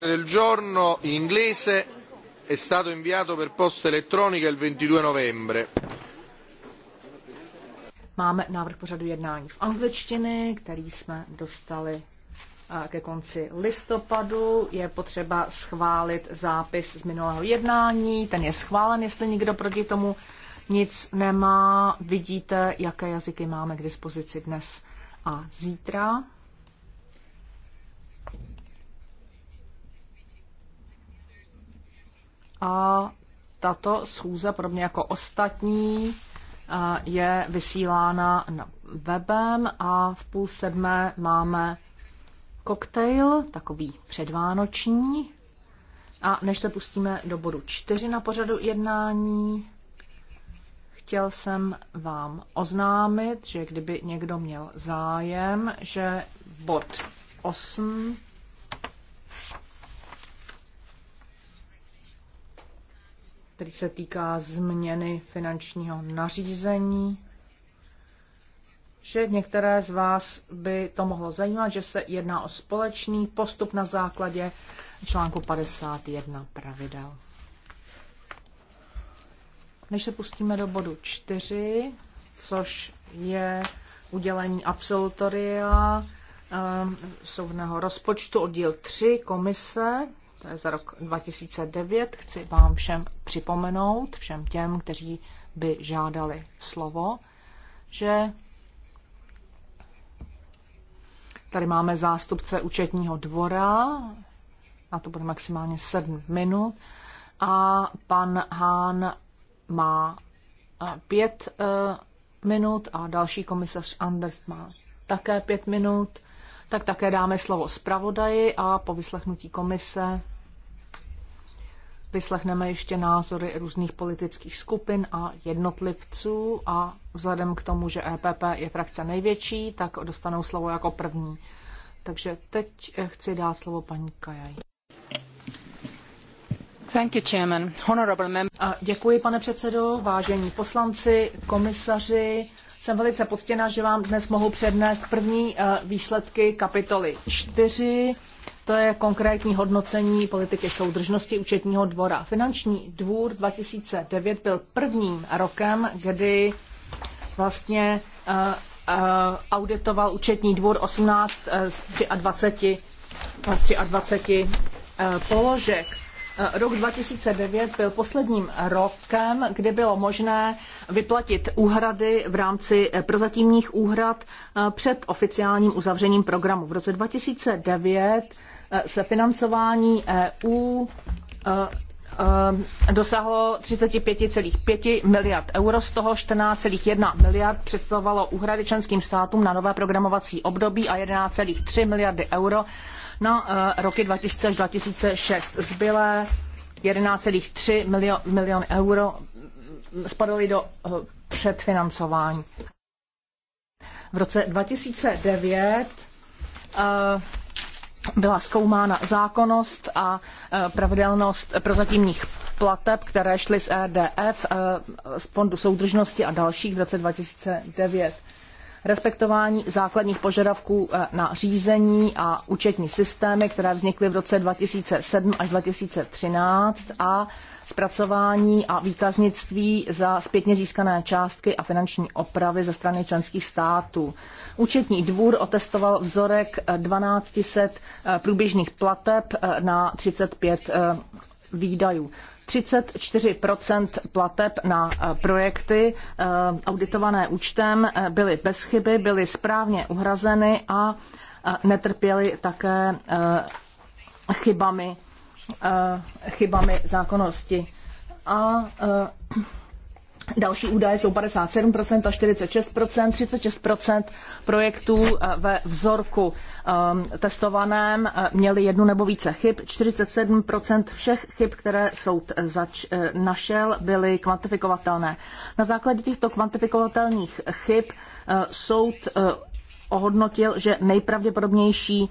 del giorno in inglese è stato inviato per posta elettronica il 22 novembre. Máme návrh pořadu jednání v angličtině, který jsme dostali eh, ke konci listopadu. Je potřeba schválit zápis z minulého jednání. Ten je schválen, jestli nikdo proti tomu nic nemá. Vidíte, jaké jazyky máme k dispozici dnes a zítra. a tato schůze, podobně jako ostatní, eh, je vysílána webem a v půl sedmé máme koktejl, takový předvánoční. A než se pustíme do bodu čtyři na pořadu jednání, chtěl jsem vám oznámit, že kdyby někdo měl zájem, že bod 8 který se týká změny finančního nařízení, že některé z vás by to mohlo zajímat, že se jedná o společný postup na základě článku 51 pravidel. Než se pustíme do bodu 4, což je udělení absolutoria um, soudného rozpočtu, oddíl 3, komise to je za rok 2009, chci vám všem připomenout, všem těm, kteří by žádali slovo, že tady máme zástupce účetního dvora, na to bude maximálně 7 minut, a pan Hán má 5 eh, eh, minut a další komisař Anders má také 5 minut tak také dáme slovo zpravodaji a po vyslechnutí komise vyslechneme ještě názory různých politických skupin a jednotlivců a vzhledem k tomu, že EPP je frakce největší, tak dostanou slovo jako první. Takže teď chci dát slovo paní Kajaj. Thank you, Chairman. Honorable member. Děkuji, pane předsedo, vážení poslanci, komisaři, jsem velice poctěna, že vám dnes mohu přednést první eh, výsledky kapitoly 4. To je konkrétní hodnocení politiky soudržnosti účetního dvora. Finanční dvůr 2009 byl prvním rokem, kdy vlastně eh, eh, auditoval účetní dvůr 18 z 23, z 23 položek Eh, rok 2009 byl posledním rokem, kdy bylo možné vyplatit úhrady v rámci eh, prozatímních úhrad eh, před oficiálním uzavřením programu. V roce 2009 se financování EU dosáhlo 35,5 miliard euro, z toho 14,1 miliard představovalo úhrady členským státům na nové programovací období a 11,3 miliardy euro na eh, roky 2000 až 2006. Zbylé 11,3 milion, milion euro mm, spadaly do eh, předfinancování. V roce 2009 eh, byla zkoumána zákonnost a pravidelnost prozatímních plateb, které šly z EDF, z Fondu soudržnosti a dalších v roce 2009 respektování základních požadavků eh, na řízení a účetní systémy, které vznikly v roce 2007 až 2013 a zpracování a výkaznictví za zpětně získané částky a finanční opravy ze strany členských států. Účetní dvůr otestoval vzorek 1200 eh, eh, průběžných plateb na 35 výdajů. 34 plateb na eh, projekty eh, auditované účtem eh, byly bez chyby, byly správně uhrazeny a netrpěly také chybami, chybami zákonnosti. A Další údaje jsou 57% a 46%, 36% projektů eh, ve vzorku ehm, testovaném eh, měli jednu nebo více chyb, 47% všech chyb, které soud eh, zač- našel, byly kvantifikovatelné. Na základě těchto kvantifikovatelných chyb soud ohodnotil, že nejpravděpodobnější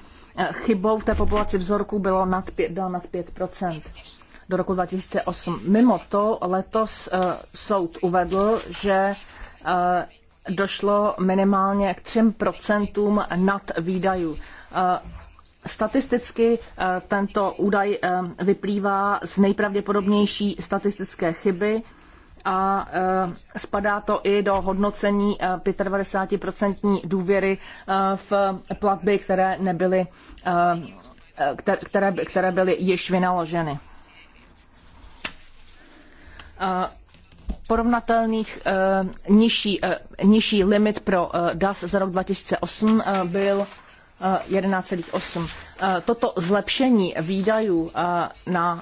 chybou v té populaci vzorku bylo nad 5, bylo nad 5% do roku 2008. Mimo to letos eh, soud uvedl, že eh, došlo minimálně k 3% nad výdajů. Eh, statisticky tento údaj vyplývá z nejpravděpodobnější statistické chyby a spadá to i do hodnocení 95% důvěry v platby, které nebyly které, které byly již vynaloženy. Eh, porovnatelných eh, nižší, eh, nižší limit pro DAS za rok 2008 byl 11,8. Toto zlepšení výdajů na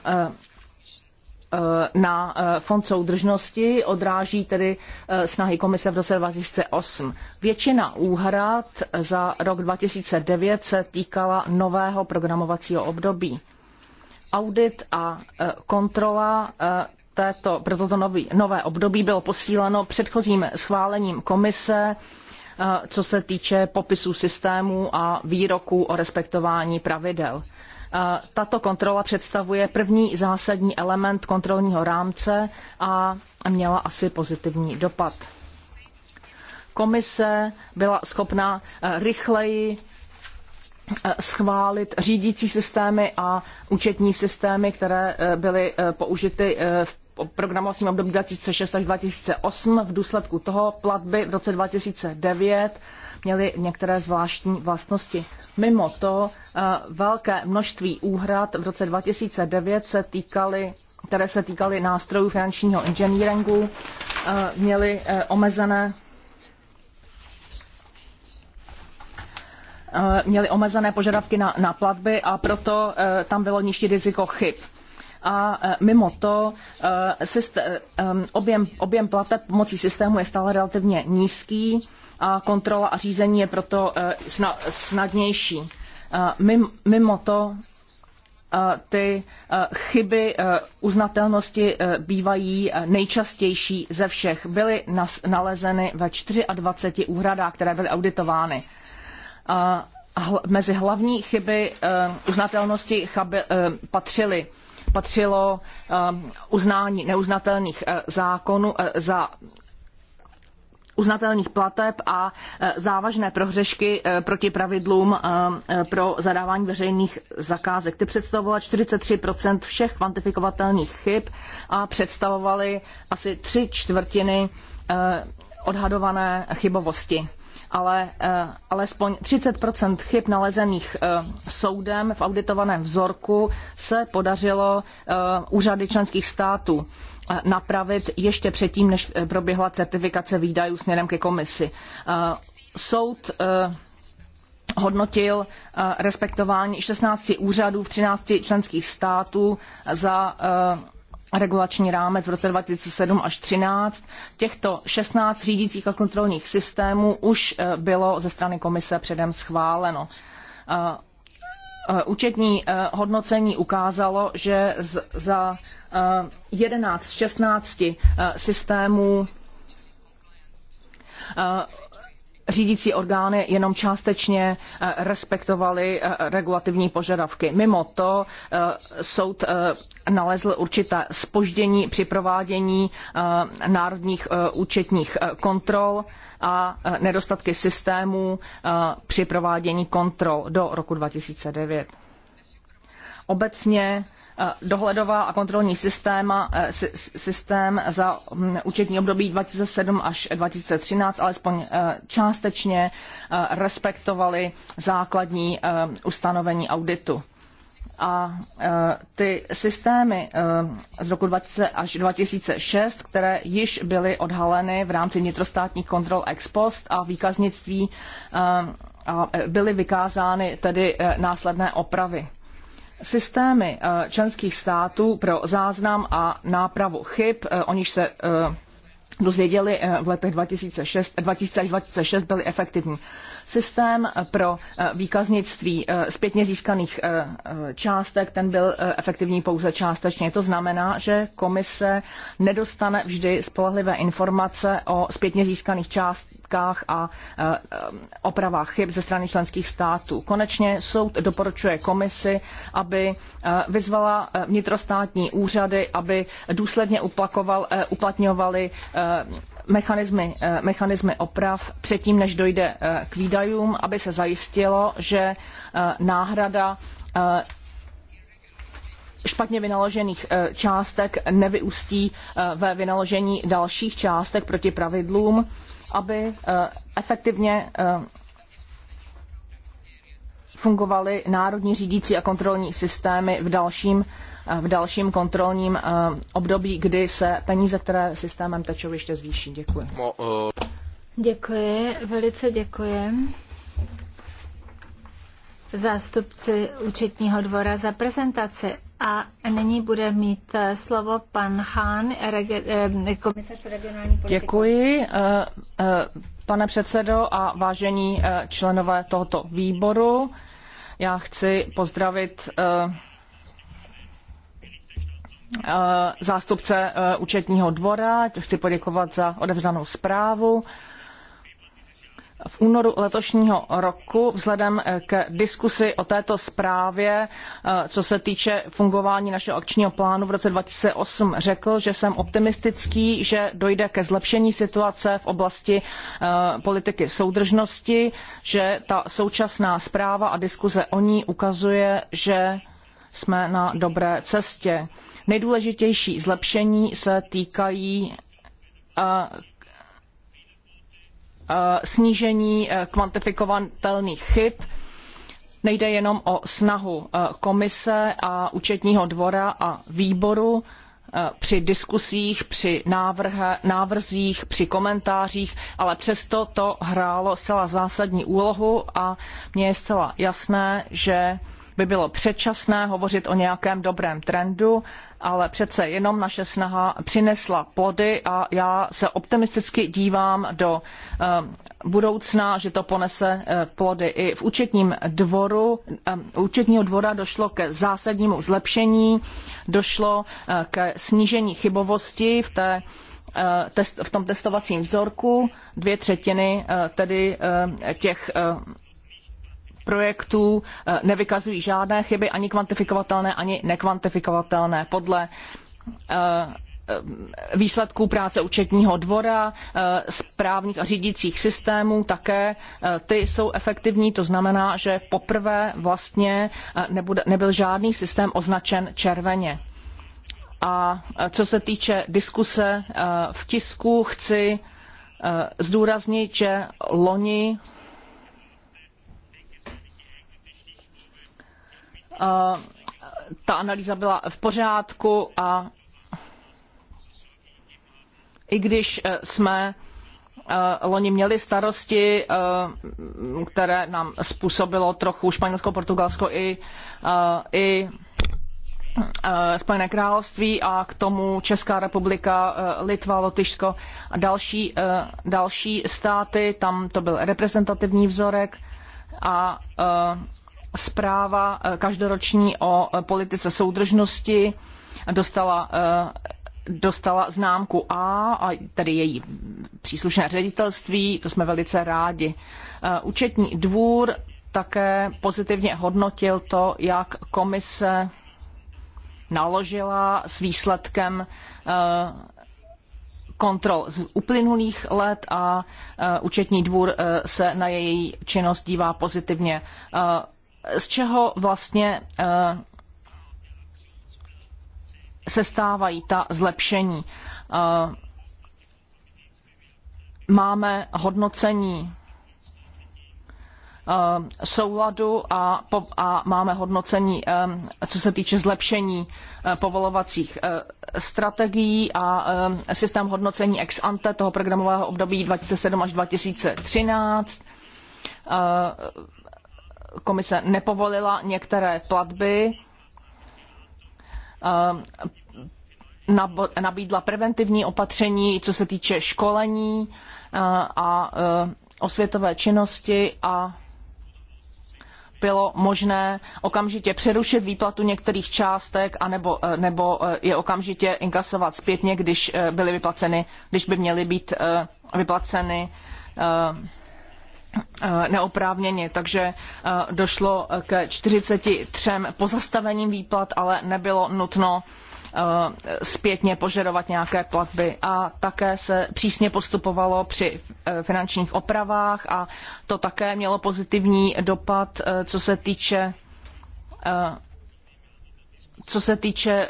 na fond soudržnosti odráží tedy snahy komise v roce 2008. Většina úhrad za rok 2009 se týkala nového programovacího období. Audit a kontrola této, pro toto nový, nové období bylo posíleno předchozím schválením komise, eh, co se týče popisu systému a výroků o respektování pravidel. Eh, tato kontrola představuje první zásadní element kontrolního rámce a měla asi pozitivní dopad. Komise byla schopna eh, rychleji schválit řídící systémy a účetní systémy, které byly použity v programovacím období 2006 až 2008. V důsledku toho platby v roce 2009 měly některé zvláštní vlastnosti. Mimo to eh, velké množství úhrad v roce 2009 se týkaly které se týkaly nástrojů finančního inženýringu, eh, měly eh, omezené měli omezené požadavky na, na platby a proto tam bylo nižší riziko chyb a e, mimo to e, e, objem, objem plateb pomocí systému je stále relativně nízký a kontrola a řízení je proto snadnější. Mimo to ty chyby uznatelnosti bývají nejčastější ze všech. Byly nalezeny ve 24 úhradách, které byly auditovány. mezi hlavní chyby uznatelnosti patřily patřilo um, uznání neuznatelných eh, zákonů eh, za uznatelných plateb a eh, závažné prohřešky proti pravidlům pro zadávání veřejných zakázek. Ty představovaly 43 všech kvantifikovatelných chyb a představovaly asi tři čtvrtiny odhadované chybovosti ale eh, alespoň 30 chyb nalezených eh, soudem v auditovaném vzorku se podařilo eh, úřady členských států napravit ještě předtím, než proběhla certifikace výdajů směrem ke komisi. Soud hodnotil respektování 16 úřadů v 13 členských států za regulační rámec v roce 2007 až 2013. Těchto 16 řídících a kontrolních systémů už eh, bylo ze strany komise předem schváleno. Eh, eh, účetní hodnocení ukázalo, že za 11 z 16 systémů řídící orgány jenom částečně eh, respektovaly eh, regulativní požadavky. Mimo to eh, soud nalezl určité spoždění při provádění národních účetních kontrol a nedostatky systémů při provádění kontrol do roku 2009 obecně eh, dohledová a kontrolní eh, systém za mm, účetní období 2007 až 2013 alespoň eh, částečně respektovali základní ustanovení auditu. A ty systémy z roku 2000 až 2006, které již byly odhaleny v rámci vnitrostátních kontrol ex post a výkaznictví, byly vykázány tedy následné opravy systémy eh, členských států pro záznam a nápravu chyb, eh, o níž se eh, dozvěděli v letech 2006, 2026 byly efektivní. Systém pro výkaznictví zpětně získaných částek, ten byl efektivní pouze částečně. To znamená, že komise nedostane vždy spolehlivé informace o zpětně získaných část, námitkách a eh, eh, opravách chyb ze strany členských států. Konečně soud doporučuje komisi, aby eh, vyzvala vnitrostátní úřady, aby důsledně uplakoval, uplatňovali mechanismy, mechanismy oprav předtím, než dojde k výdajům, aby se zajistilo, že náhrada špatně vynaložených částek nevyústí ve vynaložení dalších částek proti pravidlům aby eh, efektivně eh, fungovaly národní řídící a kontrolní systémy v dalším, eh, v dalším kontrolním období, kdy se peníze, které systémem tečou, ještě zvýší. Děkuji. Děkuji, velice děkuji zástupci účetního dvora za prezentaci. A nyní bude mít eh, slovo pan Hán, eh, eh, komisař pro regionální politiku. Děkuji, pane předsedo a vážení členové tohoto výboru. Já chci pozdravit zástupce účetního dvora, chci poděkovat za odevzdanou zprávu v únoru letošního roku vzhledem eh, k diskusi o této zprávě, eh, co se týče fungování našeho akčního plánu v roce 2008, řekl, že jsem optimistický, že dojde ke zlepšení situace v oblasti eh, politiky soudržnosti, že ta současná zpráva a diskuse o ní ukazuje, že jsme na dobré cestě. Nejdůležitější zlepšení se týkají Eh, snížení eh, kvantifikovatelných chyb. Nejde jenom o snahu eh, komise a účetního dvora a výboru při diskusích, při návrzích, při komentářích, ale přesto to hrálo zcela zásadní úlohu a mně je zcela jasné, že by bylo předčasné hovořit o nějakém dobrém trendu, ale přece jenom naše snaha přinesla plody a já se optimisticky dívám do eh, budoucna, že to ponese eh, plody. I v účetním dvoru, eh, účetního dvora došlo ke zásadnímu zlepšení, došlo ke snížení chybovosti v té v tom testovacím vzorku dvě třetiny tedy těch projektů eh, nevykazují žádné chyby, ani kvantifikovatelné, ani nekvantifikovatelné. Podle eh, eh, výsledků práce účetního dvora, správních a řídících systémů také ty jsou efektivní, to znamená, že poprvé vlastně nebyl žádný systém označen červeně. A co se týče diskuse v tisku, chci zdůraznit, že loni Eh, ta analýza byla v pořádku a i když eh, jsme eh, loni měli starosti, které nám způsobilo trochu Španělsko, Portugalsko i, i Spojené království a k tomu Česká republika, Litva, Lotyšsko a další, další státy. Tam to byl reprezentativní vzorek a zpráva eh, každoroční o eh, politice soudržnosti dostala eh, dostala známku A, a tedy její příslušné ředitelství, to jsme velice rádi. Účetní dvůr také pozitivně hodnotil to, jak komise naložila s výsledkem kontrol z uplynulých let a účetní dvůr se na její činnost dívá pozitivně z čeho vlastně eh, se stávají ta zlepšení. Eh, máme hodnocení eh, souladu a, a, máme hodnocení, co se týče zlepšení povolovacích strategií a systém hodnocení ex ante toho programového období 2007 až 2013 komise nepovolila některé platby, eh, nabídla preventivní opatření, co se týče školení eh, a eh, osvětové činnosti a bylo možné okamžitě přerušit výplatu některých částek anebo, nebo je okamžitě inkasovat zpětně, když byly vyplaceny, když by měly být vyplaceny Eh, neoprávněně, takže eh, došlo eh, k 43 pozastavením výplat, ale nebylo nutno zpětně požadovat nějaké platby. A také se přísně postupovalo při finančních opravách a to také mělo pozitivní dopad, co se týče co se týče,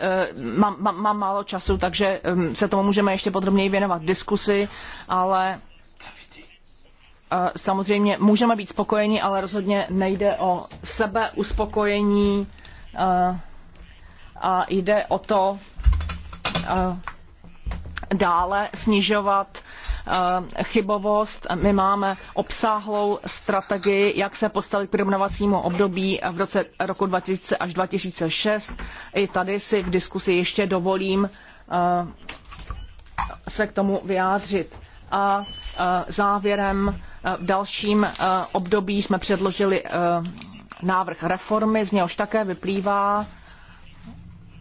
mám, mám, mám málo času, takže se tomu můžeme ještě podrobněji věnovat v diskusi, ale samozřejmě můžeme být spokojeni, ale rozhodně nejde o sebeuspokojení eh, a jde o to eh, dále snižovat eh, chybovost. My máme obsáhlou strategii, jak se postavit k vyrovnavacímu období v roce roku 2000 až 2006. I tady si v diskusi ještě dovolím se k tomu vyjádřit. A závěrem Eh, v dalším eh, období jsme předložili eh, návrh reformy, z něhož také vyplývá,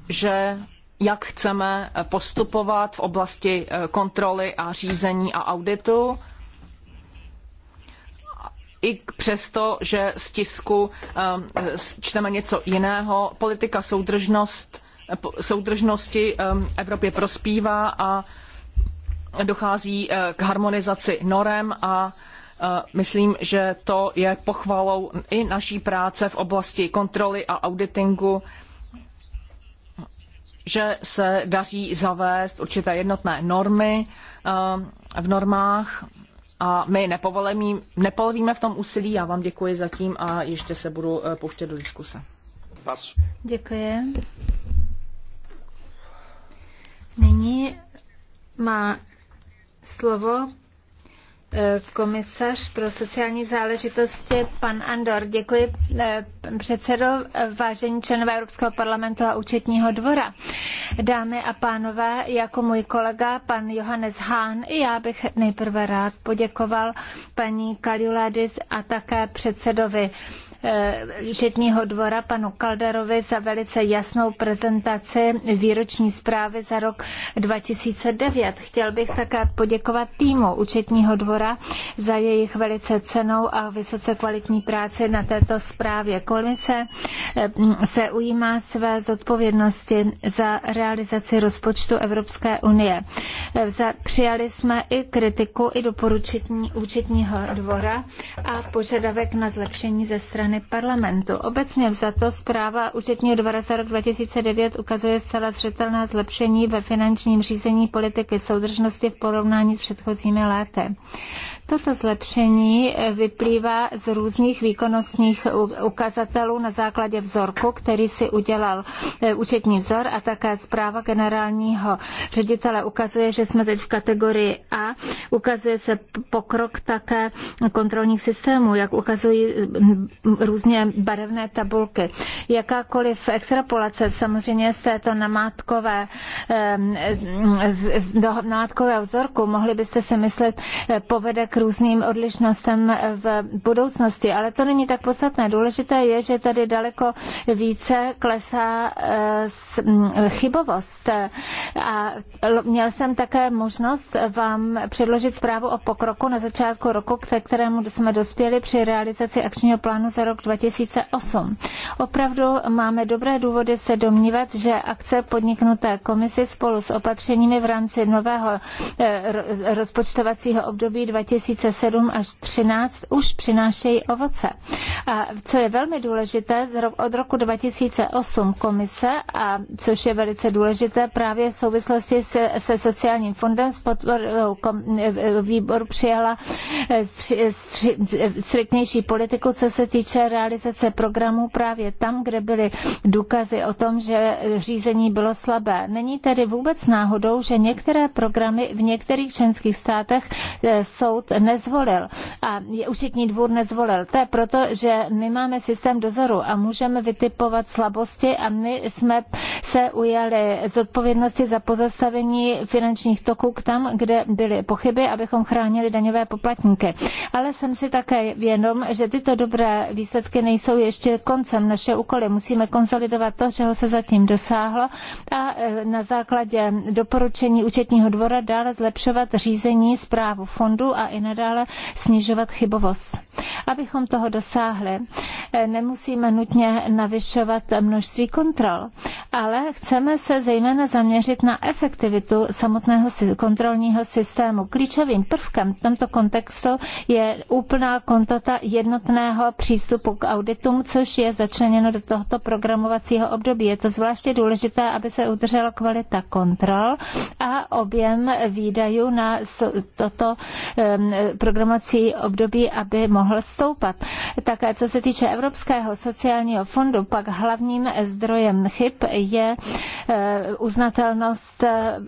že jak chceme postupovat v oblasti kontroly a řízení a auditu. I přesto, že z tisku čteme něco jiného, politika soudržnost, soudržnosti Evropě prospívá a dochází k harmonizaci norem a Eh, myslím, že to je pochvalou i naší práce v oblasti kontroly a auditingu, že se daří zavést určité jednotné normy eh, v normách a my nepolevíme v tom úsilí. Já vám děkuji zatím a ještě se budu eh, pouštět do diskuse. Děkuji. Nyní má slovo Eh, komisař pro sociální záležitosti, pan Andor. Děkuji eh, předsedo, eh, vážení členové Evropského parlamentu a účetního dvora. Dámy a pánové, jako můj kolega, pan Johannes Hahn, i já bych nejprve rád poděkoval paní Kaliuladis a také předsedovi Eh, účetního dvora panu Kalderovi za velice jasnou prezentaci výroční zprávy za rok 2009. Chtěl bych také poděkovat týmu účetního dvora za jejich velice cenou a vysoce kvalitní práci na této zprávě. Komise eh, se ujímá své zodpovědnosti za realizaci rozpočtu Evropské unie. Eh, přijali jsme i kritiku, i doporučení účetního dvora a požadavek na zlepšení ze strany strany parlamentu. Obecně vzato zpráva úředního dvora za rok 2009 ukazuje zcela zřetelná zlepšení ve finančním řízení politiky soudržnosti v porovnání s předchozími léty. Toto zlepšení vyplývá z různých výkonnostních ukazatelů na základě vzorku, který si udělal účetní vzor a také zpráva generálního ředitele ukazuje, že jsme teď v kategorii A. Ukazuje se pokrok také kontrolních systémů, jak ukazují různě barevné tabulky. Jakákoliv extrapolace samozřejmě z této namátkové, namátkového vzorku, mohli byste si myslet, povede k různým odlišnostem v budoucnosti. Ale to není tak podstatné. Důležité je, že tady daleko více klesá eh, mm, chybovost. A měl jsem také možnost vám předložit zprávu o pokroku na začátku roku, ke kterému jsme dospěli při realizaci akčního plánu za rok 2008. Opravdu máme dobré důvody se domnívat, že akce podniknuté komisi spolu s opatřeními v rámci nového eh, rozpočtovacího období 2000 2007 až 2013 už přinášejí ovoce. A co je velmi důležité, od roku 2008 komise, a což je velice důležité právě v souvislosti se, se sociálním fondem s podporou výboru přijala eh, striktnější politiku, co se týče realizace programů právě tam, kde byly důkazy o tom, že řízení bylo slabé. Není tedy vůbec náhodou, že některé programy v některých členských státech eh, soud nezvolil a účetní dvůr nezvolil. To je proto, že my máme systém dozoru a můžeme vytipovat slabosti a my jsme se ujali z odpovědnosti za pozastavení finančních toků tam, kde byly pochyby, abychom chránili daňové poplatníky. Ale jsem si také vědom, že tyto dobré výsledky nejsou ještě koncem naše úkoly. Musíme konsolidovat to, čeho se zatím dosáhlo a e, na základě doporučení účetního dvora dále zlepšovat řízení zprávu fondu a nadále snižovat chybovost. Abychom toho dosáhli, eh, nemusíme nutně navyšovat množství kontrol, ale chceme se zejména zaměřit na efektivitu samotného kontrolního systému. Klíčovým prvkem v tomto kontextu je úplná kontota jednotného přístupu k auditům, což je začleněno do tohoto programovacího období. Je to zvláště důležité, aby se udržela kvalita kontrol a objem výdajů na toto programovací období, aby mohl stoupat. Tak co se týče Evropského sociálního fondu, pak hlavním zdrojem chyb je eh, uznatelnost eh,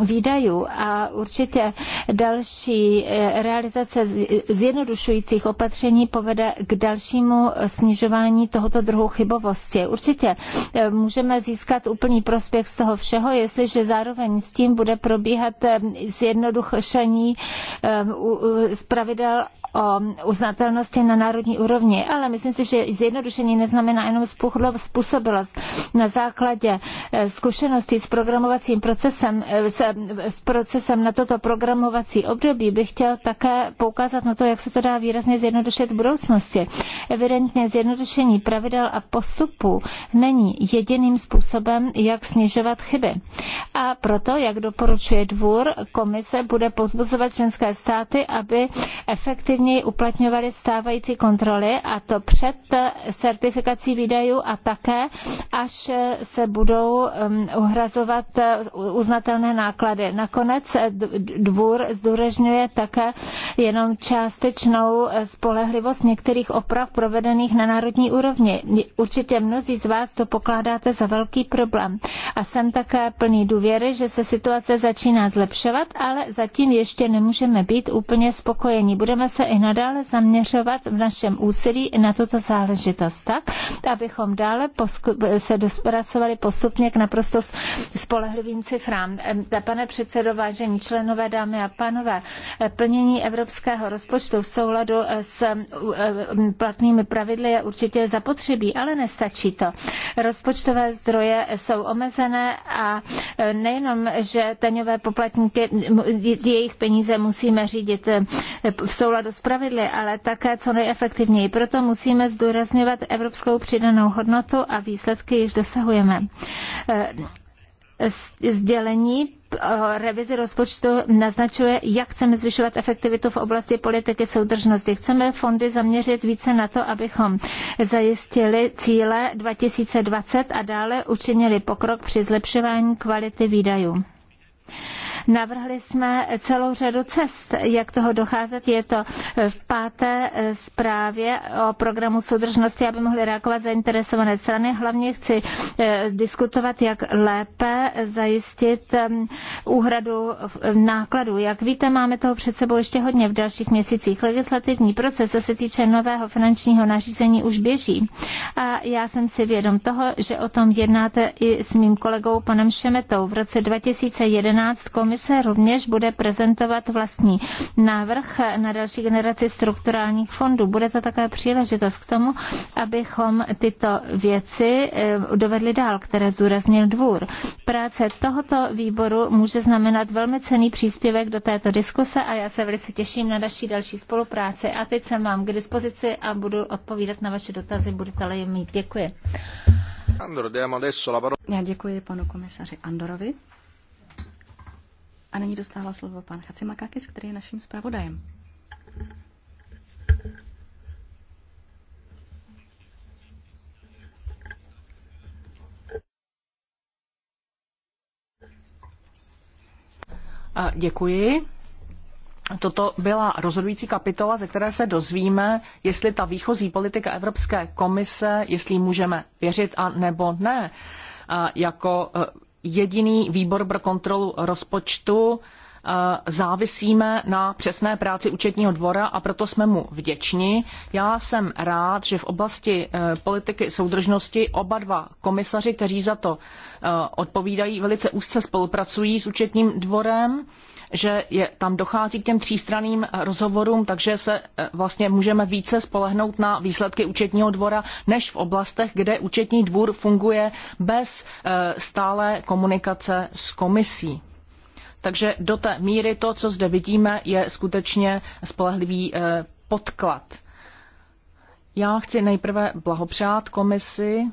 výdajů a určitě další eh, realizace zjednodušujících opatření povede k dalšímu snižování tohoto druhu chybovosti. Určitě můžeme získat úplný prospěch z toho všeho, jestliže zároveň s tím bude probíhat zjednodušení z pravidel o uznatelnosti na národní úrovni, ale myslím si, že zjednodušení neznamená jenom způsobilost. Na základě eh, zkušeností s programovacím procesem, eh, s procesem na toto programovací období bych chtěl také poukázat na to, jak se to dá výrazně zjednodušit v budoucnosti. Evidentně zjednodušení pravidel a postupů není jediným způsobem, jak snižovat chyby. A proto, jak doporučuje dvůr, komise bude pozbuzovat členské státy, aby aby efektivněji uplatňovali stávající kontroly a to před certifikací výdajů a také, až se budou um, uhrazovat uh, uznatelné náklady. Nakonec dvůr zdůražňuje také jenom částečnou uh, spolehlivost některých oprav provedených na národní úrovni. Určitě mnozí z vás to pokládáte za velký problém. A jsem také plný důvěry, že se situace začíná zlepšovat, ale zatím ještě nemůžeme být úplně spokojeni. Budeme se i nadále zaměřovat v našem úsilí na tuto záležitost tak, abychom dále se dospracovali postupně k naprosto spolehlivým cifrám. Pane předsedo, vážení členové, dámy a pánové, eh, plnění evropského rozpočtu v souladu eh, s eh, platnými pravidly je určitě zapotřebí, ale nestačí to. Rozpočtové zdroje jsou omezené a nejenom, že daňové poplatníky, jejich peníze musíme řídit v souladu s pravidly, ale také co nejefektivněji. Proto musíme zdůrazňovat evropskou přidanou hodnotu a výsledky již dosahujeme e, sdělení e, revizi rozpočtu naznačuje, jak chceme zvyšovat efektivitu v oblasti politiky soudržnosti. Chceme fondy zaměřit více na to, abychom zajistili cíle 2020 a dále učinili pokrok při zlepšování kvality výdajů. Navrhli jsme celou řadu cest, jak toho docházet. Je to v páté eh, zprávě o programu soudržnosti, aby mohly reagovat zainteresované strany. Hlavně chci eh, diskutovat, jak lépe zajistit ehm, úhradu nákladů. Jak víte, máme toho před sebou ještě hodně v dalších měsících. Legislativní proces, co se týče nového finančního nařízení, už běží. A já jsem si vědom toho, že o tom jednáte i s mým kolegou panem Šemetou. V roce 2011 11 komise rovněž bude prezentovat vlastní návrh na další generaci strukturálních fondů. Bude to také příležitost k tomu, abychom tyto věci eh, dovedli dál, které zúraznil dvůr. Práce tohoto výboru může znamenat velmi cený příspěvek do této diskuse a já se velice těším na další další spolupráci. A teď jsem mám k dispozici a budu odpovídat na vaše dotazy, budete-li je mít. Děkuji. Já děkuji panu komisaři Andorovi. A nyní dostává slovo pan Chacimakakis, který je naším zpravodajem. Děkuji. Toto byla rozhodující kapitola, ze které se dozvíme, jestli ta výchozí politika Evropské komise, jestli můžeme věřit a nebo ne, jako jediný výbor pro kontrolu rozpočtu eh, závisíme na přesné práci účetního dvora a proto jsme mu vděční. Já jsem rád, že v oblasti eh, politiky soudržnosti oba dva komisaři, kteří za to eh, odpovídají, velice úzce spolupracují s účetním dvorem že je, tam dochází k těm třístranným eh, rozhovorům, takže se eh, vlastně můžeme více spolehnout na výsledky účetního dvora, než v oblastech, kde účetní dvůr funguje bez eh, stále komunikace s komisí. Takže do té míry to, co zde vidíme, je skutečně spolehlivý podklad. Já chci nejprve blahopřát komisi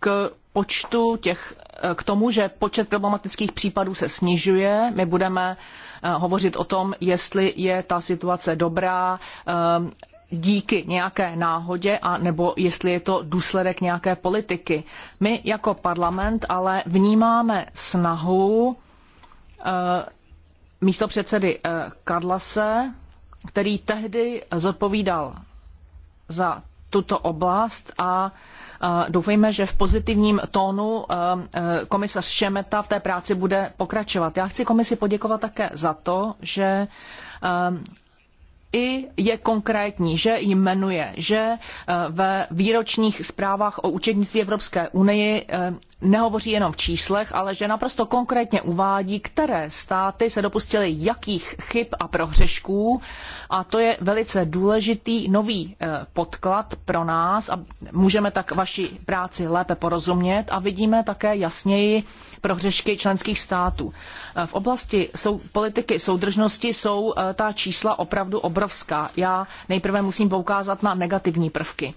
k počtu těch k tomu, že počet problematických případů se snižuje. My budeme eh, hovořit o tom, jestli je ta situace dobrá eh, díky nějaké náhodě a nebo jestli je to důsledek nějaké politiky. My jako parlament ale vnímáme snahu eh, místo předsedy Kadlase, který tehdy zodpovídal za tuto oblast a doufejme, že v pozitivním tónu eh, eh, komisař Šemeta v té práci bude pokračovat. Já chci komisi poděkovat také za to, že eh, i je konkrétní, že jmenuje, že eh, ve výročních zprávách o účetnictví Evropské unie eh, nehovoří jenom v číslech, ale že naprosto konkrétně uvádí, které státy se dopustily jakých chyb a prohřešků. A to je velice důležitý nový eh, podklad pro nás a můžeme tak vaši práci lépe porozumět a vidíme také jasněji prohřešky členských států. V oblasti sou, politiky soudržnosti jsou ta čísla opravdu obrovská obrovská. Já nejprve musím poukázat na negativní prvky.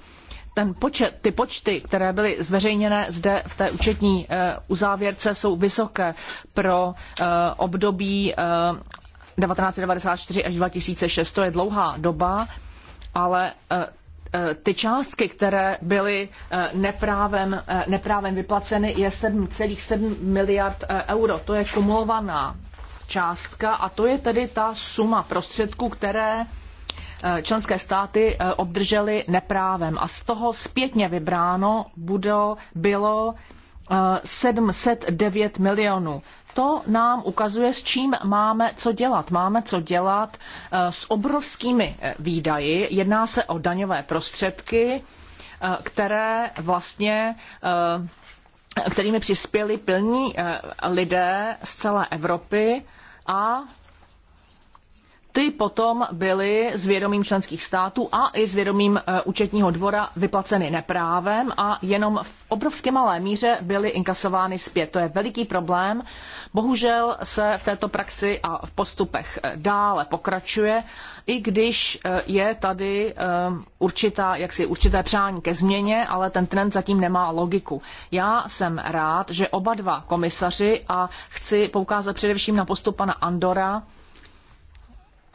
Ten počet, ty počty, které byly zveřejněné zde v té účetní eh, uzávěrce, jsou vysoké pro eh, období 1994 eh, až 2006. To je dlouhá doba, ale ty částky, které byly neprávem, neprávem vyplaceny, je 7,7 miliard euro. To je kumulovaná částka a to je tedy ta suma prostředků, které eh, členské státy eh, obdržely neprávem. A z toho zpětně vybráno budo, bylo 709 eh, milionů. To nám ukazuje, s čím máme co dělat. Máme co dělat s obrovskými výdaji. Jedná se o daňové prostředky, které vlastně kterými přispěli pilní eh, lidé z celé Evropy a ty potom byly vědomím členských států a i vědomím e, účetního dvora vyplaceny neprávem a jenom v obrovské malé míře byly inkasovány zpět. To je veliký problém. Bohužel se v této praxi a v postupech e, dále pokračuje, i když e, je tady určitá, jaksi určité přání ke změně, ale ten trend zatím nemá logiku. Já jsem rád, že oba dva komisaři a chci poukázat především na postup pana Andora,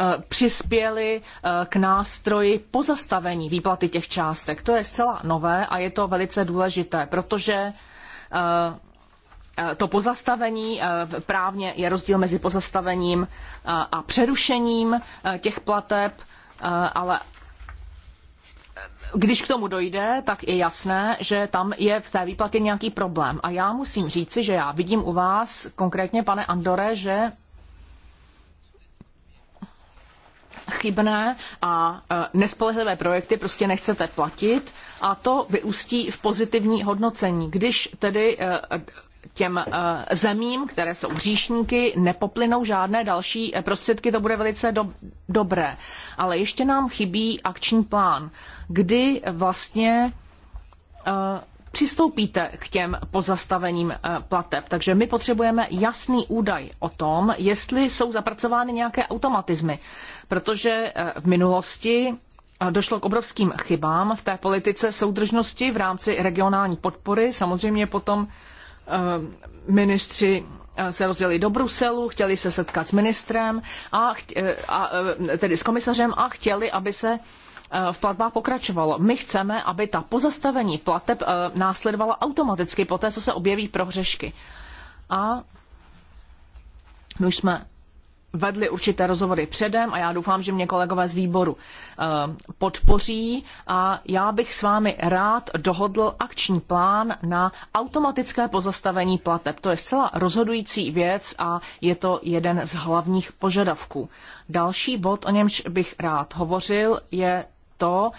Eh, přispěli eh, k nástroji pozastavení výplaty těch částek. To je zcela nové a je to velice důležité, protože eh, to pozastavení, právně je rozdíl mezi pozastavením a přerušením těch plateb, ale když k tomu dojde, tak je jasné, že tam je v té výplatě nějaký problém. A já musím říci, že já vidím u vás, konkrétně pane Andore, že chybné a e, nespolehlivé projekty prostě nechcete platit a to vyústí v pozitivní hodnocení. Když tedy e, těm e, zemím, které jsou hříšníky, nepoplynou žádné další prostředky, to bude velice do, dobré. Ale ještě nám chybí akční plán, kdy vlastně přistoupíte k těm pozastavením eh, plateb. Takže my potřebujeme jasný údaj o tom, jestli jsou zapracovány nějaké automatizmy, protože eh, v minulosti eh, Došlo k obrovským chybám v té politice soudržnosti v rámci regionální podpory. Samozřejmě potom ministři se rozjeli do Bruselu, chtěli se setkat s ministrem, a, a, tedy s komisařem a chtěli, aby se Eh, v platbách pokračovalo. My chceme, aby ta pozastavení plateb eh, následovala automaticky po té, co se objeví prohřešky. A my už jsme vedli určité rozhovory předem a já doufám, že mě kolegové z výboru eh, podpoří a já bych s vámi rád dohodl akční plán na automatické pozastavení plateb. To je zcela rozhodující věc a je to jeden z hlavních požadavků. Další bod, o němž bych rád hovořil, je to,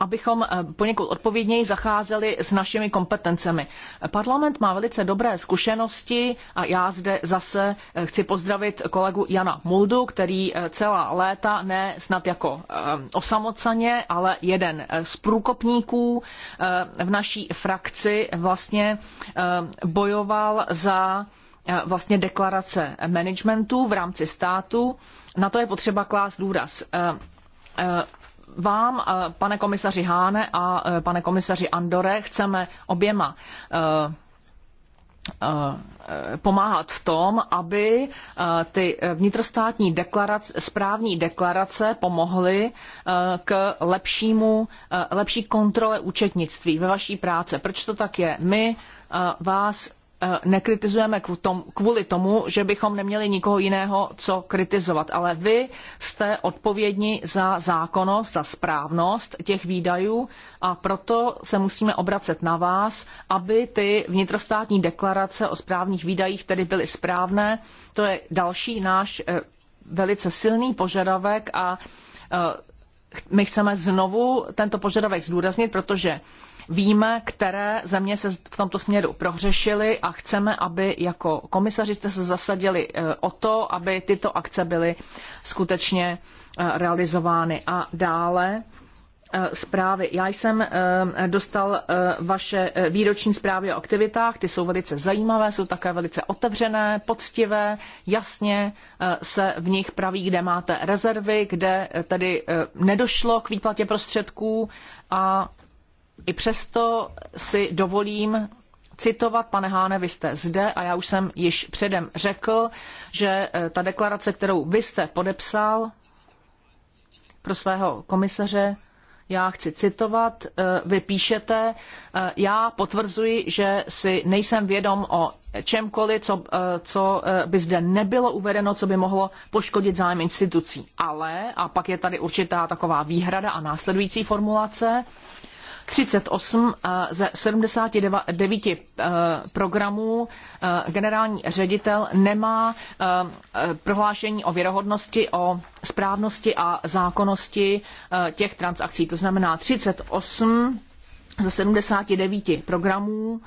abychom eh, poněkud odpovědněji zacházeli s našimi kompetencemi. Parlament má velice dobré zkušenosti a já zde zase eh, chci pozdravit kolegu Jana Muldu, který eh, celá léta, ne snad jako osamoceně, ale jeden z průkopníků v naší frakci vlastně bojoval za vlastně deklarace managementu v rámci státu. Na to je potřeba klást důraz. Eh, vám, eh, pane komisaři Háne a eh, pane komisaři Andore, chceme oběma pomáhat v tom, aby ty vnitrostátní deklarace, správní deklarace pomohly k lepšímu, lepší kontrole účetnictví ve vaší práce. Proč to tak je? My vás Eh, nekritizujeme kvůli tomu, že bychom neměli nikoho jiného, co kritizovat, ale vy jste odpovědní za zákonnost, za správnost těch výdajů a proto se musíme obracet na vás, aby ty vnitrostátní deklarace o správných výdajích tedy byly správné. To je další náš eh, velice silný požadavek a eh, my chceme znovu tento požadavek zdůraznit, protože Víme, které země se v tomto směru prohřešily a chceme, aby jako komisaři jste se zasadili eh, o to, aby tyto akce byly skutečně eh, realizovány. A dále eh, zprávy. Já jsem dostal vaše výroční zprávy o aktivitách, ty jsou velice zajímavé, jsou také velice otevřené, poctivé, jasně se v nich praví, kde máte rezervy, kde tedy nedošlo k výplatě prostředků a i přesto si dovolím citovat, pane Háne, vy jste zde a já už jsem již předem řekl, že eh, ta deklarace, kterou vy jste podepsal pro svého komisaře, já chci citovat, eh, vy píšete, eh, já potvrzuji, že si nejsem vědom o čemkoliv, co, co by zde nebylo uvedeno, co by mohlo poškodit zájem institucí. Ale, a pak je tady určitá taková výhrada a následující formulace, 38 eh, ze 79 eh, programů eh, generální ředitel nemá prohlášení o věrohodnosti, o správnosti a zákonnosti těch transakcí. To znamená 38 ze 79 programů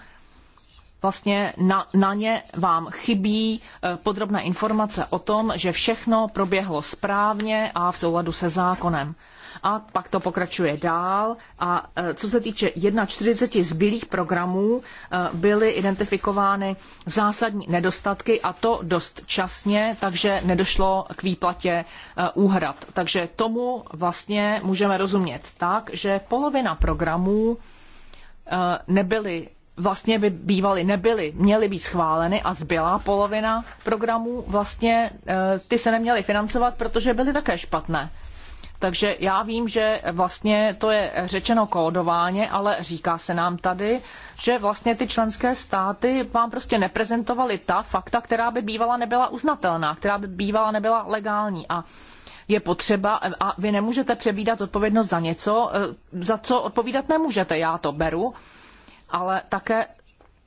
vlastně na, na ně vám chybí podrobná informace o tom, že všechno proběhlo správně a v souladu se zákonem a pak to pokračuje dál. A e, co se týče 41 zbylých programů, e, byly identifikovány zásadní nedostatky a to dost časně, takže nedošlo k výplatě e, úhrad. Takže tomu vlastně můžeme rozumět tak, že polovina programů nebyly vlastně by bývaly, nebyly, měly být schváleny a zbylá polovina programů vlastně ty se neměly financovat, protože byly také špatné. Takže já vím, že vlastně to je řečeno kódováně, ale říká se nám tady, že vlastně ty členské státy vám prostě neprezentovaly ta fakta, která by bývala nebyla uznatelná, která by bývala nebyla legální. A je potřeba a vy nemůžete přebídat odpovědnost za něco, eh, za co odpovídat nemůžete. Já to beru, ale také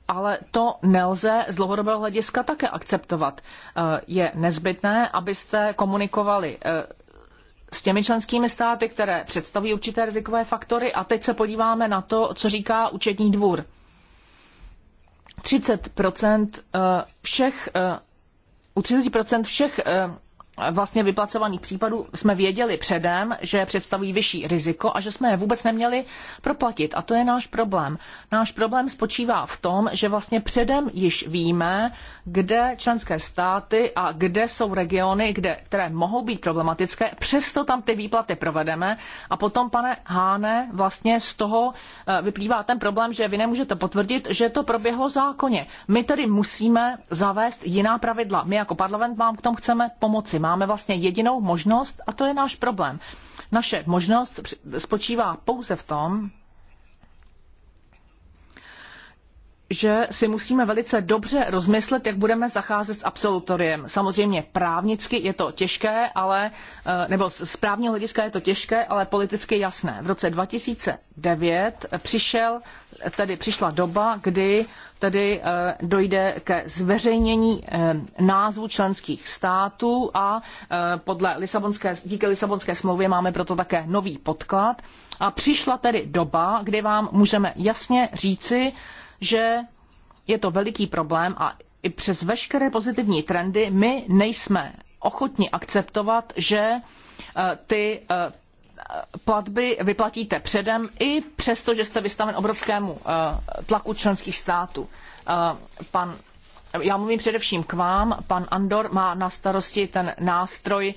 ale to nelze z dlouhodobého hlediska také akceptovat. Eh, je nezbytné, abyste komunikovali eh, s těmi členskými státy, které představují určité rizikové faktory. A teď se podíváme na to, co říká účetní dvůr. 30 eh, všech eh, u 30 všech eh, vlastně vyplacovaných případů jsme věděli předem, že představují vyšší riziko a že jsme je vůbec neměli proplatit. A to je náš problém. Náš problém spočívá v tom, že vlastně předem již víme, kde členské státy a kde jsou regiony, kde, které mohou být problematické, přesto tam ty výplaty provedeme a potom, pane Háne, vlastně z toho eh, vyplývá ten problém, že vy nemůžete potvrdit, že to proběhlo zákonně. My tedy musíme zavést jiná pravidla. My jako parlament vám k tomu chceme pomoci Máme vlastně jedinou možnost a to je náš problém. Naše možnost spočívá pouze v tom, že si musíme velice dobře rozmyslet, jak budeme zacházet s absolutoriem. Samozřejmě právnicky je to těžké, ale, eh, nebo z právního hlediska je to těžké, ale politicky jasné. V roce 2009 přišel, tedy přišla doba, kdy tedy eh, dojde ke zveřejnění eh, názvu členských států a podle Lisabonské, díky Lisabonské smlouvě máme proto také nový podklad. A přišla tedy doba, kdy vám můžeme jasně říci, že je to veliký problém a i přes veškeré pozitivní trendy my nejsme ochotni akceptovat, že e, ty e, platby vyplatíte předem, i přesto, že jste vystaven obrovskému e, tlaku členských států. Pan, já mluvím především k vám, pan Andor má na starosti ten nástroj,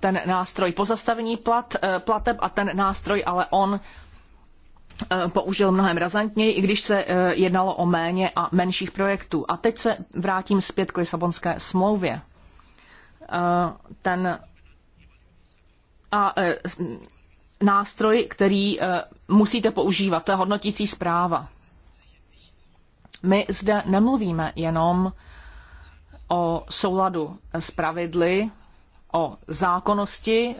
ten nástroj pozastavení plat, plateb a ten nástroj, ale on Eh, použil mnohem razantněji, i když se eh, jednalo o méně a menších projektů. A teď se vrátím zpět k Lisabonské smlouvě. Eh, ten a nástroj, který musíte používat, to je hodnotící zpráva. My zde nemluvíme jenom o souladu s pravidly, o zákonnosti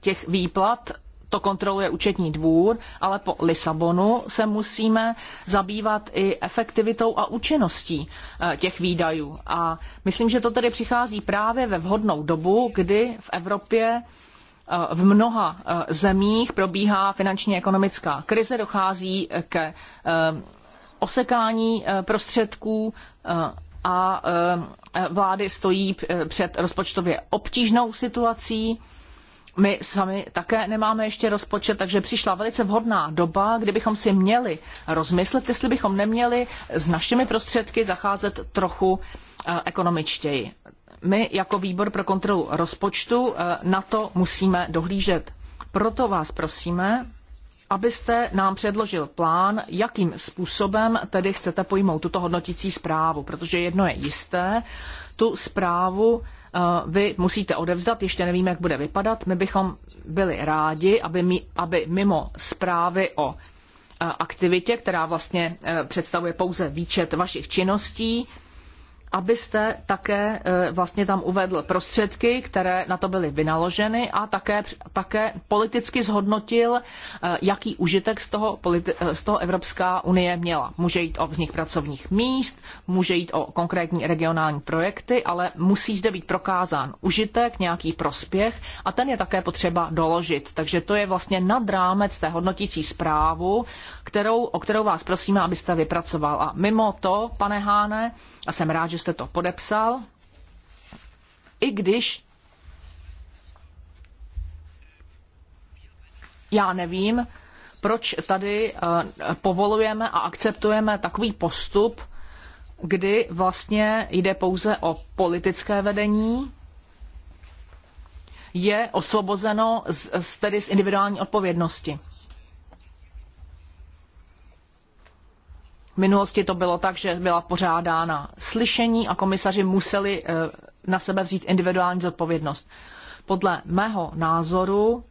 těch výplat to kontroluje účetní dvůr, ale po Lisabonu se musíme zabývat i efektivitou a účinností eh, těch výdajů. A myslím, že to tedy přichází právě ve vhodnou dobu, kdy v Evropě eh, v mnoha eh, zemích probíhá finančně ekonomická krize, dochází ke osekání prostředků a vlády stojí před rozpočtově obtížnou situací my sami také nemáme ještě rozpočet, takže přišla velice vhodná doba, kdybychom si měli rozmyslet, jestli bychom neměli s našimi prostředky zacházet trochu eh, ekonomičtěji. My jako výbor pro kontrolu rozpočtu eh, na to musíme dohlížet. Proto vás prosíme, abyste nám předložil plán, jakým způsobem tedy chcete pojmout tuto hodnotící zprávu, protože jedno je jisté, tu zprávu Eh, vy musíte odevzdat, ještě nevíme, jak bude vypadat. My bychom byli rádi, aby, mi, aby mimo zprávy o eh, aktivitě, která vlastně eh, představuje pouze výčet vašich činností, abyste také e, vlastně tam uvedl prostředky, které na to byly vynaloženy a také, také politicky zhodnotil, e, jaký užitek z toho, e, z toho Evropská unie měla. Může jít o vznik pracovních míst, může jít o konkrétní regionální projekty, ale musí zde být prokázán užitek, nějaký prospěch a ten je také potřeba doložit. Takže to je vlastně nad rámec té hodnotící zprávu, kterou, o kterou vás prosíme, abyste vypracoval. A mimo to, pane Háne, a jsem rád, že jste to podepsal, i když já nevím, proč tady eh, povolujeme a akceptujeme takový postup, kdy vlastně jde pouze o politické vedení, je osvobozeno z, z, tedy z individuální odpovědnosti. V minulosti to bylo tak, že byla pořádána slyšení a komisaři museli eh, na sebe vzít individuální zodpovědnost. Podle mého názoru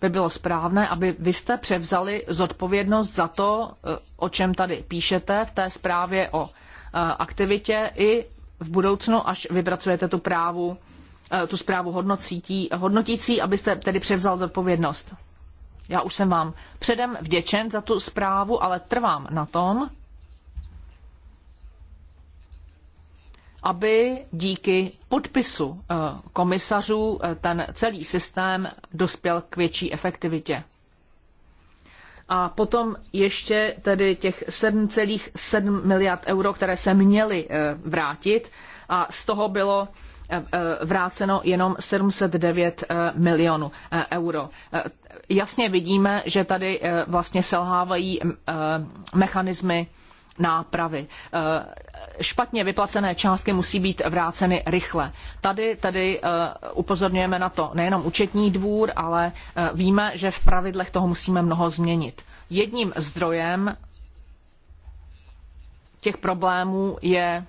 by bylo správné, aby vy jste převzali zodpovědnost za to, eh, o čem tady píšete v té zprávě o eh, aktivitě i v budoucnu, až vypracujete tu právu, tu zprávu hodnotící, abyste tedy převzal zodpovědnost. Já už jsem vám předem vděčen za tu zprávu, ale trvám na tom, aby díky podpisu eh, komisařů eh, ten celý systém dospěl k větší efektivitě. A potom ještě tedy těch 7,7 miliard euro, které se měly eh, vrátit a z toho bylo Eh, eh, vráceno jenom 709 eh, milionů euro. Jasně vidíme, že tady vlastně selhávají mechanismy nápravy. Špatně vyplacené částky musí být vráceny rychle. Tady tedy upozorňujeme na to nejenom účetní dvůr, ale víme, že v pravidlech toho musíme mnoho změnit. Jedním zdrojem těch problémů je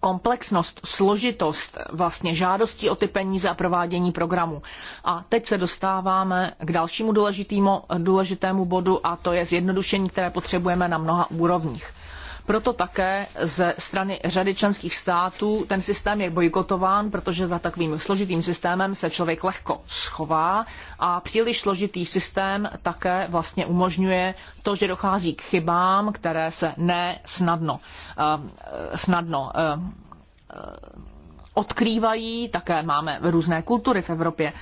komplexnost, složitost vlastně žádostí o ty peníze a provádění programu. A teď se dostáváme k dalšímu důležitému bodu a to je zjednodušení, které potřebujeme na mnoha úrovních. Proto také ze strany řady členských států ten systém je bojkotován, protože za takovým složitým systémem se člověk lehko schová a příliš složitý systém také vlastně umožňuje to, že dochází k chybám, které se ne snadno, eh, snadno eh, eh, odkrývají. Také máme různé kultury v Evropě.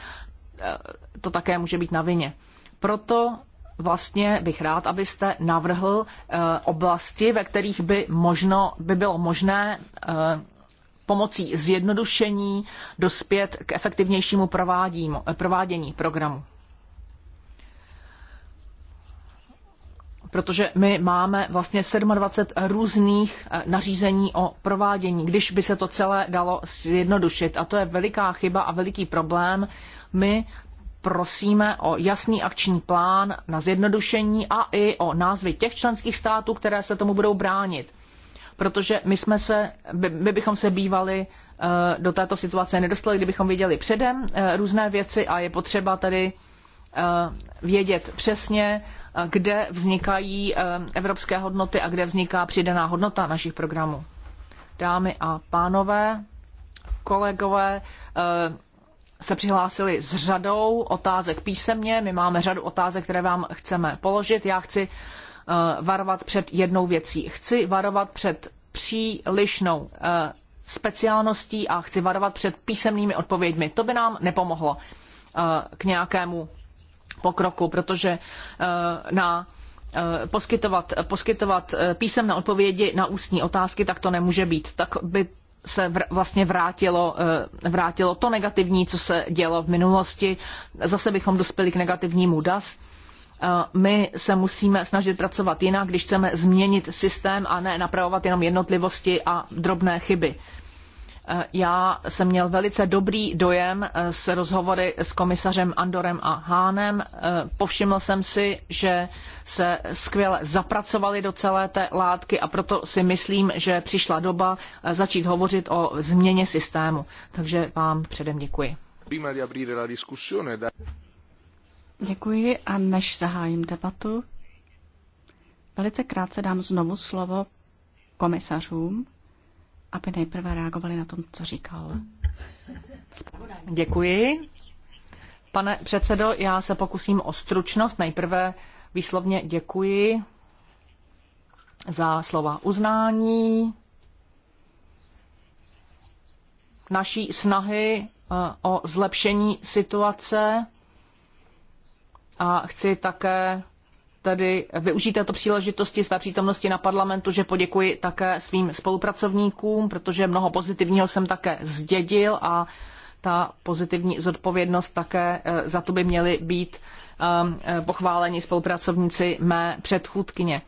To také může být na vině. Proto vlastně bych rád, abyste navrhl eh, oblasti, ve kterých by, možno, by bylo možné eh, pomocí zjednodušení dospět k efektivnějšímu provádění programu. protože my máme vlastně 27 různých eh, nařízení o provádění, když by se to celé dalo zjednodušit. A to je veliká chyba a veliký problém. My prosíme o jasný akční plán na zjednodušení a i o názvy těch členských států, které se tomu budou bránit. Protože my, jsme se, my bychom se bývali eh, do této situace nedostali, kdybychom věděli předem eh, různé věci a je potřeba tady eh, vědět přesně, kde vznikají evropské hodnoty a kde vzniká přidaná hodnota našich programů. Dámy a pánové, kolegové, se přihlásili s řadou otázek písemně. My máme řadu otázek, které vám chceme položit. Já chci eh, varovat před jednou věcí. Chci varovat před přílišnou eh, speciálností a chci varovat před písemnými odpověďmi. To by nám nepomohlo eh, k nějakému pokroku, protože na poskytovat, poskytovat písemné odpovědi na ústní otázky, tak to nemůže být. Tak by se vlastně vrátilo, eh, vrátilo to negativní, co se dělo v minulosti. Zase bychom dospěli k negativnímu DAS. Eh, my se musíme snažit pracovat jinak, když chceme změnit systém a ne napravovat jenom jednotlivosti a drobné chyby. Eh, já jsem měl velice dobrý dojem eh, s rozhovory s komisařem Andorem a Hánem. Eh, povšiml jsem si, že se skvěle zapracovali do celé té látky a proto si myslím, že přišla doba začít hovořit o změně systému. Takže vám předem děkuji. Děkuji a než zahájím debatu, velice krátce dám znovu slovo komisařům aby nejprve reagovali na tom, co říkal. Děkuji. Pane předsedo, já se pokusím o stručnost. Nejprve výslovně děkuji za slova uznání naší snahy eh, o zlepšení situace a chci také tedy využít této příležitosti své přítomnosti na parlamentu, že poděkuji také svým spolupracovníkům, protože mnoho pozitivního jsem také zdědil a ta pozitivní zodpovědnost také eh, za to by měli být ehm, eh, pochváleni spolupracovníci mé předchůdkyně.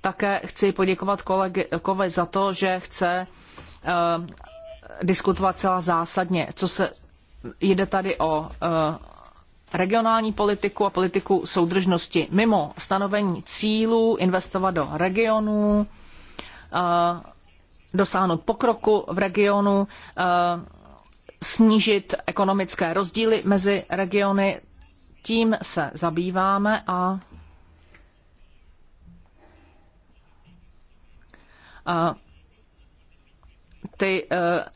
Také chci poděkovat kolegovi za to, že chce ehm, diskutovat celá zásadně, co se jde tady o eh, regionální politiku a politiku soudržnosti. Mimo stanovení cílů, investovat do regionů, eh, dosáhnout pokroku v regionu, eh, snížit ekonomické rozdíly mezi regiony, tím se zabýváme a eh, ty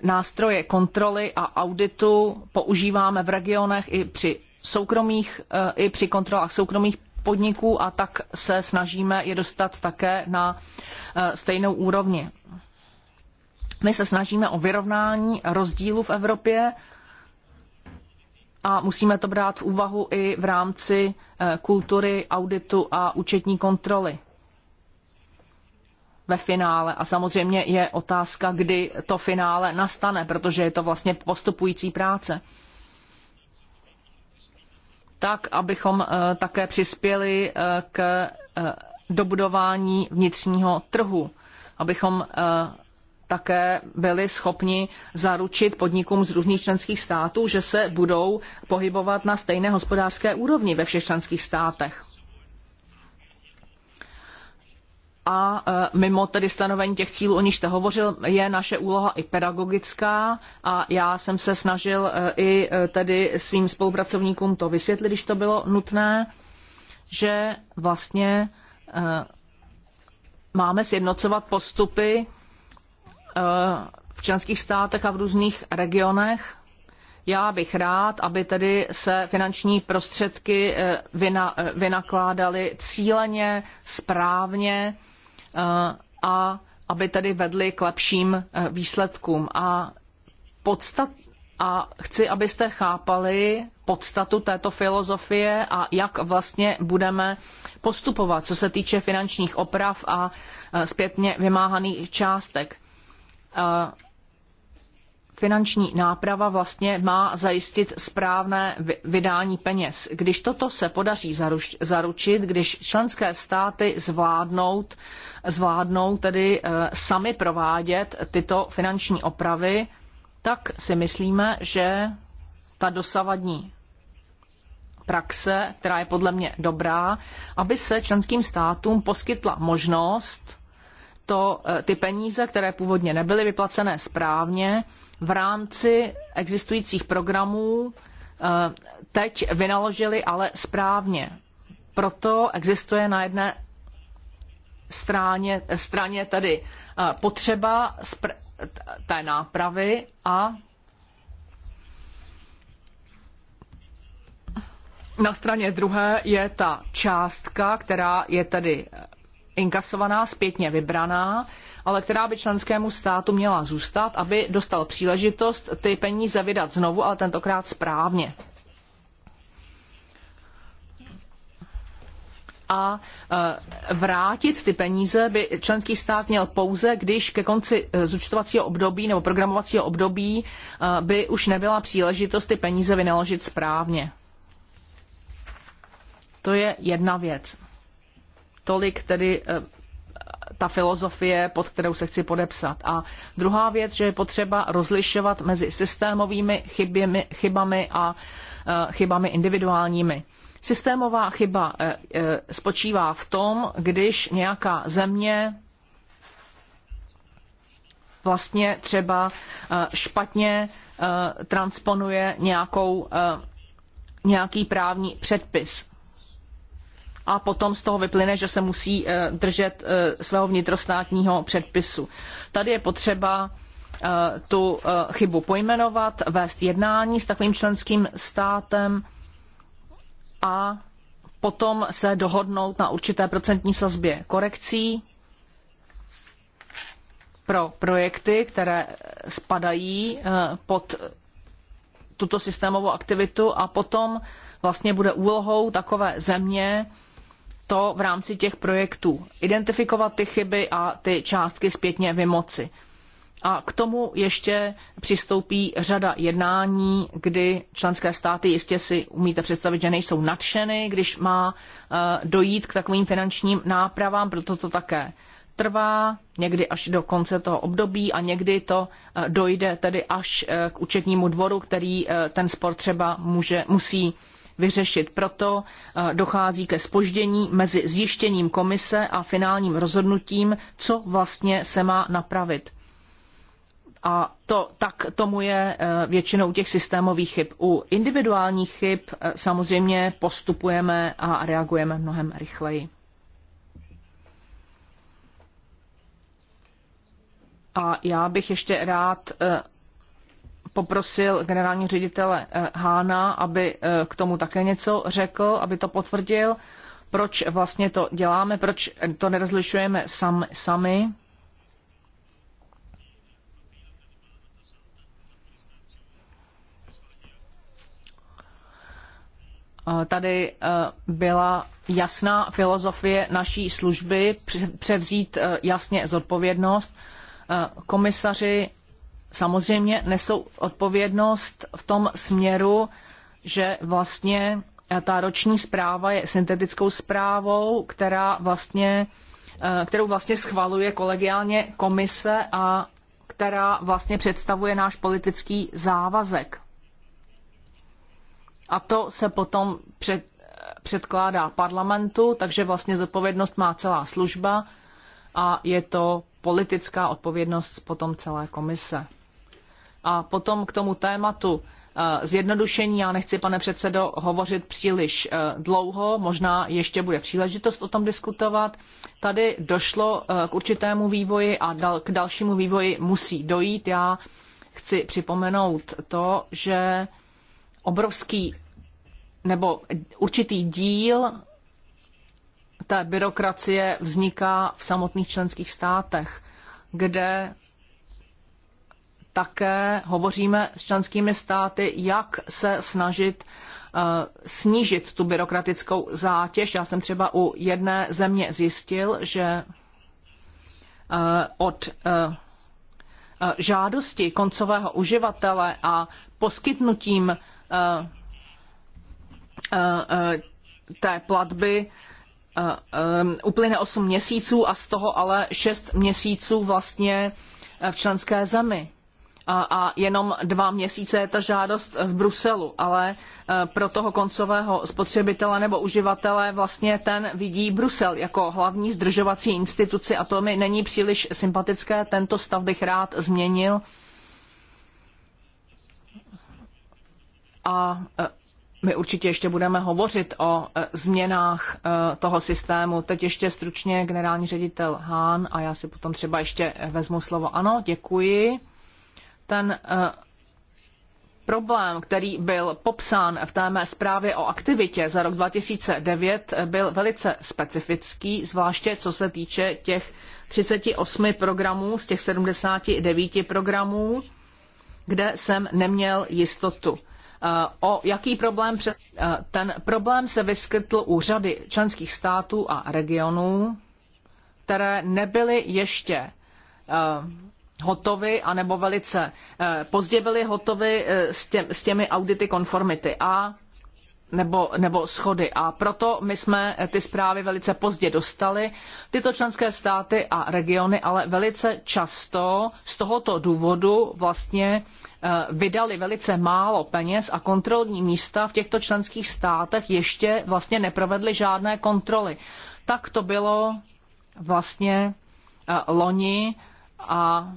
nástroje kontroly a auditu používáme v regionech i při soukromých, eh, i při kontrolách soukromých podniků a tak se snažíme je dostat také na eh, stejnou úrovni. My se snažíme o vyrovnání rozdílu v Evropě a musíme to brát v úvahu i v rámci eh, kultury, auditu a účetní kontroly ve finále. A samozřejmě je otázka, kdy to finále nastane, protože je to vlastně postupující práce tak abychom eh, také přispěli eh, k eh, dobudování vnitřního trhu, abychom také byli schopni zaručit podnikům z různých členských států, že se budou pohybovat na stejné hospodářské úrovni ve všech členských státech. a e, mimo tedy stanovení těch cílů, o nichž jste hovořil, je naše úloha i pedagogická a já jsem se snažil e, i e, tedy svým spolupracovníkům to vysvětlit, když to bylo nutné, že vlastně máme sjednocovat postupy v členských státech a v různých regionech. Já bych rád, aby tedy se finanční prostředky vynakládaly cíleně, správně, Eh, a aby tedy vedly k lepším eh, výsledkům. A, podstat, a chci, abyste chápali podstatu této filozofie a jak vlastně budeme postupovat, co se týče finančních oprav a eh, zpětně vymáhaných částek finanční náprava vlastně má zajistit správné vydání peněz. Když toto se podaří zaručit, když členské státy zvládnout, zvládnou tedy eh, sami provádět tyto finanční opravy, tak si myslíme, že ta dosavadní praxe, která je podle mě dobrá, aby se členským státům poskytla možnost to, eh, ty peníze, které původně nebyly vyplacené správně, v rámci existujících programů eh, teď vynaložili ale správně. Proto existuje na jedné stráně, straně tedy eh, potřeba té nápravy a na straně druhé je ta částka, která je tedy inkasovaná, zpětně vybraná, ale která by členskému státu měla zůstat, aby dostal příležitost ty peníze vydat znovu, ale tentokrát správně. a e, vrátit ty peníze by členský stát měl pouze, když ke konci e, zúčtovacího období nebo programovacího období e, by už nebyla příležitost ty peníze vynaložit správně. To je jedna věc. Tolik tedy ta filozofie, pod kterou se chci podepsat. A druhá věc, že je potřeba rozlišovat mezi systémovými chyběmi, chybami a eh, chybami individuálními. Systémová chyba eh, eh, spočívá v tom, když nějaká země vlastně třeba špatně transponuje nějakou, nějaký právní předpis a potom z toho vyplyne, že se musí eh, držet eh, svého vnitrostátního předpisu. Tady je potřeba eh, tu chybu pojmenovat, vést jednání s takovým členským státem a potom se dohodnout na určité procentní sazbě korekcí pro projekty, které spadají pod tuto systémovou aktivitu a potom vlastně bude úlohou takové země to v rámci těch projektů identifikovat ty chyby a ty částky zpětně vymoci. A k tomu ještě přistoupí řada jednání, kdy členské státy jistě si umíte představit, že nejsou nadšeny, když má eh, dojít k takovým finančním nápravám, proto to také trvá, někdy až do konce toho období a někdy to eh, dojde tedy až eh, k účetnímu dvoru, který ten spor třeba může, musí vyřešit. Proto eh, dochází ke spoždění mezi zjištěním komise a finálním rozhodnutím, co vlastně se má napravit. A to tak tomu je eh, většinou těch systémových chyb. U individuálních chyb eh, samozřejmě postupujeme a reagujeme mnohem rychleji. A já bych ještě rád poprosil generální ředitele eh, Hána, aby eh, k tomu také něco řekl, aby to potvrdil, proč vlastně to děláme, proč to nerozlišujeme sam, sami. Eh, tady byla jasná filozofie naší služby převzít jasně zodpovědnost. Komisaři samozřejmě nesou odpovědnost v tom směru, že vlastně ta roční zpráva je syntetickou zprávou, která vlastně, eh, kterou vlastně schvaluje kolegiálně komise a která vlastně představuje náš politický závazek. A to se potom před, eh, předkládá parlamentu, takže vlastně zodpovědnost má celá služba a je to politická odpovědnost potom celé komise. A potom k tomu tématu eh, zjednodušení. Já nechci, pane předsedo, hovořit příliš eh, dlouho, možná ještě bude příležitost o tom diskutovat. Tady došlo eh, k určitému vývoji a k dalšímu vývoji musí dojít. Já chci připomenout to, že obrovský nebo určitý díl té byrokracie vzniká v samotných členských státech, kde také hovoříme s členskými státy, jak se snažit eh, snížit tu byrokratickou zátěž. Já jsem třeba u jedné země zjistil, že eh, od eh, žádosti koncového uživatele a poskytnutím té platby uplyne 8 měsíců a z toho ale 6 měsíců vlastně v členské zemi a, jenom dva měsíce je ta žádost v Bruselu, ale e, pro toho koncového spotřebitele nebo uživatele vlastně ten vidí Brusel jako hlavní zdržovací instituci a to mi není příliš sympatické. Tento stav bych rád změnil. A e, my určitě ještě budeme hovořit o e, změnách toho systému. Teď ještě stručně generální ředitel Hán a já si potom třeba ještě vezmu slovo. Ano, děkuji ten eh, problém, který byl popsán v té mé zprávě o aktivitě za rok 2009, eh, byl velice specifický, zvláště co se týče těch 38 programů z těch 79 programů, kde jsem neměl jistotu. Eh, o jaký problém? Ten problém se vyskytl u řady členských států a regionů, které nebyly ještě hotovy, anebo velice eh, pozdě byly hotovy eh, s těmi audity konformity a nebo, nebo schody. A proto my jsme eh, ty zprávy velice pozdě dostali. Tyto členské státy a regiony ale velice často z tohoto důvodu vlastně vydali velice málo peněz a kontrolní místa v těchto členských státech ještě vlastně neprovedly žádné kontroly. Tak to bylo vlastně loni a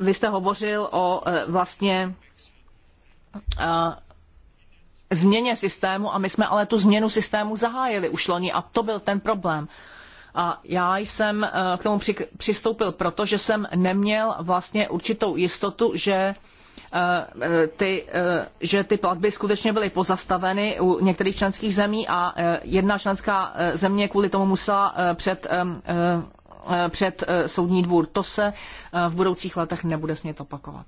vy jste hovořil o e, vlastně e, změně systému a my jsme ale tu změnu systému zahájili už loni a to byl ten problém. A já jsem e, k tomu přistoupil, protože jsem neměl vlastně určitou jistotu, že ty, že ty platby skutečně byly pozastaveny u některých členských zemí a jedna členská země kvůli tomu musela před Eh, před eh, soudní dvůr. To se eh, v budoucích letech nebude smět opakovat.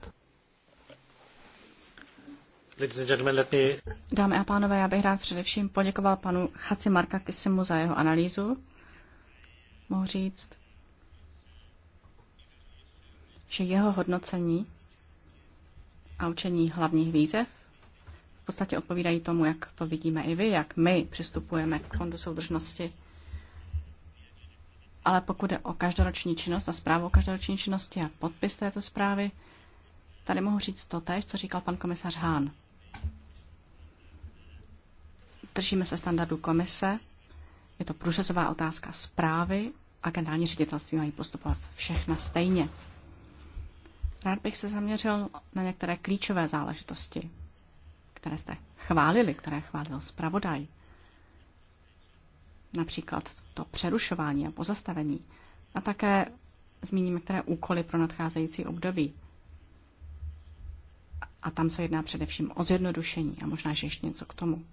Dámy a pánové, já bych rád především poděkoval panu Chaci Marka Kisimu za jeho analýzu. Mohu říct, že jeho hodnocení a učení hlavních výzev v podstatě odpovídají tomu, jak to vidíme i vy, jak my přistupujeme k Fondu soudržnosti ale pokud je o každoroční činnost a zprávu o každoroční činnosti a podpis této zprávy, tady mohu říct to tež, co říkal pan komisař Hán. Držíme se standardu komise, je to průřezová otázka zprávy a generální ředitelství mají postupovat všechna stejně. Rád bych se zaměřil na některé klíčové záležitosti, které jste chválili, které chválil zpravodaj například to přerušování a pozastavení. A také zmíním některé úkoly pro nadcházející období. A tam se jedná především o zjednodušení a možná, že ještě něco k tomu.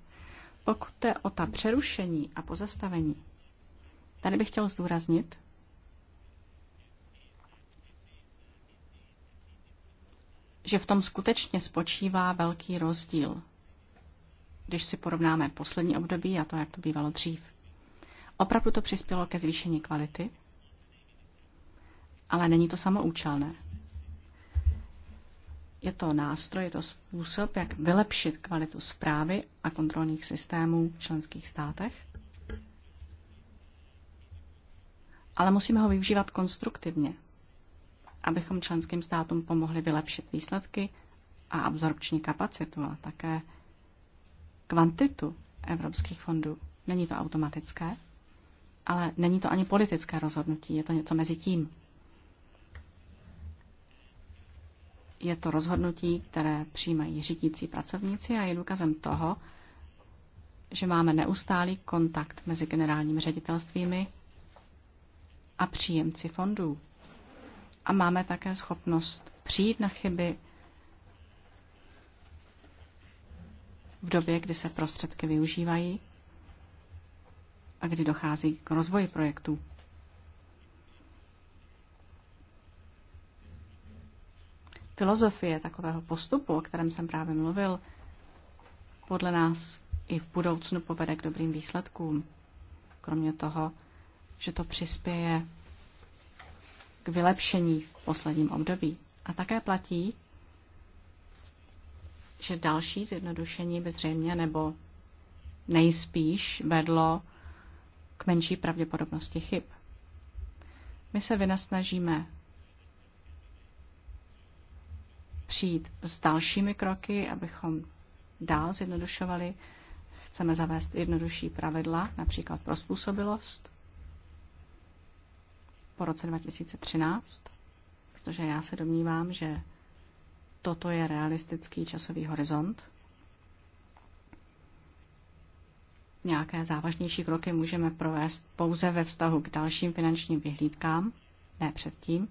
Pokud jde o ta přerušení a pozastavení, tady bych chtěl zdůraznit, že v tom skutečně spočívá velký rozdíl, když si porovnáme poslední období a to, jak to bývalo dřív. Opravdu to přispělo ke zvýšení kvality, ale není to samoučelné. Je to nástroj, je to způsob, jak vylepšit kvalitu zprávy a kontrolních systémů v členských státech. Ale musíme ho využívat konstruktivně, abychom členským státům pomohli vylepšit výsledky a absorpční kapacitu a také kvantitu evropských fondů. Není to automatické ale není to ani politické rozhodnutí, je to něco mezi tím. Je to rozhodnutí, které přijímají řídící pracovníci a je důkazem toho, že máme neustálý kontakt mezi generálními ředitelstvími a příjemci fondů. A máme také schopnost přijít na chyby v době, kdy se prostředky využívají a kdy dochází k rozvoji projektů. Filozofie takového postupu, o kterém jsem právě mluvil, podle nás i v budoucnu povede k dobrým výsledkům. Kromě toho, že to přispěje k vylepšení v posledním období. A také platí, že další zjednodušení by zřejmě nebo nejspíš vedlo k menší pravděpodobnosti chyb. My se vynasnažíme přijít s dalšími kroky, abychom dál zjednodušovali. Chceme zavést jednodušší pravidla, například pro způsobilost po roce 2013, protože já se domnívám, že toto je realistický časový horizont. Nějaké závažnější kroky můžeme provést pouze ve vztahu k dalším finančním vyhlídkám, ne předtím.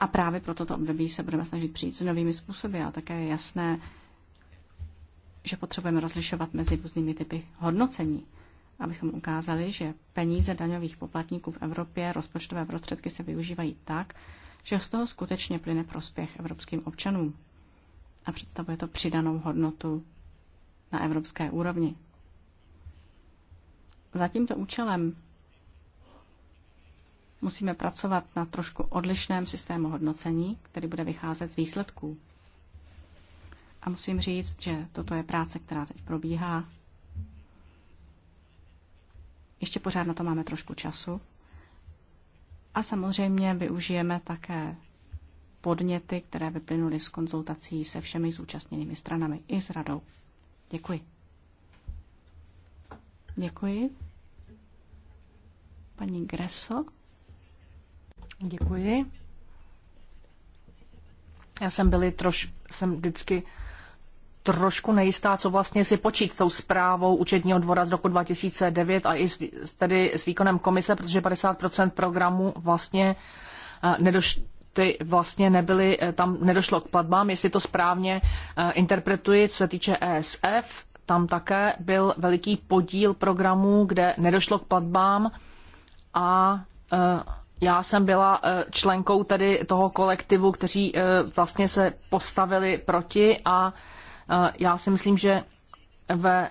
A právě pro toto období se budeme snažit přijít s novými způsoby a také je jasné, že potřebujeme rozlišovat mezi různými typy hodnocení, abychom ukázali, že peníze daňových poplatníků v Evropě, rozpočtové prostředky se využívají tak, že z toho skutečně plyne prospěch evropským občanům a představuje to přidanou hodnotu na evropské úrovni. Za tímto účelem musíme pracovat na trošku odlišném systému hodnocení, který bude vycházet z výsledků. A musím říct, že toto je práce, která teď probíhá. Ještě pořád na to máme trošku času. A samozřejmě využijeme také podněty, které vyplynuly z konzultací se všemi zúčastněnými stranami i s radou. Děkuji. Děkuji. Paní Greso. Děkuji. Já jsem byli troš, jsem vždycky trošku nejistá, co vlastně si počít s tou zprávou účetního dvora z roku 2009 a i s, tedy s výkonem komise, protože 50% programu vlastně eh, nedoš, ty vlastně nebyly, eh, tam nedošlo k platbám, jestli to správně eh, interpretuji, co se týče ESF, tam také byl veliký podíl programů, kde nedošlo k platbám a eh, já jsem byla členkou tedy toho kolektivu, kteří vlastně se postavili proti a já si myslím, že ve,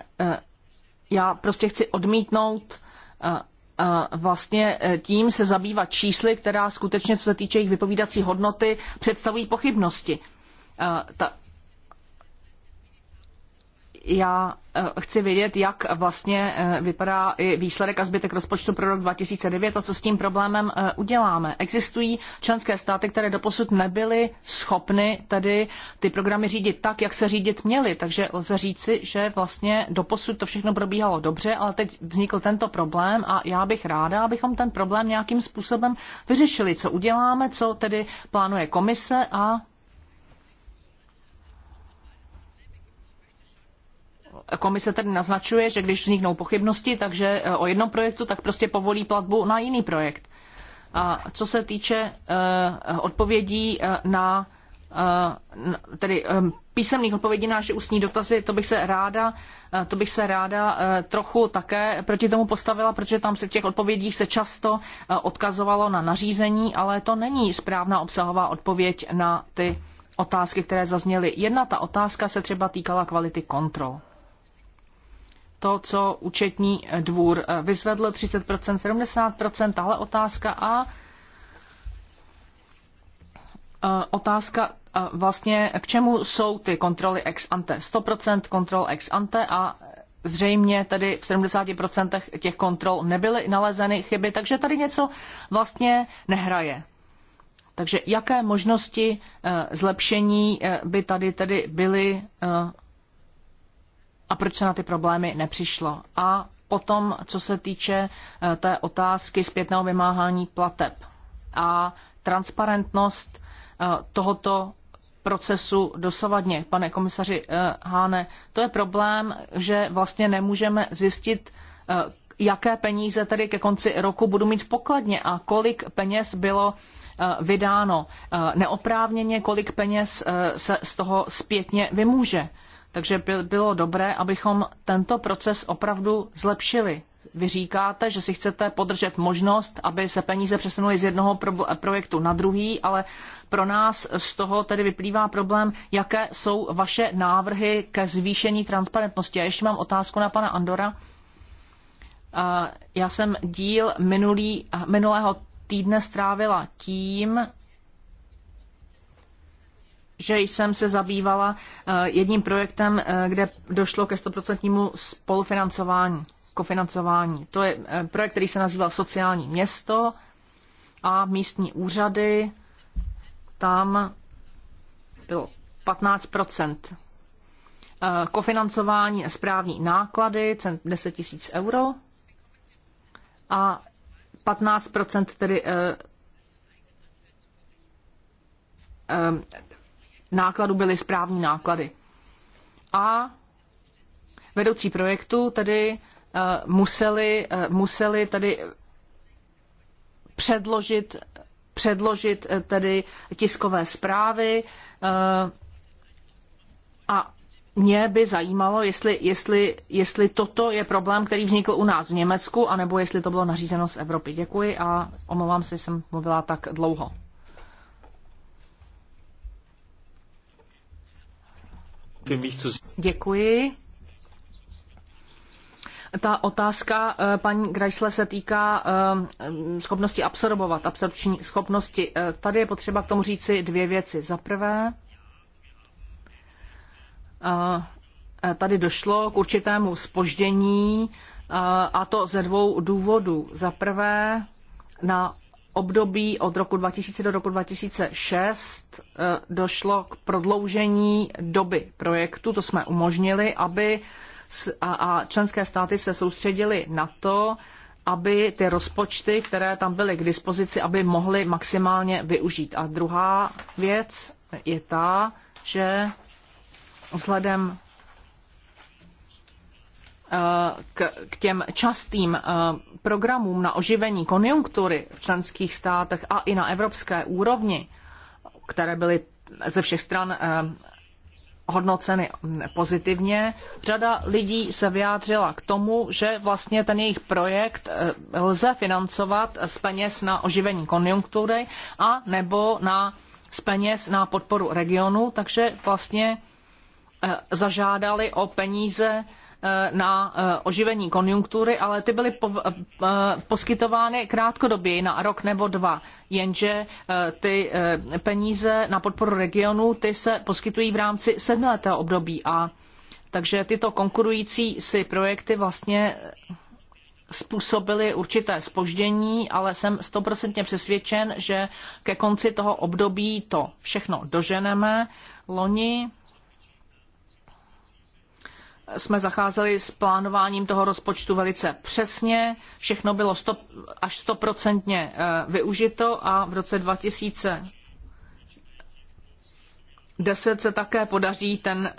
já prostě chci odmítnout vlastně e, tím se zabývat čísly, která skutečně, co se týče jejich vypovídací hodnoty, představují pochybnosti. E, ta, já eh, chci vědět, jak vlastně eh, vypadá výsledek a zbytek rozpočtu pro rok 2009 a co s tím problémem eh, uděláme. Existují členské státy, které doposud nebyly schopny tedy ty programy řídit tak, jak se řídit měly, takže lze říci, že vlastně doposud to všechno probíhalo dobře, ale teď vznikl tento problém a já bych ráda, abychom ten problém nějakým způsobem vyřešili, co uděláme, co tedy plánuje komise a komise tedy naznačuje, že když vzniknou pochybnosti, takže e, o jednom projektu, tak prostě povolí platbu na jiný projekt. A co se týče e, odpovědí e, na tedy písemných odpovědí na naše ústní dotazy, to bych se ráda, to bych se ráda trochu také proti tomu postavila, protože tam v těch odpovědích se často odkazovalo na nařízení, ale to není správná obsahová odpověď na ty otázky, které zazněly. Jedna ta otázka se třeba týkala kvality kontrol to, co účetní dvůr eh, vyzvedl, 30%, 70%, tahle otázka a eh, otázka eh, vlastně, k čemu jsou ty kontroly ex ante. 100% kontrol ex ante a zřejmě tedy v 70% těch kontrol nebyly nalezeny chyby, takže tady něco vlastně nehraje. Takže jaké možnosti zlepšení by tady tedy byly a proč se na ty problémy nepřišlo. A potom, co se týče eh, té otázky zpětného vymáhání plateb a transparentnost eh, tohoto procesu dosavadně, pane komisaři eh, Háne, to je problém, že vlastně nemůžeme zjistit, jaké peníze tedy ke konci roku budu mít v pokladně a kolik peněz bylo vydáno neoprávněně, kolik peněz se z toho zpětně vymůže. Takže by, bylo dobré, abychom tento proces opravdu zlepšili. Vy říkáte, že si chcete podržet možnost, aby se peníze přesunuly z jednoho projektu na druhý, ale pro nás z toho tedy vyplývá problém, jaké jsou vaše návrhy ke zvýšení transparentnosti. A ještě mám otázku na pana Andora. Já jsem díl minulý, minulého týdne strávila tím, že jsem se zabývala eh, jedním projektem, eh, kde došlo ke 100% spolufinancování, kofinancování. To je eh, projekt, který se nazýval Sociální město a místní úřady. Tam bylo 15 kofinancování a správní náklady, 10 000 euro a 15 tedy Nákladu byly správní náklady. A vedoucí projektu tedy uh, museli, uh, museli tedy předložit, předložit uh, tedy tiskové zprávy uh, a mě by zajímalo, jestli, jestli, jestli toto je problém, který vznikl u nás v Německu, anebo jestli to bylo nařízeno z Evropy. Děkuji a omlouvám se, že jsem mluvila tak dlouho. Děkuji. Ta otázka eh, paní Grajsle se týká eh, schopnosti absorbovat, absorpční schopnosti. Eh, tady je potřeba k tomu říci dvě věci. Za prvé, tady došlo k určitému spoždění a to ze dvou důvodů. Za prvé, na období od roku 2000 do roku 2006 eh, došlo k prodloužení doby projektu, to jsme umožnili, aby a členské státy se soustředili na to, aby ty rozpočty, které tam byly k dispozici, aby mohly maximálně využít. A druhá věc je ta, že vzhledem Eh, k, k těm častým eh, programům na oživení konjunktury v členských státech a i na evropské úrovni, které byly ze všech stran eh, hodnoceny pozitivně. Řada lidí se vyjádřila k tomu, že vlastně ten jejich projekt lze financovat z peněz na oživení konjunktury a nebo na, z peněz na podporu regionu, takže vlastně zažádali o peníze Eh, na eh, oživení konjunktury, ale ty byly eh, poskytovány krátkodobě na rok nebo dva. Jenže ty peníze na podporu regionu, ty se poskytují v rámci sedmiletého období a takže tyto konkurující si projekty vlastně způsobily určité spoždění, ale jsem stoprocentně přesvědčen, že ke konci toho období to všechno doženeme. Loni jsme zacházeli s plánováním toho rozpočtu velice přesně. Všechno bylo 100, až stoprocentně eh, využito a v roce 2010 se také podaří ten eh,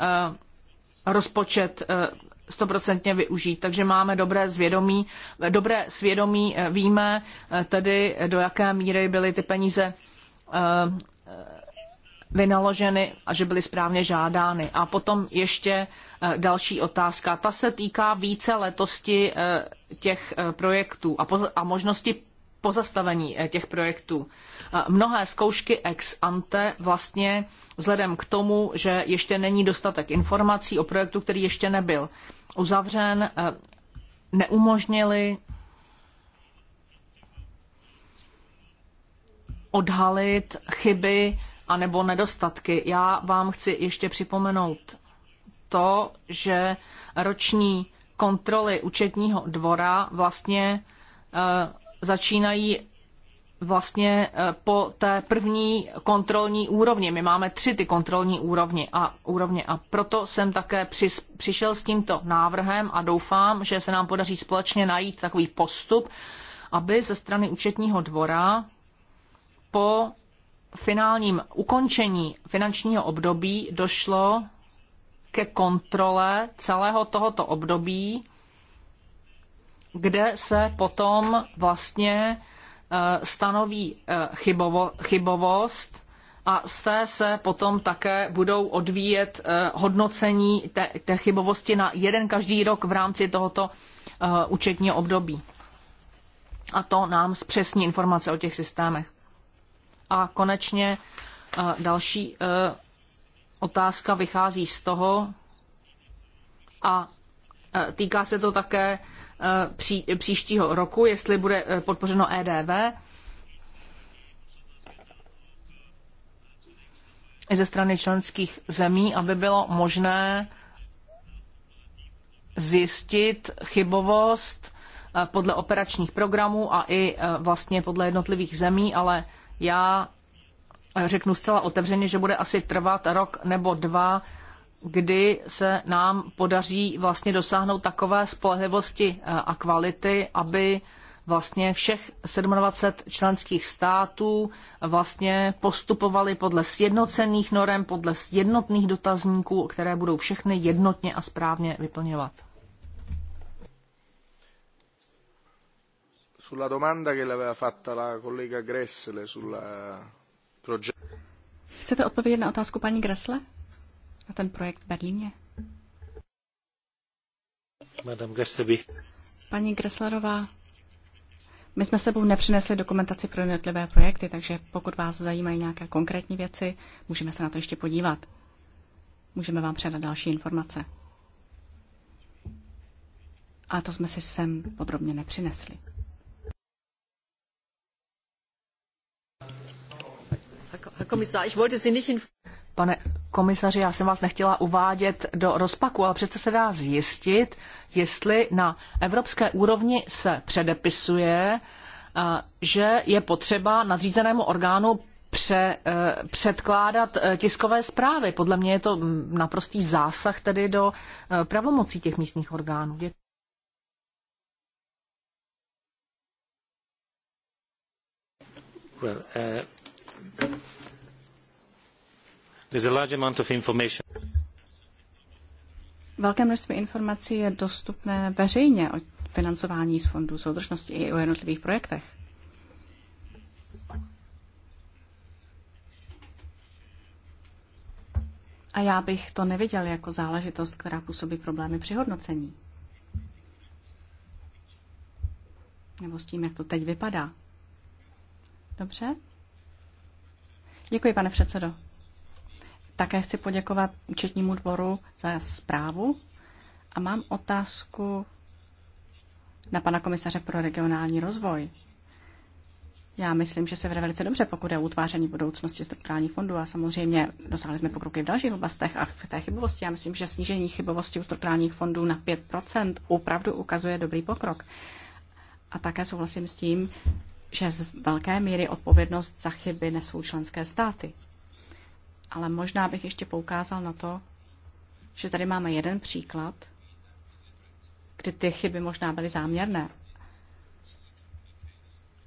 rozpočet eh, stoprocentně využít. Takže máme dobré zvědomí, dobré svědomí, víme tedy, do jaké míry byly ty peníze vynaloženy a že byly správně žádány. A potom ještě eh, další otázka. Ta se týká více letosti eh, těch eh, projektů a, poz- a možnosti pozastavení těch projektů. Mnohé zkoušky ex ante vlastně vzhledem k tomu, že ještě není dostatek informací o projektu, který ještě nebyl uzavřen, neumožnili odhalit chyby anebo nedostatky. Já vám chci ještě připomenout to, že roční kontroly účetního dvora vlastně eh, začínají vlastně eh, po té první kontrolní úrovni. My máme tři ty kontrolní úrovni a, úrovně a proto jsem také přis, přišel s tímto návrhem a doufám, že se nám podaří společně najít takový postup, aby ze strany účetního dvora po finálním ukončení finančního období došlo ke kontrole celého tohoto období, kde se potom vlastně eh, stanoví eh, chybovo, chybovost a z té se potom také budou odvíjet eh, hodnocení té, té chybovosti na jeden každý rok v rámci tohoto účetního období. A to nám zpřesní informace o těch systémech. A konečně e, další e, otázka vychází z toho a e, týká se to také pří, příštího roku, jestli bude podpořeno EDV. ze strany členských zemí, aby bylo možné zjistit chybovost podle operačních programů a i vlastně podle jednotlivých zemí, ale já řeknu zcela otevřeně, že bude asi trvat rok nebo dva, kdy se nám podaří vlastně dosáhnout takové spolehlivosti eh, a kvality, aby vlastně všech 27 členských států vlastně postupovali podle sjednocených norem, podle jednotných dotazníků, které budou všechny jednotně a správně vyplňovat. sulla domanda che l'aveva fatta la collega Gressle sulla progetto. Chcete odpovědět na otázku paní Gressle? Na ten projekt v Berlíně? Madame Gressle, Paní Gresslerová, my jsme sebou nepřinesli dokumentaci pro jednotlivé projekty, takže pokud vás zajímají nějaké konkrétní věci, můžeme se na to ještě podívat. Můžeme vám předat další informace. A to jsme si sem podrobně nepřinesli. Pane komisaři, já jsem vás nechtěla uvádět do rozpaku, ale přece se dá zjistit, jestli na evropské úrovni se předepisuje, eh, že je potřeba nadřízenému orgánu pře, eh, předkládat eh, tiskové zprávy. Podle mě je to mm, naprostý zásah tedy do pravomocí těch místních orgánů. Děkuji. Uh, Velké množství informací je dostupné veřejně o financování z fondů soudržnosti i o jednotlivých projektech. A já bych to neviděl jako záležitost, která působí problémy při hodnocení. Nebo s tím, jak to teď vypadá. Dobře. Děkuji, pane předsedo. Také chci poděkovat účetnímu dvoru za zprávu a mám otázku na pana komisaře pro regionální rozvoj. Já myslím, že se vede velice dobře, pokud je o utváření budoucnosti strukturálních fondů a samozřejmě dosáhli jsme pokroky v dalších oblastech a v té chybovosti. Já myslím, že snížení chybovosti u strukturálních fondů na 5% opravdu ukazuje dobrý pokrok. A také souhlasím s tím, že z velké míry odpovědnost za chyby nesou členské státy. Ale možná bych ještě poukázal na to, že tady máme jeden příklad, kdy ty chyby možná byly záměrné.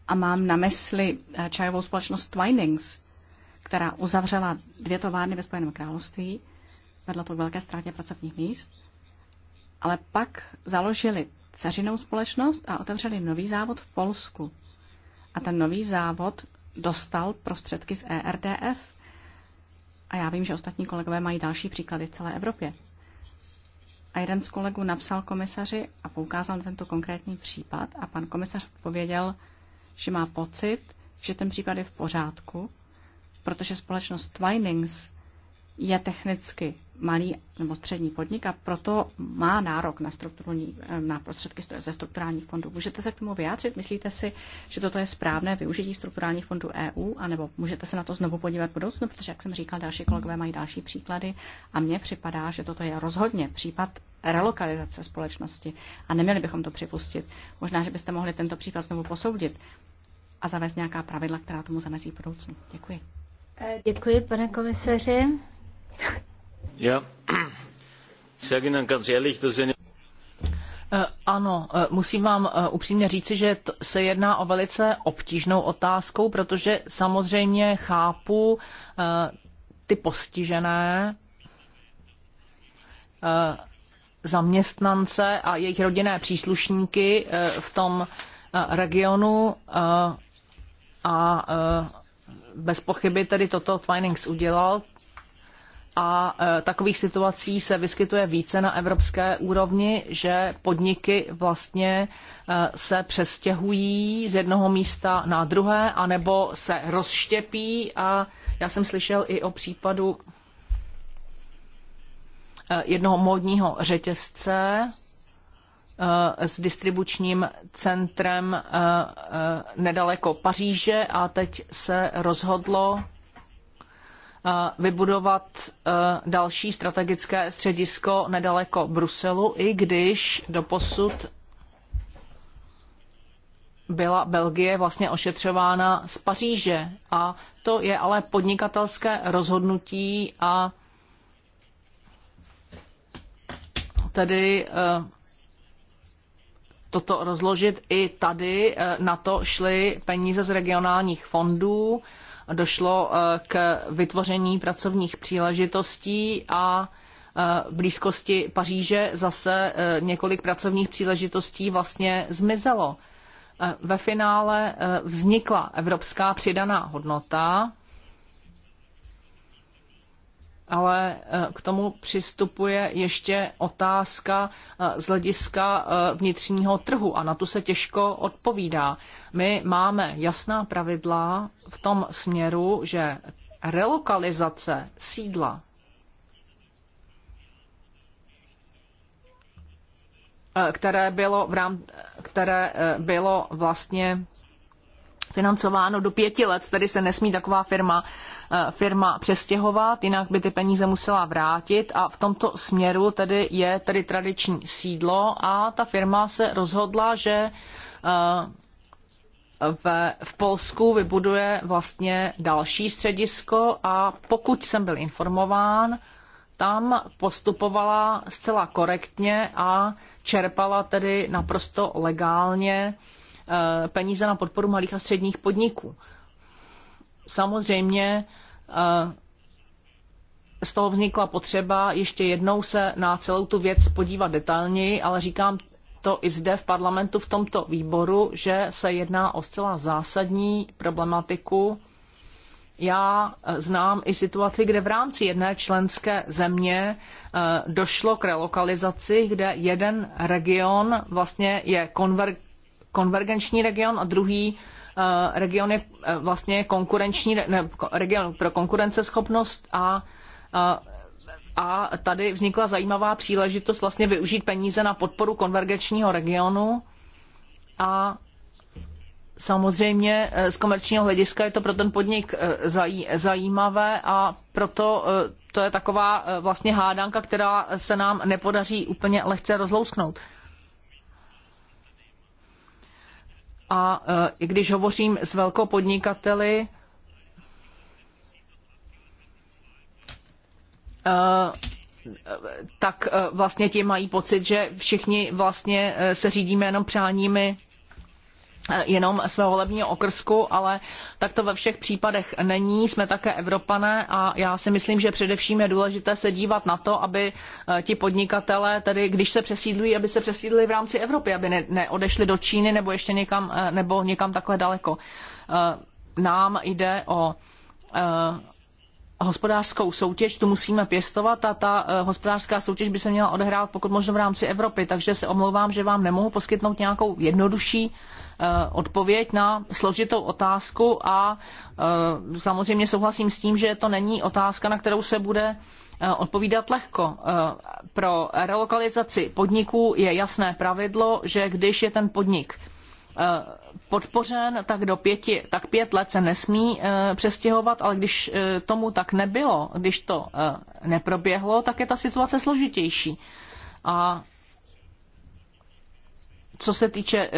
A mám na mysli eh, čajovou společnost Twinings, která uzavřela dvě továrny ve Spojeném království, vedla to k velké ztrátě pracovních míst, ale pak založili dceřinou společnost a otevřeli nový závod v Polsku a ten nový závod dostal prostředky z ERDF. A já vím, že ostatní kolegové mají další příklady v celé Evropě. A jeden z kolegů napsal komisaři a poukázal na tento konkrétní případ a pan komisař odpověděl, že má pocit, že ten případ je v pořádku, protože společnost Twinings je technicky malý nebo střední podnik a proto má nárok na, eh, na prostředky ze strukturálních fondů. Můžete se k tomu vyjádřit? Myslíte si, že toto je správné využití strukturálních fondů EU? A nebo můžete se na to znovu podívat v budoucnu? Protože, jak jsem říkal, další kolegové mají další příklady a mně připadá, že toto je rozhodně případ relokalizace společnosti a neměli bychom to připustit. Možná, že byste mohli tento případ znovu posoudit a zavést nějaká pravidla, která tomu zamezí v budoucnu. Děkuji. Děkuji, pane komisaři. Eh, ano, eh, musím vám eh, upřímně říci, že se jedná o velice obtížnou otázku, protože samozřejmě chápu ty postižené zaměstnance a jejich rodinné příslušníky v tom regionu a bez pochyby tedy toto Twinings udělal a e, takových situací se vyskytuje více na evropské úrovni, že podniky vlastně e, se přestěhují z jednoho místa na druhé, anebo se rozštěpí a já jsem slyšel i o případu e, jednoho módního řetězce s distribučním centrem nedaleko Paříže a teď se rozhodlo vybudovat e, další strategické středisko nedaleko Bruselu, i když doposud byla Belgie vlastně ošetřována z Paříže. A to je ale podnikatelské rozhodnutí a tedy e, toto rozložit i tady. E, na to šly peníze z regionálních fondů došlo eh, k vytvoření pracovních příležitostí a v eh, blízkosti Paříže zase eh, několik pracovních příležitostí vlastně zmizelo. Ve finále vznikla evropská přidaná hodnota, ale eh, k tomu přistupuje ještě otázka eh, z hlediska eh, vnitřního trhu a na tu se těžko odpovídá. My máme jasná pravidla v tom směru, že relokalizace sídla které bylo, v rám, které bylo vlastně financováno do pěti let, tedy se nesmí taková firma Eh, firma přestěhovat, jinak by ty peníze musela vrátit a v tomto směru tedy je tedy tradiční sídlo a ta firma se rozhodla, že eh, v, v Polsku vybuduje vlastně další středisko a pokud jsem byl informován, tam postupovala zcela korektně a čerpala tedy naprosto legálně eh, peníze na podporu malých a středních podniků. Samozřejmě Eh, z toho vznikla potřeba ještě jednou se na celou tu věc podívat detailněji, ale říkám to i zde v parlamentu, v tomto výboru, že se jedná o zcela zásadní problematiku. Já eh, znám i situaci, kde v rámci jedné členské země eh, došlo k relokalizaci, kde jeden region vlastně je konver- konvergenční region a druhý Eh, regiony eh, vlastně konkurenční, ne, region pro konkurenceschopnost a, a eh, a tady vznikla zajímavá příležitost vlastně využít peníze na podporu konvergenčního regionu a samozřejmě z komerčního hlediska je to pro ten podnik zajímavé a proto to je taková vlastně hádanka, která se nám nepodaří úplně lehce rozlousknout. A e, i když hovořím s velkopodnikateli, podnikateli, e, tak e, vlastně ti mají pocit, že všichni vlastně se řídíme jenom přáními Eh, jenom svého volebního okrsku, ale tak to ve všech případech není. Jsme také Evropané a já si myslím, že především je důležité se dívat na to, aby eh, ti podnikatelé, tedy když se přesídlují, aby se přesídlili v rámci Evropy, aby ne, neodešli do Číny nebo ještě někam, eh, nebo někam takhle daleko. Nám jde o hospodářskou soutěž, tu musíme pěstovat a ta eh, hospodářská soutěž by se měla odehrát pokud možno v rámci Evropy. Takže se omlouvám, že vám nemohu poskytnout nějakou jednodušší eh, odpověď na složitou otázku a eh, samozřejmě souhlasím s tím, že to není otázka, na kterou se bude odpovídat lehko. Pro relokalizaci podniků je jasné pravidlo, že když je ten podnik Eh, podpořen, tak do pěti, tak pět let se nesmí eh, přestěhovat, ale když eh, tomu tak nebylo, když to neproběhlo, tak je ta situace složitější. A co se týče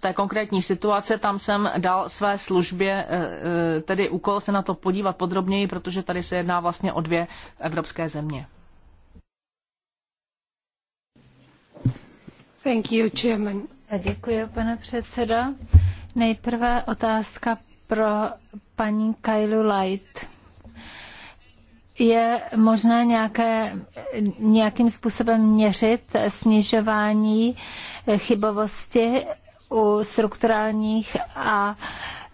té konkrétní situace, tam jsem dal své službě tedy úkol se na to podívat podrobněji, protože tady se jedná vlastně o dvě evropské země. Thank you, Chairman. Děkuji, pane předseda. Nejprve otázka pro paní Kailu Light. Je možné nějaké, nějakým způsobem měřit snižování chybovosti u strukturálních a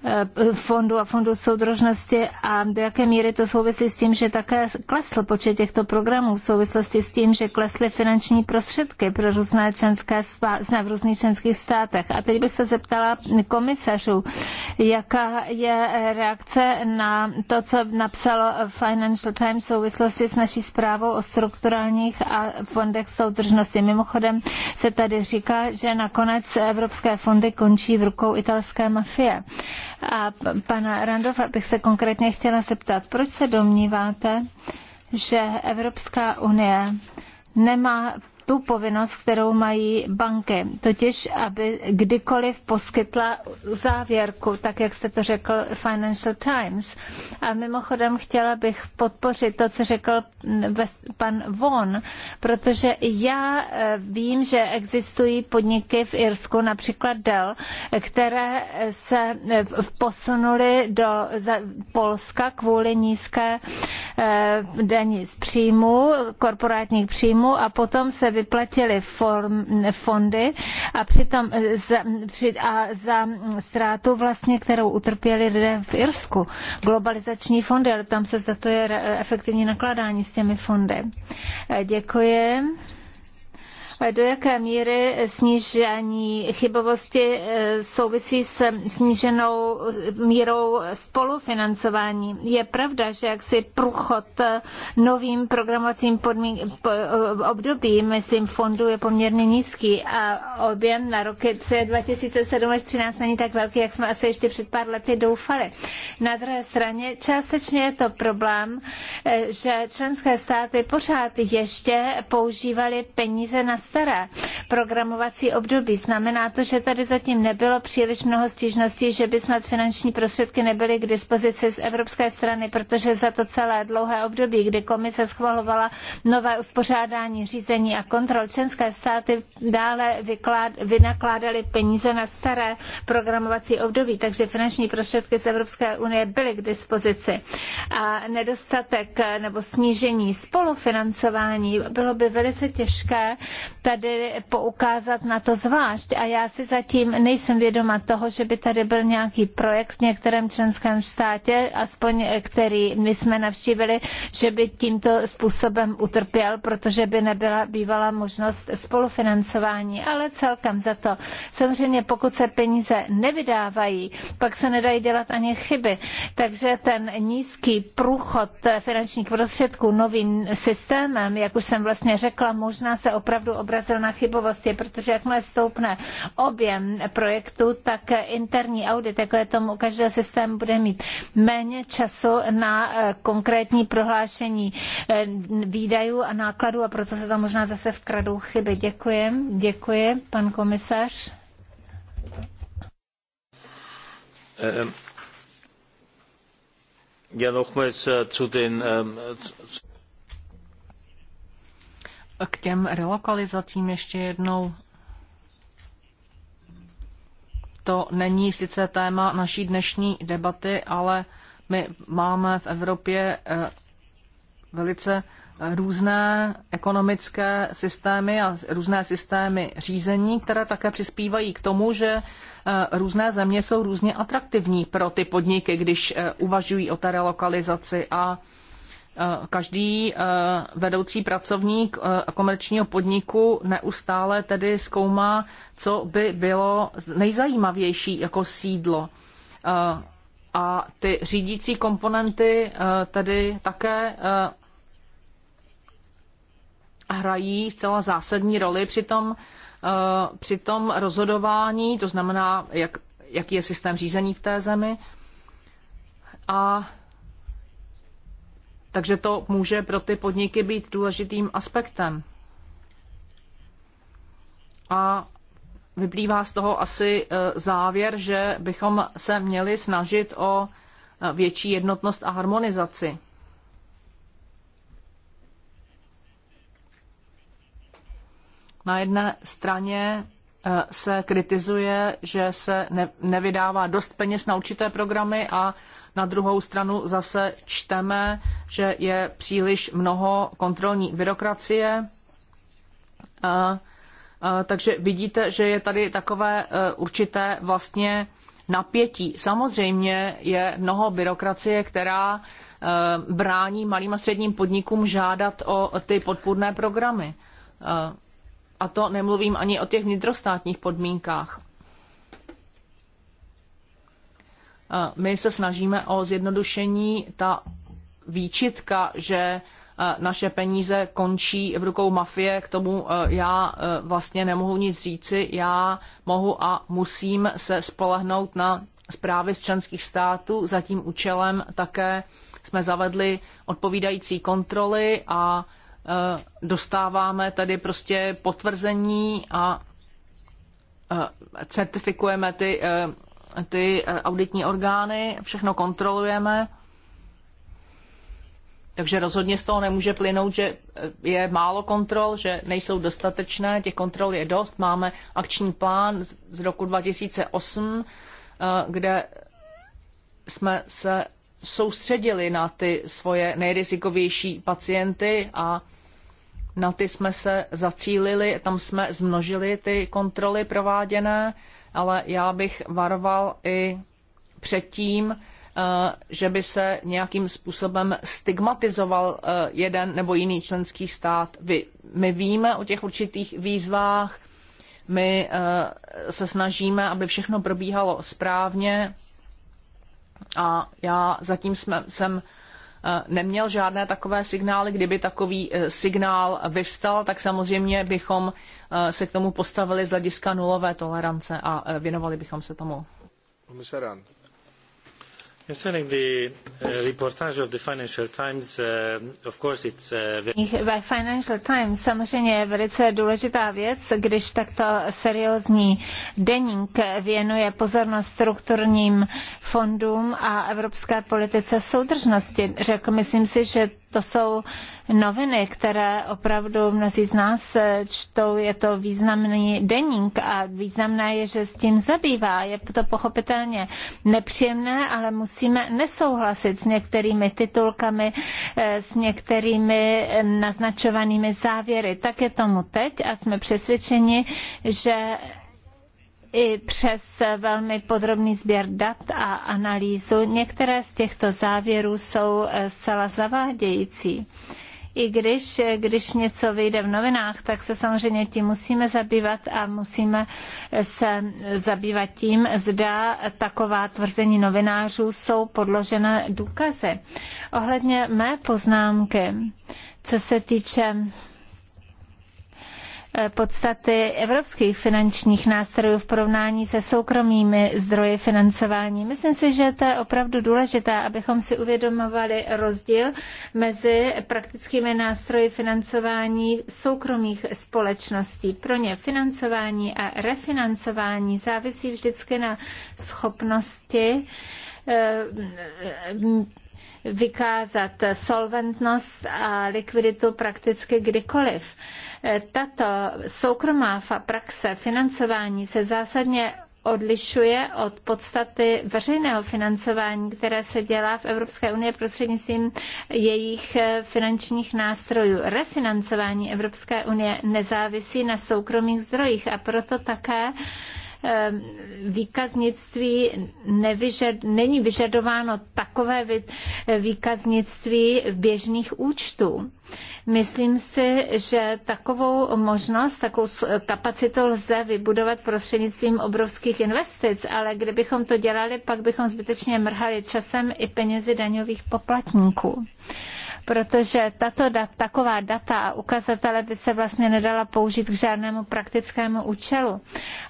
Eh, fondu a fondu soudržnosti a do jaké míry to souvisí s tím, že také klesl počet těchto programů v souvislosti s tím, že klesly finanční prostředky pro různé členské ne, v různých členských státech. A teď bych se zeptala komisařů, jaká je reakce na to, co napsalo Financial Times v souvislosti s naší zprávou o strukturálních a fondech soudržnosti. Mimochodem se tady říká, že nakonec evropské fondy končí v rukou italské mafie. A pana Randolfa bych se konkrétně chtěla zeptat, proč se domníváte, že Evropská unie nemá tu povinnost, kterou mají banky, totiž aby kdykoliv poskytla závěrku, tak jak jste to řekl Financial Times. A mimochodem chtěla bych podpořit to, co řekl pan Von, protože já eh, vím, že existují podniky v Irsku, například Dell, které se eh, posunuly do Polska kvůli nízké eh, daní z příjmu, korporátních příjmů a potom se vyplatili fondy a, přitom, eh, za, při, a za ztrátu vlastně, kterou utrpěli lidé v Irsku. Globalizační fondy, ale tam se zda to je efektivní nakládání s těmi fondy. Eh, děkuji do jaké míry snížení chybovosti eh, souvisí s sníženou mírou spolufinancování. Je pravda, že jaksi průchod eh, novým programovacím podmín... Eh, obdobím, myslím, fondu je poměrně nízký a objem na roky 2007 až 2013 není tak velký, jak jsme asi ještě před pár lety doufali. Na druhé straně částečně je to problém, že členské státy pořád ještě používaly peníze na staré programovací období. Znamená to, že tady zatím nebylo příliš mnoho stížností, že by snad finanční prostředky nebyly k dispozici z evropské strany, protože za to celé dlouhé období, kdy komise schvalovala nové uspořádání řízení a kontrol, členské státy dále vyklád, vynakládaly peníze na staré programovací období, takže finanční prostředky z Evropské unie byly k dispozici. A nedostatek nebo snížení spolufinancování bylo by velice těžké tady poukázat na to zvlášť. A já si zatím nejsem vědoma toho, že by tady byl nějaký projekt v některém členském státě, aspoň eh, který my jsme navštívili, že by tímto způsobem utrpěl, protože by nebyla bývala možnost spolufinancování. Ale celkem za to. Samozřejmě pokud se peníze nevydávají, pak se nedají dělat ani chyby. Takže ten nízký průchod finančních prostředků novým systémem, jak už jsem vlastně řekla, možná se opravdu neobrazil na chybovosti, protože jakmile stoupne objem projektu, tak interní audit, jako je tomu u každého systému, bude mít méně času na eh, konkrétní prohlášení eh, výdajů a nákladů a proto se tam možná zase vkradou chyby. Děkuji, děkuji, pan komisař. Ehm. Ja, nochmals eh, zu den. Ehm, k těm relokalizacím ještě jednou. To není sice téma naší dnešní debaty, ale my máme v Evropě eh, velice eh, různé ekonomické systémy a různé systémy řízení, které také přispívají k tomu, že eh, různé země jsou různě atraktivní pro ty podniky, když uvažují o té relokalizaci a Eh, každý eh, vedoucí pracovník eh, komerčního podniku neustále tedy zkoumá, co by bylo nejzajímavější jako sídlo. A ty řídící komponenty tedy také hrají zcela zásadní roli při tom, při tom rozhodování, to znamená, jak, jaký je systém řízení v té zemi. A takže to může pro ty podniky být důležitým aspektem. A vyplývá z toho asi e, závěr, že bychom se měli snažit o e, větší jednotnost a harmonizaci. Na jedné straně Eh, se kritizuje, že se nevydává dost peněz na určité programy a na druhou stranu zase čteme, že je příliš mnoho kontrolní byrokracie. A, eh, a, eh, takže vidíte, že je tady takové určité vlastně napětí. Samozřejmě je mnoho byrokracie, která brání malým a středním podnikům žádat o ty podpůrné programy. A to nemluvím ani o těch vnitrostátních podmínkách. My se snažíme o zjednodušení. Ta výčitka, že e, naše peníze končí v rukou mafie, k tomu e, já e, vlastně nemohu nic říci. Já mohu a musím se spolehnout na zprávy z členských států. Za tím účelem také jsme zavedli odpovídající kontroly a Eh, dostáváme tady prostě potvrzení a eh, certifikujeme ty, eh, ty auditní orgány, všechno kontrolujeme. Takže rozhodně z toho nemůže plynout, že je málo kontrol, že nejsou dostatečné, těch kontrol je dost. Máme akční plán z roku 2008, kde jsme se soustředili na ty svoje nejrizikovější pacienty a na ty jsme se zacílili, tam jsme zmnožili ty kontroly prováděné, ale já bych varoval i před tím, eh, že by se nějakým způsobem stigmatizoval eh, jeden nebo jiný členský stát. My víme o těch určitých výzvách, my eh, se snažíme, aby všechno probíhalo správně a já zatím jsem Eh, neměl žádné takové signály. Kdyby takový eh, signál vyvstal, tak samozřejmě bychom eh, se k tomu postavili z hlediska nulové tolerance a věnovali bychom se tomu. Komisarán. Concerning the uh, reportage of the Financial Times, uh, of course it's uh, Ve Financial Times samozřejmě je velice důležitá věc, když takto seriózní deník věnuje pozornost strukturním fondům a evropské politice soudržnosti. Řekl, myslím si, že to jsou noviny, které opravdu mnozí z nás čtou. Je to významný deník a významné je, že s tím zabývá. Je to pochopitelně nepříjemné, ale musíme nesouhlasit s některými titulkami, eh, s některými eh, naznačovanými závěry. Tak je tomu teď a jsme přesvědčeni, že i přes velmi podrobný sběr dat a analýzu některé z těchto závěrů jsou eh, zcela zavádějící i když, eh, když něco vyjde v novinách, tak se samozřejmě tím musíme zabývat a musíme eh, se zabývat tím, zda taková tvrzení novinářů jsou podložena důkazy. Ohledně mé poznámky, co se týče Eh, podstaty evropských finančních nástrojů v porovnání se soukromými zdroji financování. Myslím si, že to je opravdu důležité, abychom si uvědomovali rozdíl mezi praktickými nástroji financování soukromých společností. Pro ně financování a refinancování závisí vždycky na schopnosti eh, vykázat solventnost a likviditu prakticky kdykoliv. E, tato soukromá praxe financování se zásadně odlišuje od podstaty veřejného financování, které se dělá v Evropské unii prostřednictvím jejich e, finančních nástrojů. Refinancování Evropské unie nezávisí na soukromých zdrojích a proto také Ehm, výkaznictví nevyžad, není vyžadováno takové výkaznictví v běžných účtů. Myslím si, že takovou možnost, takovou kapacitu lze vybudovat prostřednictvím obrovských investic, ale kdybychom to dělali, pak bychom zbytečně mrhali časem i penězi daňových poplatníků protože tato dat, taková data a ukazatele by se vlastně nedala použít k žádnému praktickému účelu.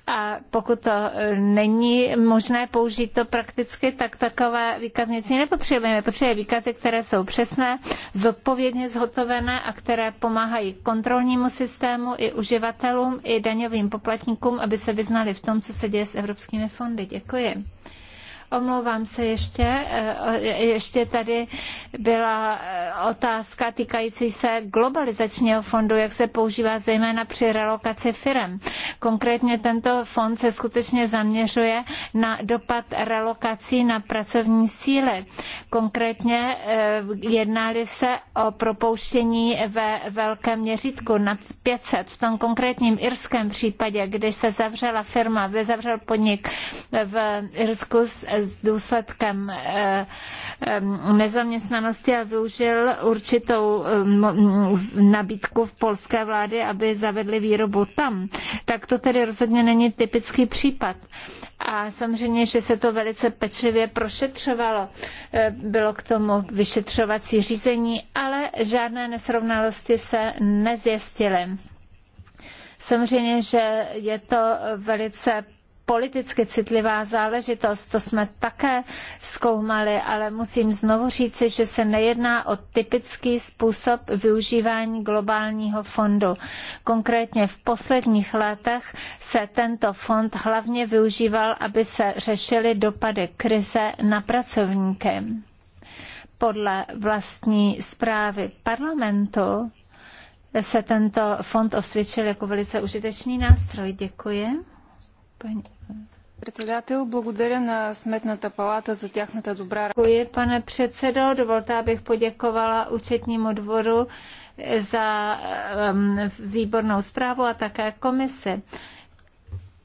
A pokud to e, není možné použít to prakticky, tak takové výkaznici nepotřebujeme. Potřebujeme výkazy, které jsou přesné, zodpovědně zhotovené a které pomáhají kontrolnímu systému i uživatelům, i daňovým poplatníkům, aby se vyznali v tom, co se děje s evropskými fondy. Děkuji. Omlouvám se ještě, eh, ještě tady byla eh, otázka týkající se globalizačního fondu, jak se používá zejména při relokaci firm. Konkrétně tento fond se skutečně zaměřuje na dopad relokací na pracovní síly. Konkrétně eh, jednali se o propouštění ve velkém měřítku nad 500. V tom konkrétním irském případě, když se zavřela firma, vyzavřel podnik v Irsku s důsledkem eh, eh, nezaměstnanosti a využil určitou eh, nabídku v polské vlády, aby zavedli výrobu tam. Tak to tedy rozhodně není typický případ. A samozřejmě, že se to velice pečlivě prošetřovalo. Bylo k tomu vyšetřovací řízení, ale žádné nesrovnalosti se nezjistily. Samozřejmě, že je to velice politicky citlivá záležitost, to jsme také zkoumali, ale musím znovu říci, že se nejedná o typický způsob využívání globálního fondu. Konkrétně v posledních letech se tento fond hlavně využíval, aby se řešily dopady krize na pracovníky. Podle vlastní zprávy parlamentu se tento fond osvědčil jako velice užitečný nástroj. Děkuji. Paní Председател, благодаря на Сметната палата za тяхната dobrá. Děkuji, pane předsedo. Dovolte, abych poděkovala účetnímu dvoru za výbornou zprávu a také komisi.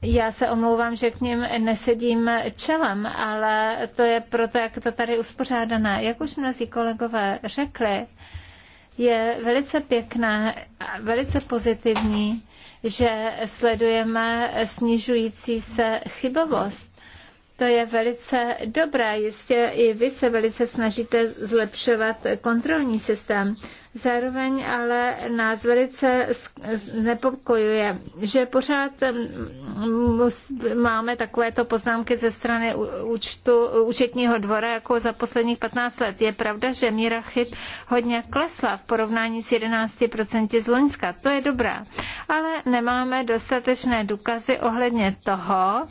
Já se omlouvám, že k ním nesedím čelem, ale to je proto, jak to tady uspořádané. Jak už mnozí kolegové řekli, je velice pěkné, velice pozitivní, že sledujeme snižující se chybovost. To je velice dobré. Jistě i vy se velice snažíte zlepšovat kontrolní systém. Zároveň ale nás velice znepokojuje, že pořád mm, máme takovéto poznámky ze strany účtu, účetního dvora jako za posledních 15 let. Je pravda, že míra chyb hodně klesla v porovnání s 11% z Loňska. To je dobrá. Ale nemáme dostatečné důkazy ohledně toho,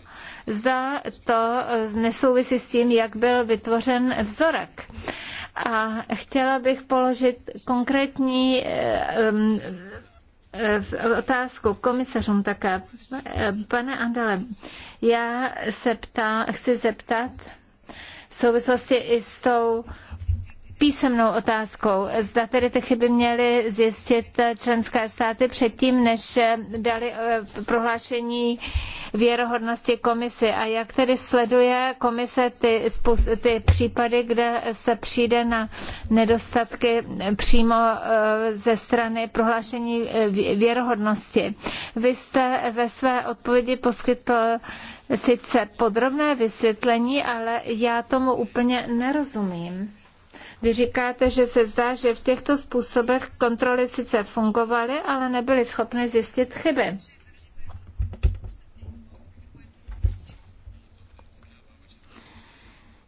zda to nesouvisí s tím, jak byl vytvořen vzorek. A chtěla bych položit konkrétní eh, um, eh, otázku komisařům také. Eh, pane Andele, já se ptá, chci zeptat v souvislosti i s tou písemnou otázkou. Zda tedy ty chyby měly zjistit členské státy předtím, než dali eh, prohlášení věrohodnosti komisi. A jak tedy sleduje komise ty, ty případy, kde se přijde na nedostatky přímo eh, ze strany prohlášení eh, věrohodnosti? Vy jste ve své odpovědi poskytl sice podrobné vysvětlení, ale já tomu úplně nerozumím. Vy říkáte, že se zdá, že v těchto způsobech kontroly sice fungovaly, ale nebyly schopny zjistit chyby.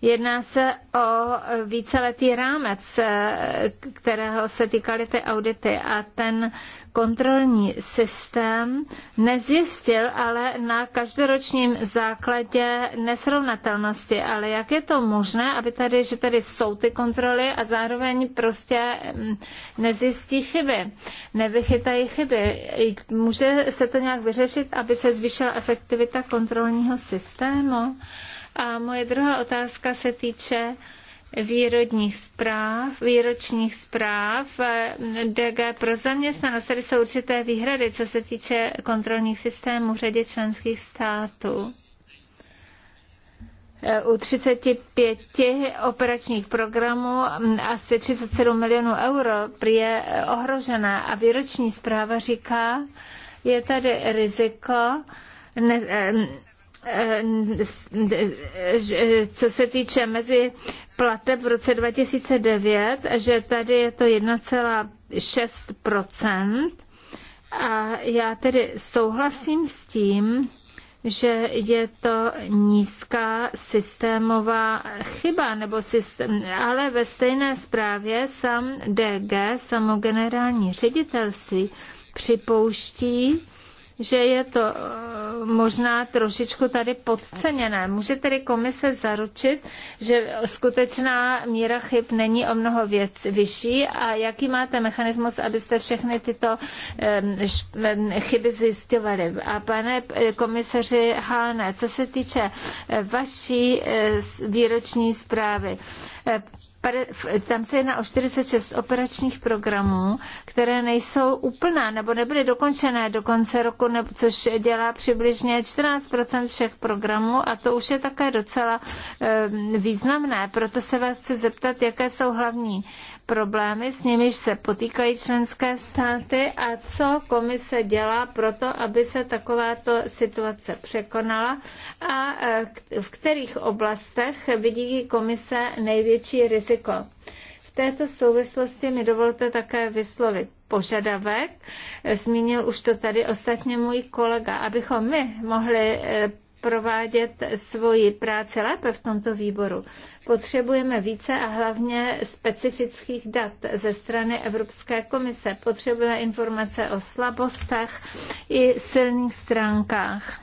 Jedná se o víceletý rámec, eh, kterého se týkaly ty audity a ten kontrolní systém nezjistil, ale na každoročním základě nesrovnatelnosti. Ale jak je to možné, aby tady, že tady jsou ty kontroly a zároveň prostě mm, nezjistí chyby, nevychytají chyby. Může se to nějak vyřešit, aby se zvýšila efektivita kontrolního systému? A moje druhá otázka se týče výrodních zpráv, výročních zpráv eh, DG pro zaměstnanost. Tady jsou určité výhrady, co se týče kontrolních systémů v řadě členských států. Eh, u 35 operačních programů hm, asi 37 milionů euro je eh, ohrožená a výroční zpráva říká, je tady riziko ne, co se týče mezi plateb v roce 2009, že tady je to 1,6 a já tedy souhlasím s tím, že je to nízká systémová chyba, nebo systém, ale ve stejné zprávě sam DG, samo generální ředitelství, připouští, že je to eh, možná trošičku tady podceněné. Může tedy komise zaručit, že skutečná míra chyb není o mnoho věc vyšší a jaký máte mechanismus, abyste všechny tyto chyby zjistovali? A pane eh, komisaři Háne, co se týče eh, vaší výroční zprávy, tam se jedná o 46 operačních programů, které nejsou úplná nebo nebyly dokončené do konce roku, což dělá přibližně 14 všech programů a to už je také docela eh, významné. Proto se vás chci zeptat, jaké jsou hlavní problémy, s nimiž se potýkají členské státy a co komise dělá pro to, aby se takováto situace překonala a eh, v kterých oblastech vidí komise největší riziko riziko. V této souvislosti mi dovolte také vyslovit požadavek, zmínil už to tady ostatně můj kolega, abychom my mohli eh, provádět svoji práci lépe v tomto výboru. Potřebujeme více a hlavně specifických dat ze strany Evropské komise. Potřebujeme informace o slabostech i silných stránkách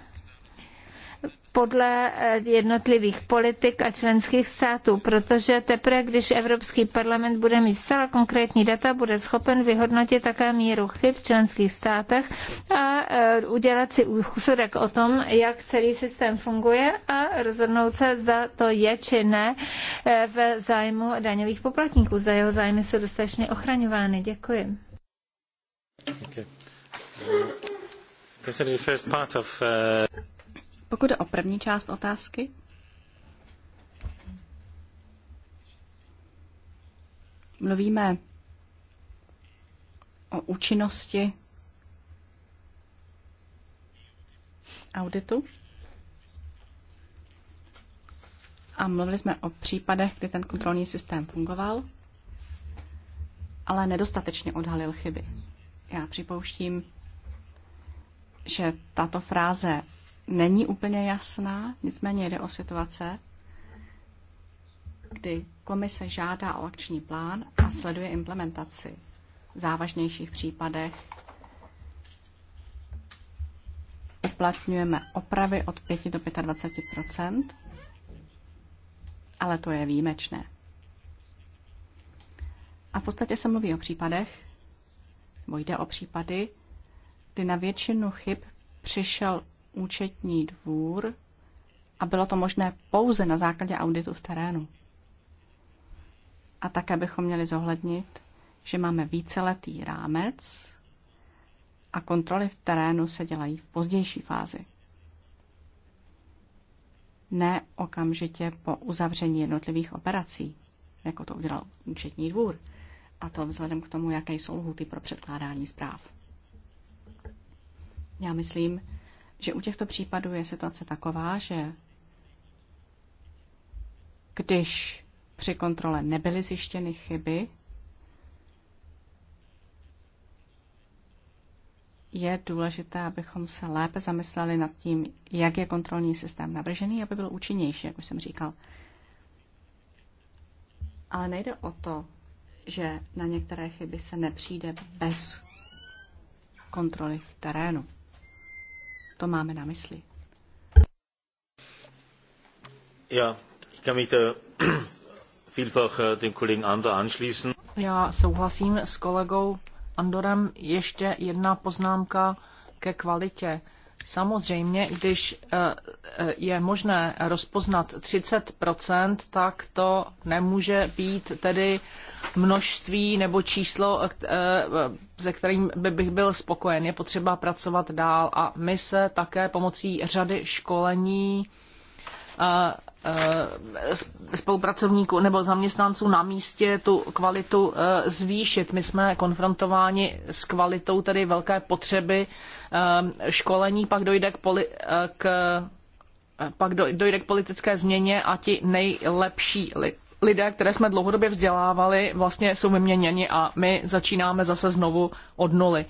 podle eh, jednotlivých politik a členských států, protože teprve, když Evropský parlament bude mít zcela konkrétní data, bude schopen vyhodnotit také míru chyb v členských státech a eh, udělat si úsudek o tom, jak celý systém funguje a rozhodnout se, zda to je či ne eh, v zájmu daňových poplatníků, zda jeho zájmy jsou dostatečně ochraňovány. Děkuji. Okay. Um, pokud jde o první část otázky, mluvíme o účinnosti auditu a mluvili jsme o případech, kdy ten kontrolní systém fungoval, ale nedostatečně odhalil chyby. Já připouštím, že tato fráze není úplně jasná, nicméně jde o situace, kdy komise žádá o akční plán a sleduje implementaci v závažnějších případech. Uplatňujeme opravy od 5 do 25 ale to je výjimečné. A v podstatě se mluví o případech, nebo jde o případy, kdy na většinu chyb přišel účetní dvůr a bylo to možné pouze na základě auditu v terénu. A také bychom měli zohlednit, že máme víceletý rámec a kontroly v terénu se dělají v pozdější fázi. Ne okamžitě po uzavření jednotlivých operací, jako to udělal účetní dvůr, a to vzhledem k tomu, jaké jsou lhuty pro předkládání zpráv. Já myslím, že u těchto případů je situace taková, že když při kontrole nebyly zjištěny chyby, je důležité, abychom se lépe zamysleli nad tím, jak je kontrolní systém navržený, aby byl účinnější, jak už jsem říkal. Ale nejde o to, že na některé chyby se nepřijde bez kontroly v terénu. To máme na mysli. Ja, ich kann mich da vielfach äh, dem Kollegen Andor anschließen. Já souhlasím s kolegou Andorem. Ještě jedna poznámka ke kvalitě. Samozřejmě, když eh, eh, je možné rozpoznat 30 tak to nemůže být tedy množství nebo číslo, se eh, kterým bych byl spokojen. Je potřeba pracovat dál a my se také pomocí řady školení Eh, spolupracovníků nebo zaměstnanců na místě tu kvalitu eh, zvýšit. My jsme konfrontováni s kvalitou tedy velké potřeby eh, školení, pak dojde k, poli- k pak dojde k politické změně a ti nejlepší lidé, které jsme dlouhodobě vzdělávali, vlastně jsou vyměněni a my začínáme zase znovu od nuly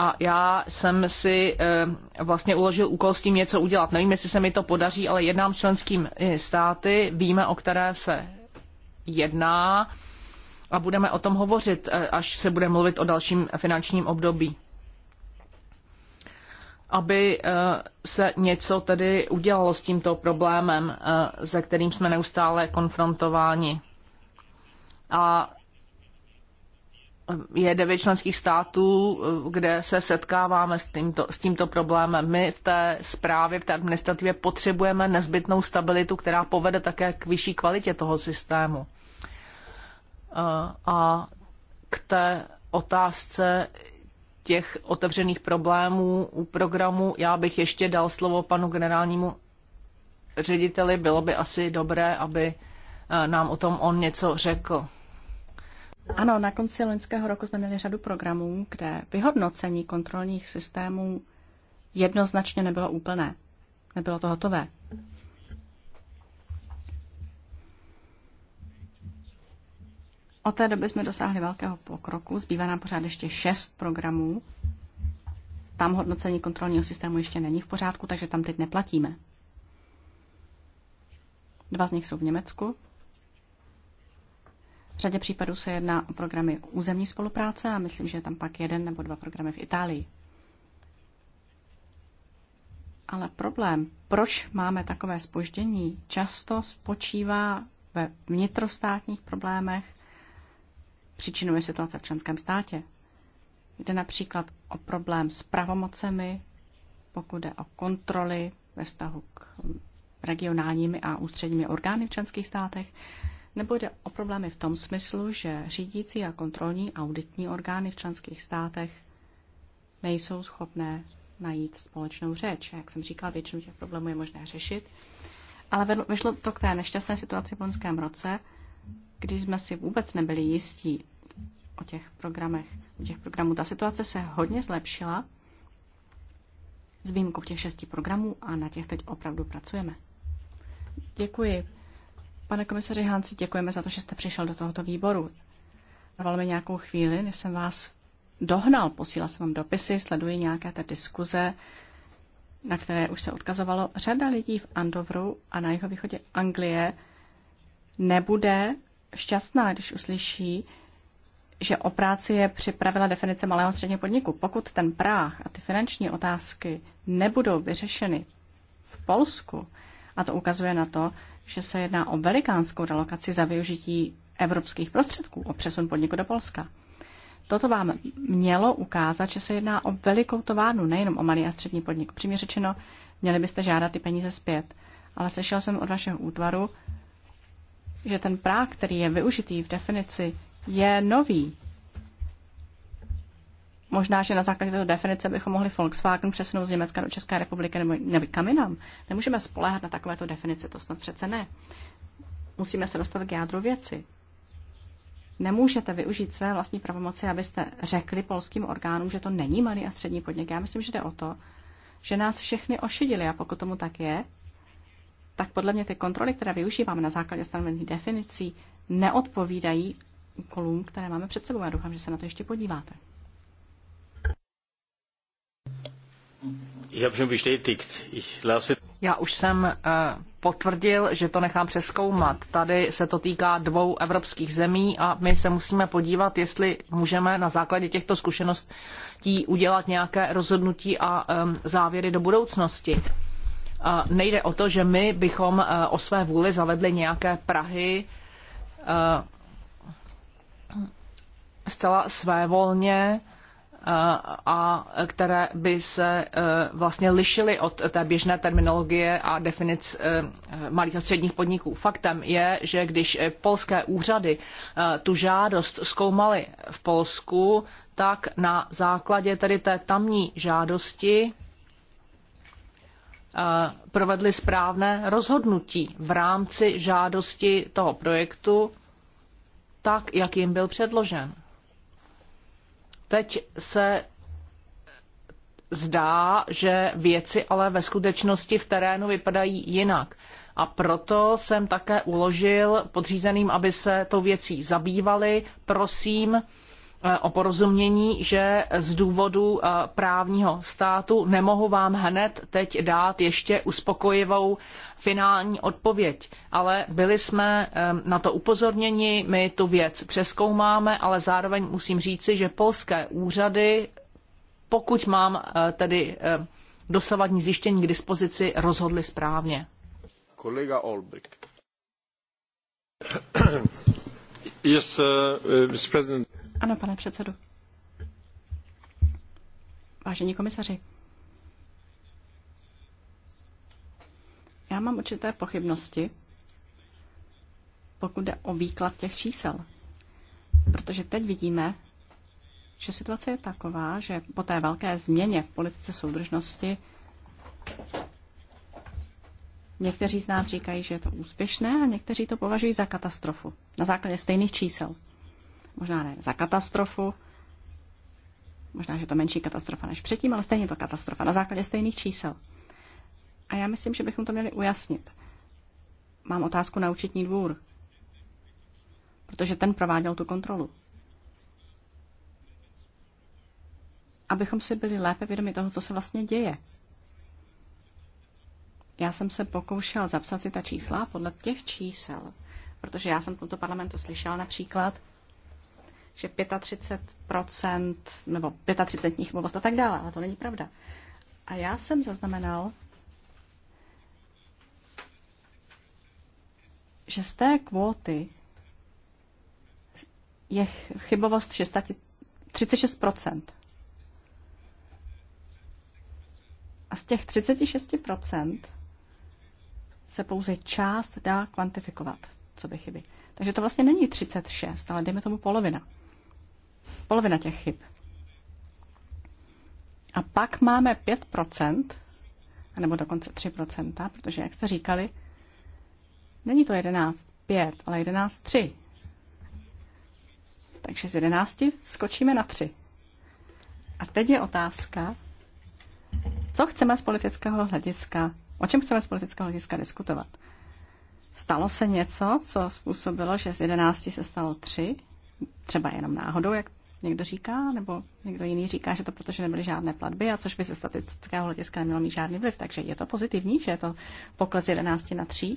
a já jsem si eh, vlastně uložil úkol s tím něco udělat. Nevím, jestli se mi to podaří, ale jednám s členským státy, víme, o které se jedná a budeme o tom hovořit, eh, až se bude mluvit o dalším finančním období. Aby eh, se něco tedy udělalo s tímto problémem, se kterým jsme neustále konfrontováni. A je devět členských států, eh, kde se setkáváme s tímto, s tímto problémem. My v té správě, v té administrativě potřebujeme nezbytnou stabilitu, která povede také k vyšší kvalitě toho systému. Eh, a k té otázce těch otevřených problémů u programu, já bych ještě dal slovo panu generálnímu řediteli. Bylo by asi dobré, aby eh, nám o tom on něco řekl. Ano, na konci loňského roku jsme měli řadu programů, kde vyhodnocení kontrolních systémů jednoznačně nebylo úplné. Nebylo to hotové. Od té doby jsme dosáhli velkého pokroku. Zbývá nám pořád ještě šest programů. Tam hodnocení kontrolního systému ještě není v pořádku, takže tam teď neplatíme. Dva z nich jsou v Německu, v řadě případů se jedná o programy územní spolupráce a myslím, že je tam pak jeden nebo dva programy v Itálii. Ale problém, proč máme takové spoždění, často spočívá ve vnitrostátních problémech. Příčinou je situace v členském státě. Jde například o problém s pravomocemi, pokud jde o kontroly ve vztahu k regionálními a ústředními orgány v členských státech nebo jde o problémy v tom smyslu, že řídící a kontrolní auditní orgány v členských státech nejsou schopné najít společnou řeč. Jak jsem říkal, většinu těch problémů je možné řešit. Ale vyšlo to k té nešťastné situaci v loňském roce, když jsme si vůbec nebyli jistí o těch programech, o těch programů. Ta situace se hodně zlepšila s výjimkou těch šesti programů a na těch teď opravdu pracujeme. Děkuji. Pane komisaři Hanci, děkujeme za to, že jste přišel do tohoto výboru. Trvalo mi nějakou chvíli, než jsem vás dohnal. Posílal jsem vám dopisy, sleduji nějaké té diskuze, na které už se odkazovalo. Řada lidí v Andovru a na východě Anglie nebude šťastná, když uslyší, že o práci je připravila definice malého středního podniku. Pokud ten práh a ty finanční otázky nebudou vyřešeny v Polsku, a to ukazuje na to, že se jedná o velikánskou relokaci za využití evropských prostředků, o přesun podniku do Polska. Toto vám mělo ukázat, že se jedná o velikou továrnu, nejenom o malý a střední podnik. Přímě řečeno, měli byste žádat ty peníze zpět. Ale slyšel jsem od vašeho útvaru, že ten práh, který je využitý v definici, je nový. Možná, že na základě této definice bychom mohli Volkswagen přesunout z Německa do České republiky nebo, nebo kam jinam. Nemůžeme spoléhat na takovéto definice, to snad přece ne. Musíme se dostat k jádru věci. Nemůžete využít své vlastní pravomoci, abyste řekli polským orgánům, že to není malý a střední podnik. Já myslím, že jde o to, že nás všechny ošidili a pokud tomu tak je, tak podle mě ty kontroly, které využíváme na základě stanovených definicí, neodpovídají úkolům, které máme před sebou. Já doufám, že se na to ještě podíváte. Já už jsem eh, potvrdil, že to nechám přeskoumat. Tady se to týká dvou evropských zemí a my se musíme podívat, jestli můžeme na základě těchto zkušeností udělat nějaké rozhodnutí a závěry do budoucnosti. Nejde o to, že my bychom eh, o své vůli zavedli nějaké Prahy eh, zcela svévolně, volně a které by se e, vlastně lišily od té běžné terminologie a definic e, malých a středních podniků. Faktem je, že když polské úřady e, tu žádost zkoumaly v Polsku, tak na základě tedy té tamní žádosti provedli správné rozhodnutí v rámci žádosti toho projektu, tak jak jim byl předložen. Teď se zdá, že věci ale ve skutečnosti v terénu vypadají jinak. A proto jsem také uložil podřízeným, aby se tou věcí zabývali. Prosím, Eh, o porozumění, že z důvodu eh, právního státu nemohu vám hned teď dát ještě uspokojivou finální odpověď, ale byli jsme eh, na to upozorněni, my tu věc přeskoumáme, ale zároveň musím říci, že polské úřady, pokud mám tedy dosavadní zjištění k dispozici, rozhodly správně. Kolega Olbricht. Yes, uh, uh Mr. President. Ano, pane předsedu. Vážení komisaři, já mám určité pochybnosti, pokud jde o výklad těch čísel. Protože teď vidíme, že situace je taková, že po té velké změně v politice soudržnosti někteří z nás říkají, že je to úspěšné a někteří to považují za katastrofu na základě stejných čísel. Možná ne za katastrofu, možná, že to menší katastrofa než předtím, ale stejně to katastrofa na základě stejných čísel. A já myslím, že bychom to měli ujasnit. Mám otázku na účetní dvůr, protože ten prováděl tu kontrolu. Abychom si byli lépe vědomi toho, co se vlastně děje. Já jsem se pokoušel zapsat si ta čísla podle těch čísel, protože já jsem v tomto parlamentu slyšel například, že 35% nebo 35 chybovost a tak dále, ale to není pravda. A já jsem zaznamenal, že z té kvóty je chybovost 36%. A z těch 36% se pouze část dá kvantifikovat, co by chyby. Takže to vlastně není 36, ale dejme tomu polovina. Polovina těch chyb. A pak máme 5%, nebo dokonce 3%, protože, jak jste říkali, není to 11,5, ale 11,3. Takže z 11 skočíme na 3. A teď je otázka, co chceme z politického hlediska, o čem chceme z politického hlediska diskutovat. Stalo se něco, co způsobilo, že z 11 se stalo 3, třeba jenom náhodou, jak Někdo říká, nebo někdo jiný říká, že to protože nebyly žádné platby, a což by se statistického hlediska nemělo mít žádný vliv. Takže je to pozitivní, že je to pokles 11 na 3.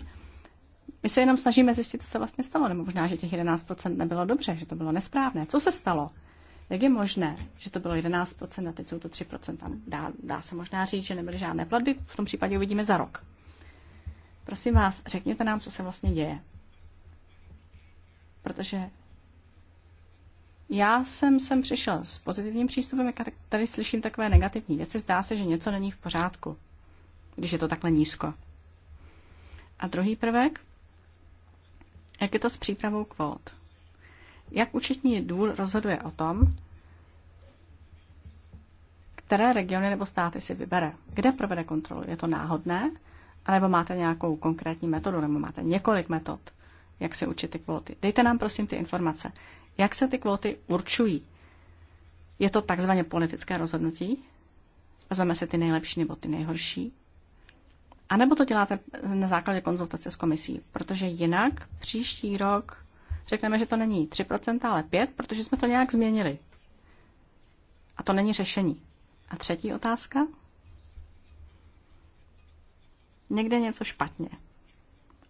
My se jenom snažíme zjistit, co se vlastně stalo, nebo možná, že těch 11% nebylo dobře, že to bylo nesprávné. Co se stalo? Jak je možné, že to bylo 11% a teď jsou to 3%? Dá, dá se možná říct, že nebyly žádné platby, v tom případě uvidíme za rok. Prosím vás, řekněte nám, co se vlastně děje. Protože já jsem sem přišel s pozitivním přístupem, jak tady slyším takové negativní věci, zdá se, že něco není v pořádku, když je to takhle nízko. A druhý prvek, jak je to s přípravou kvót. Jak účetní důl rozhoduje o tom, které regiony nebo státy si vybere. Kde provede kontrolu? Je to náhodné? nebo máte nějakou konkrétní metodu, nebo máte několik metod, jak se učit ty kvóty? Dejte nám prosím ty informace. Jak se ty kvóty určují? Je to takzvaně politické rozhodnutí? Vezmeme si ty nejlepší nebo ty nejhorší? A nebo to děláte na základě konzultace s komisí? Protože jinak příští rok řekneme, že to není 3%, ale 5%, protože jsme to nějak změnili. A to není řešení. A třetí otázka? Někde něco špatně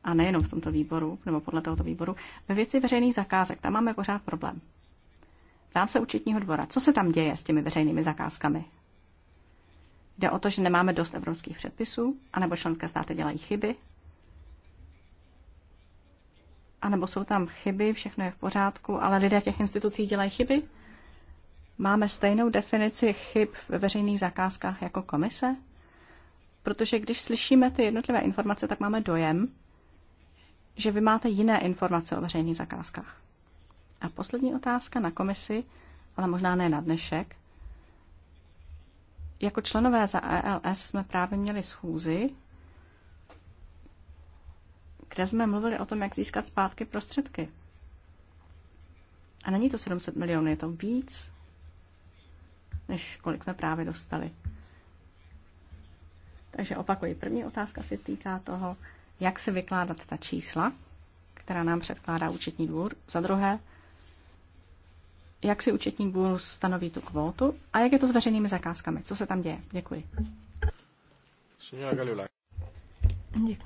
a nejenom v tomto výboru, nebo podle tohoto výboru, ve věci veřejných zakázek. Tam máme pořád problém. Ptám se účetního dvora, co se tam děje s těmi veřejnými zakázkami? Jde o to, že nemáme dost evropských předpisů, anebo členské státy dělají chyby, a nebo jsou tam chyby, všechno je v pořádku, ale lidé v těch institucích dělají chyby? Máme stejnou definici chyb ve veřejných zakázkách jako komise? Protože když slyšíme ty jednotlivé informace, tak máme dojem, že vy máte jiné informace o veřejných zakázkách. A poslední otázka na komisi, ale možná ne na dnešek. Jako členové za ELS jsme právě měli schůzi, kde jsme mluvili o tom, jak získat zpátky prostředky. A není to 700 milionů, je to víc, než kolik jsme právě dostali. Takže opakuji, první otázka se týká toho, jak se vykládat ta čísla, která nám předkládá účetní dvůr, za druhé, jak si účetní dvůr stanoví tu kvótu a jak je to s veřejnými zakázkami, co se tam děje. Děkuji. Děkuji.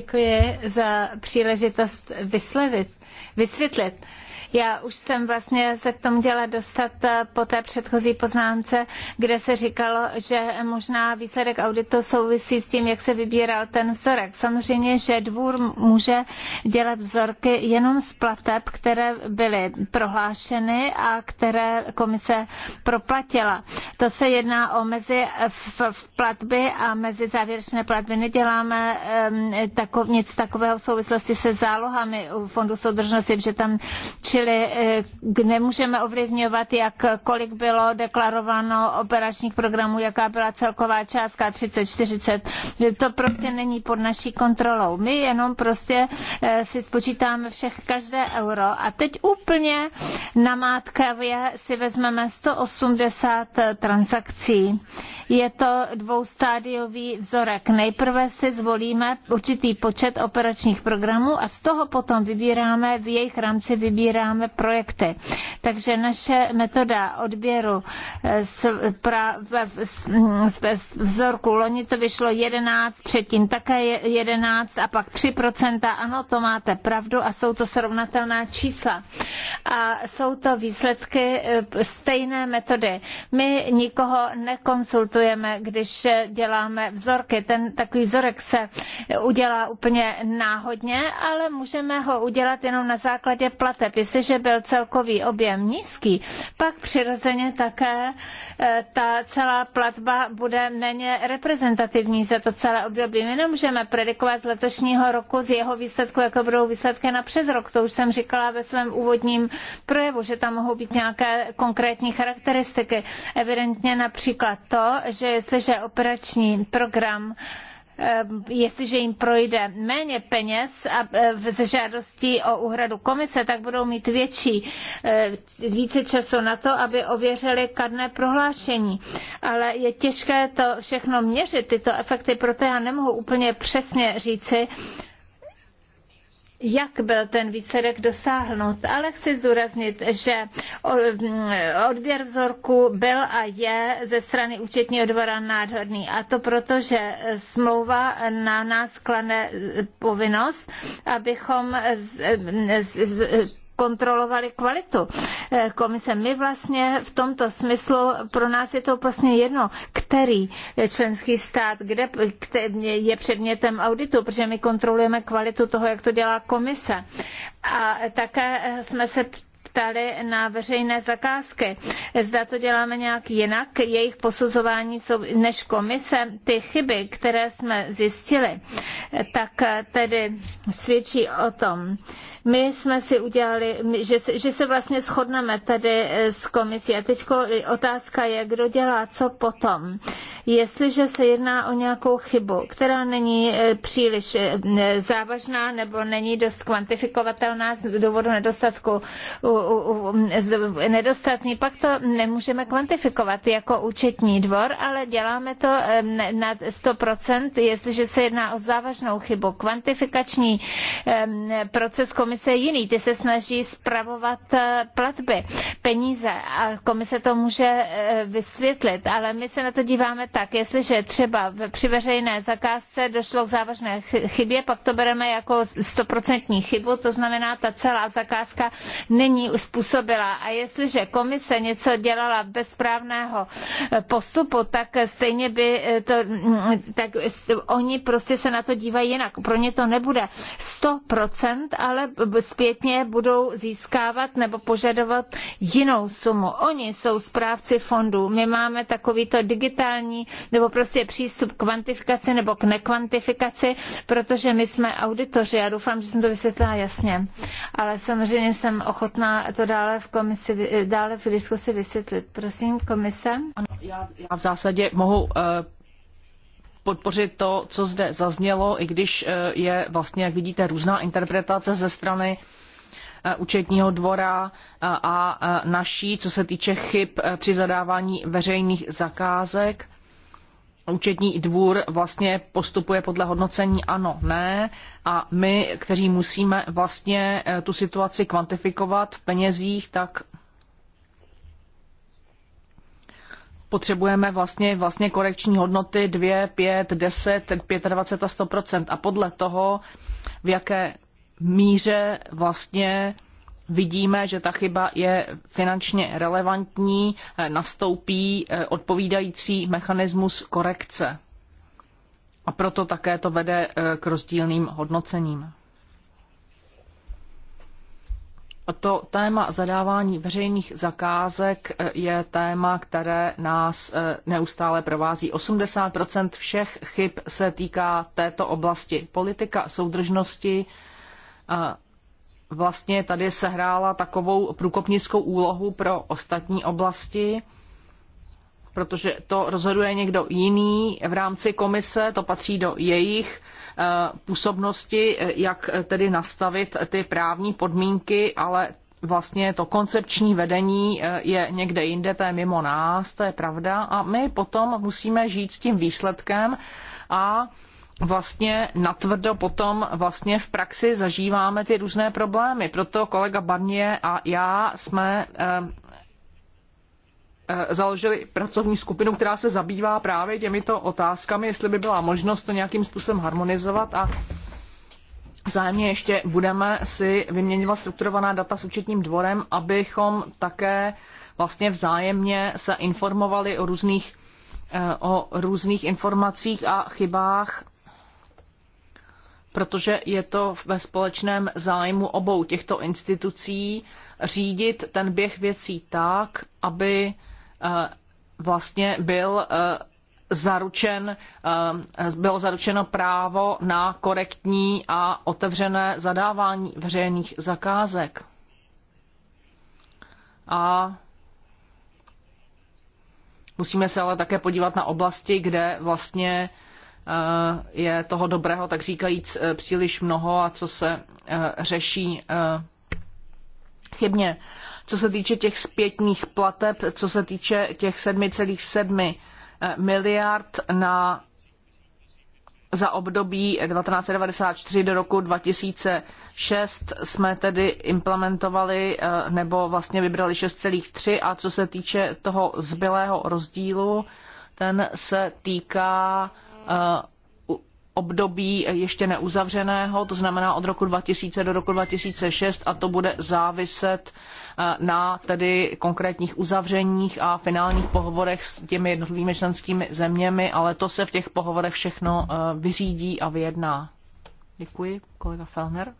Děkuji za příležitost vyslevit, vysvětlit. Já už jsem vlastně se k tomu děla dostat eh, po té předchozí poznámce, kde se říkalo, že možná výsledek auditu souvisí s tím, jak se vybíral ten vzorek. Samozřejmě, že dvůr může dělat vzorky jenom z plateb, které byly prohlášeny a které komise proplatila. To se jedná o mezi v, platby a mezi závěrečné platby. Neděláme ehm, takov, nic takového v souvislosti se zálohami u Fondu soudržnosti, že tam čili eh, nemůžeme ovlivňovat, jak kolik bylo deklarováno operačních programů, jaká byla celková částka 30-40. To prostě není pod naší kontrolou. My jenom prostě eh, si spočítáme všech každé euro a teď úplně namátkavě si vezmeme 180 eh, transakcí je to dvoustádiový vzorek. Nejprve si zvolíme určitý počet operačních programů a z toho potom vybíráme, v jejich rámci vybíráme projekty. Takže naše metoda odběru z, eh, pra, z, z vzorku loni to vyšlo 11, předtím také 11 a pak 3%. Ano, to máte pravdu a jsou to srovnatelná čísla. A jsou to výsledky eh, stejné metody. My nikoho nekonsultujeme diskutujeme, když děláme vzorky. Ten takový vzorek se udělá úplně náhodně, ale můžeme ho udělat jenom na základě plateb. Jestliže byl celkový objem nízký, pak přirozeně také eh, ta celá platba bude méně reprezentativní za to celé období. My nemůžeme predikovat z letošního roku z jeho výsledku, jako budou výsledky na přes rok. To už jsem říkala ve svém úvodním projevu, že tam mohou být nějaké konkrétní charakteristiky. Evidentně například to, že jestliže operační program eh, jestliže jim projde méně peněz a eh, ze žádostí o úhradu komise, tak budou mít větší, eh, více času na to, aby ověřili kadné prohlášení. Ale je těžké to všechno měřit, tyto efekty, proto já nemohu úplně přesně říci, jak byl ten výsledek dosáhnut, ale chci zdůraznit, že mm, odběr vzorku byl a je ze strany účetního dvora nádherný. A to proto, že smlouva na nás klane povinnost, abychom z, z, z, kontrolovali kvalitu eh, komise. My vlastně v tomto smyslu, pro nás je to vlastně jedno, který členský stát kde, je předmětem auditu, protože my kontrolujeme kvalitu toho, jak to dělá komise. A také jsme se ptali na veřejné zakázky. Zda to děláme nějak jinak, jejich posuzování jsou než komise. Ty chyby, které jsme zjistili, tak tedy svědčí o tom, my jsme si udělali, že, že se vlastně shodneme tady eh, s komisí. A teď otázka je, kdo dělá co potom. Jestliže se jedná o nějakou chybu, která není eh, příliš eh, závažná nebo není dost kvantifikovatelná z důvodu nedostatku nedostatný, pak to nemůžeme kvantifikovat jako účetní dvor, ale děláme to na 100%, jestliže se jedná o závažnou chybu. Kvantifikační proces komise je jiný, ty se snaží spravovat eh, platby, peníze a komise to může eh, vysvětlit, ale my se na to díváme tak, jestliže třeba při veřejné zakázce došlo k závažné chybě, pak to bereme jako stoprocentní chybu, to znamená, ta celá zakázka není způsobila. A jestliže komise něco dělala bez správného eh, postupu, tak stejně by eh, to, mm, tak oni prostě se na to dívají jinak. Pro ně to nebude 100%, ale zpětně budou získávat nebo požadovat jinou sumu. Oni jsou správci fondů. My máme takovýto digitální nebo prostě přístup k kvantifikaci nebo k nekvantifikaci, protože my jsme auditoři. Já doufám, že jsem to vysvětlila jasně. Ale samozřejmě jsem ochotná to dále v, komisi, dále v diskusi vysvětlit. Prosím, komise. Ano, já, já v zásadě mohu uh, podpořit to, co zde zaznělo, i když eh, je vlastně, jak vidíte, různá interpretace ze strany eh, účetního dvora a naší, co se týče chyb při zadávání veřejných zakázek účetní dvůr vlastně postupuje podle hodnocení ano, ne a my, kteří musíme vlastně eh, tu situaci kvantifikovat v penězích, tak potřebujeme vlastně, vlastně korekční hodnoty 2, 5, 10, 25 a 100 a podle toho, v jaké míře vlastně vidíme, že ta chyba je finančně relevantní, eh, nastoupí eh, odpovídající mechanismus korekce. A proto také to vede eh, k rozdílným hodnocením. To téma zadávání veřejných zakázek je téma, které nás neustále provází. 80 všech chyb se týká této oblasti. Politika soudržnosti vlastně tady sehrála takovou průkopnickou úlohu pro ostatní oblasti, protože to rozhoduje někdo jiný v rámci komise, to patří do jejich eh, působnosti, eh, jak tedy nastavit ty právní podmínky, ale vlastně to koncepční vedení eh, je někde jinde, to je mimo nás, to je pravda. A my potom musíme žít s tím výsledkem a vlastně natvrdo potom vlastně v praxi zažíváme ty různé problémy. Proto kolega Barnier a já jsme eh, eh, založili pracovní skupinu, která se zabývá právě těmito otázkami, jestli by byla možnost to nějakým způsobem harmonizovat a Vzájemně ještě budeme si vyměňovat strukturovaná data s účetním dvorem, abychom také vlastně vzájemně se informovali o různých, eh, o různých informacích a chybách protože je to ve společném zájmu obou těchto institucí řídit ten běh věcí tak, aby eh, vlastně byl eh, zaručen, eh, bylo zaručeno právo na korektní a otevřené zadávání veřejných zakázek. A musíme se ale také podívat na oblasti, kde vlastně Eh, je toho dobrého, tak říkajíc, eh, příliš mnoho a co se eh, řeší chybně. Co se týče těch zpětných plateb, co se týče těch 7,7 miliard na za období 1994 do roku 2006 jsme tedy implementovali nebo vlastně vybrali 6,3 a co se týče toho zbylého rozdílu, ten se týká Eh, období ještě neuzavřeného, to znamená od roku 2000 do roku 2006 a to bude záviset eh, na tedy konkrétních uzavřeních a finálních pohovorech s těmi jednotlivými členskými zeměmi, ale to se v těch pohovorech všechno eh, vyřídí a vyjedná. Děkuji, kolega Felner.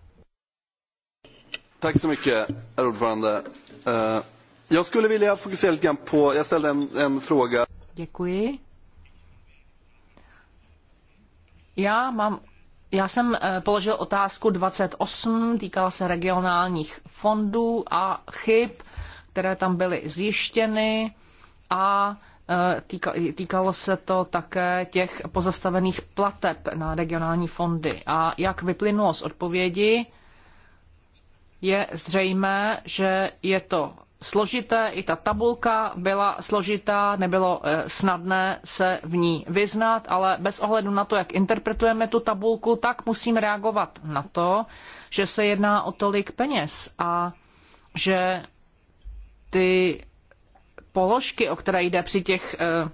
Tak se mycket, herr ordförande. Jag skulle vilja fokusovat na, já jsem en, en fråga. Děkuji. Já mám já jsem eh, položil otázku 28, týkala se regionálních fondů a chyb, které tam byly zjištěny a eh, týkalo se to také těch pozastavených plateb na regionální fondy. A jak vyplynulo z odpovědi, je zřejmé, že je to složité, i ta tabulka byla složitá, nebylo eh, snadné se v ní vyznat, ale bez ohledu na to, jak interpretujeme tu tabulku, tak musím reagovat na to, že se jedná o tolik peněz a že ty položky, o které jde při těch eh,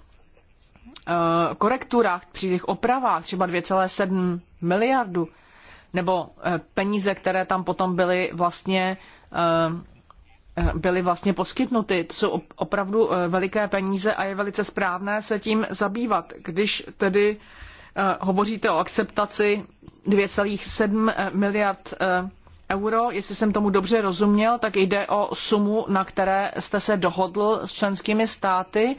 eh, korekturách, při těch opravách, třeba 2,7 miliardu, nebo peníze, které tam potom byly vlastně byly vlastně poskytnuty. To jsou opravdu eh, veliké peníze a je velice správné se tím zabývat. Když tedy eh, hovoříte o akceptaci 2,7 eh, miliard euro, jestli jsem tomu dobře rozuměl, tak jde o sumu, na které jste se dohodl s členskými státy.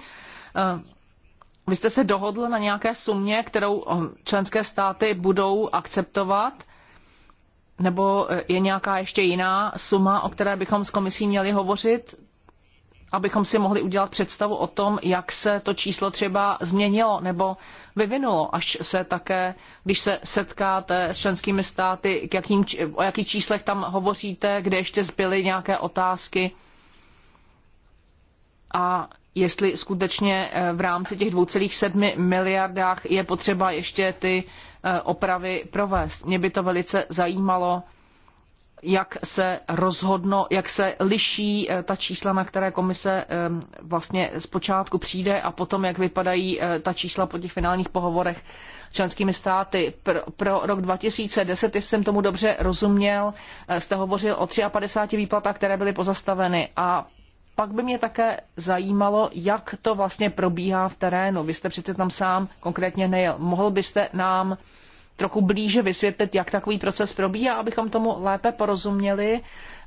Vy jste se dohodl na nějaké sumě, kterou členské státy budou akceptovat nebo e, je nějaká ještě jiná suma, o které bychom s komisí měli hovořit, abychom si mohli udělat představu o tom, jak se to číslo třeba změnilo nebo vyvinulo, až se také, když se setkáte s členskými státy, k jakým, o jakých číslech tam hovoříte, kde ještě zbyly nějaké otázky. A jestli skutečně eh, v rámci těch 2,7 miliardách je potřeba ještě ty eh, opravy provést. Mě by to velice zajímalo, jak se rozhodno, jak se liší eh, ta čísla, na které komise ehm, vlastně zpočátku přijde a potom, jak vypadají ta čísla po těch finálních pohovorech členskými státy. Pro, pro rok 2010, jestli jsem tomu dobře rozuměl, jste hovořil o 53 výplatách, které byly pozastaveny a pak by mě také zajímalo, jak to vlastně probíhá v terénu. Vy jste přece tam sám konkrétně nejel. Mohl byste nám trochu blíže vysvětlit, jak takový proces probíhá, abychom tomu lépe porozuměli.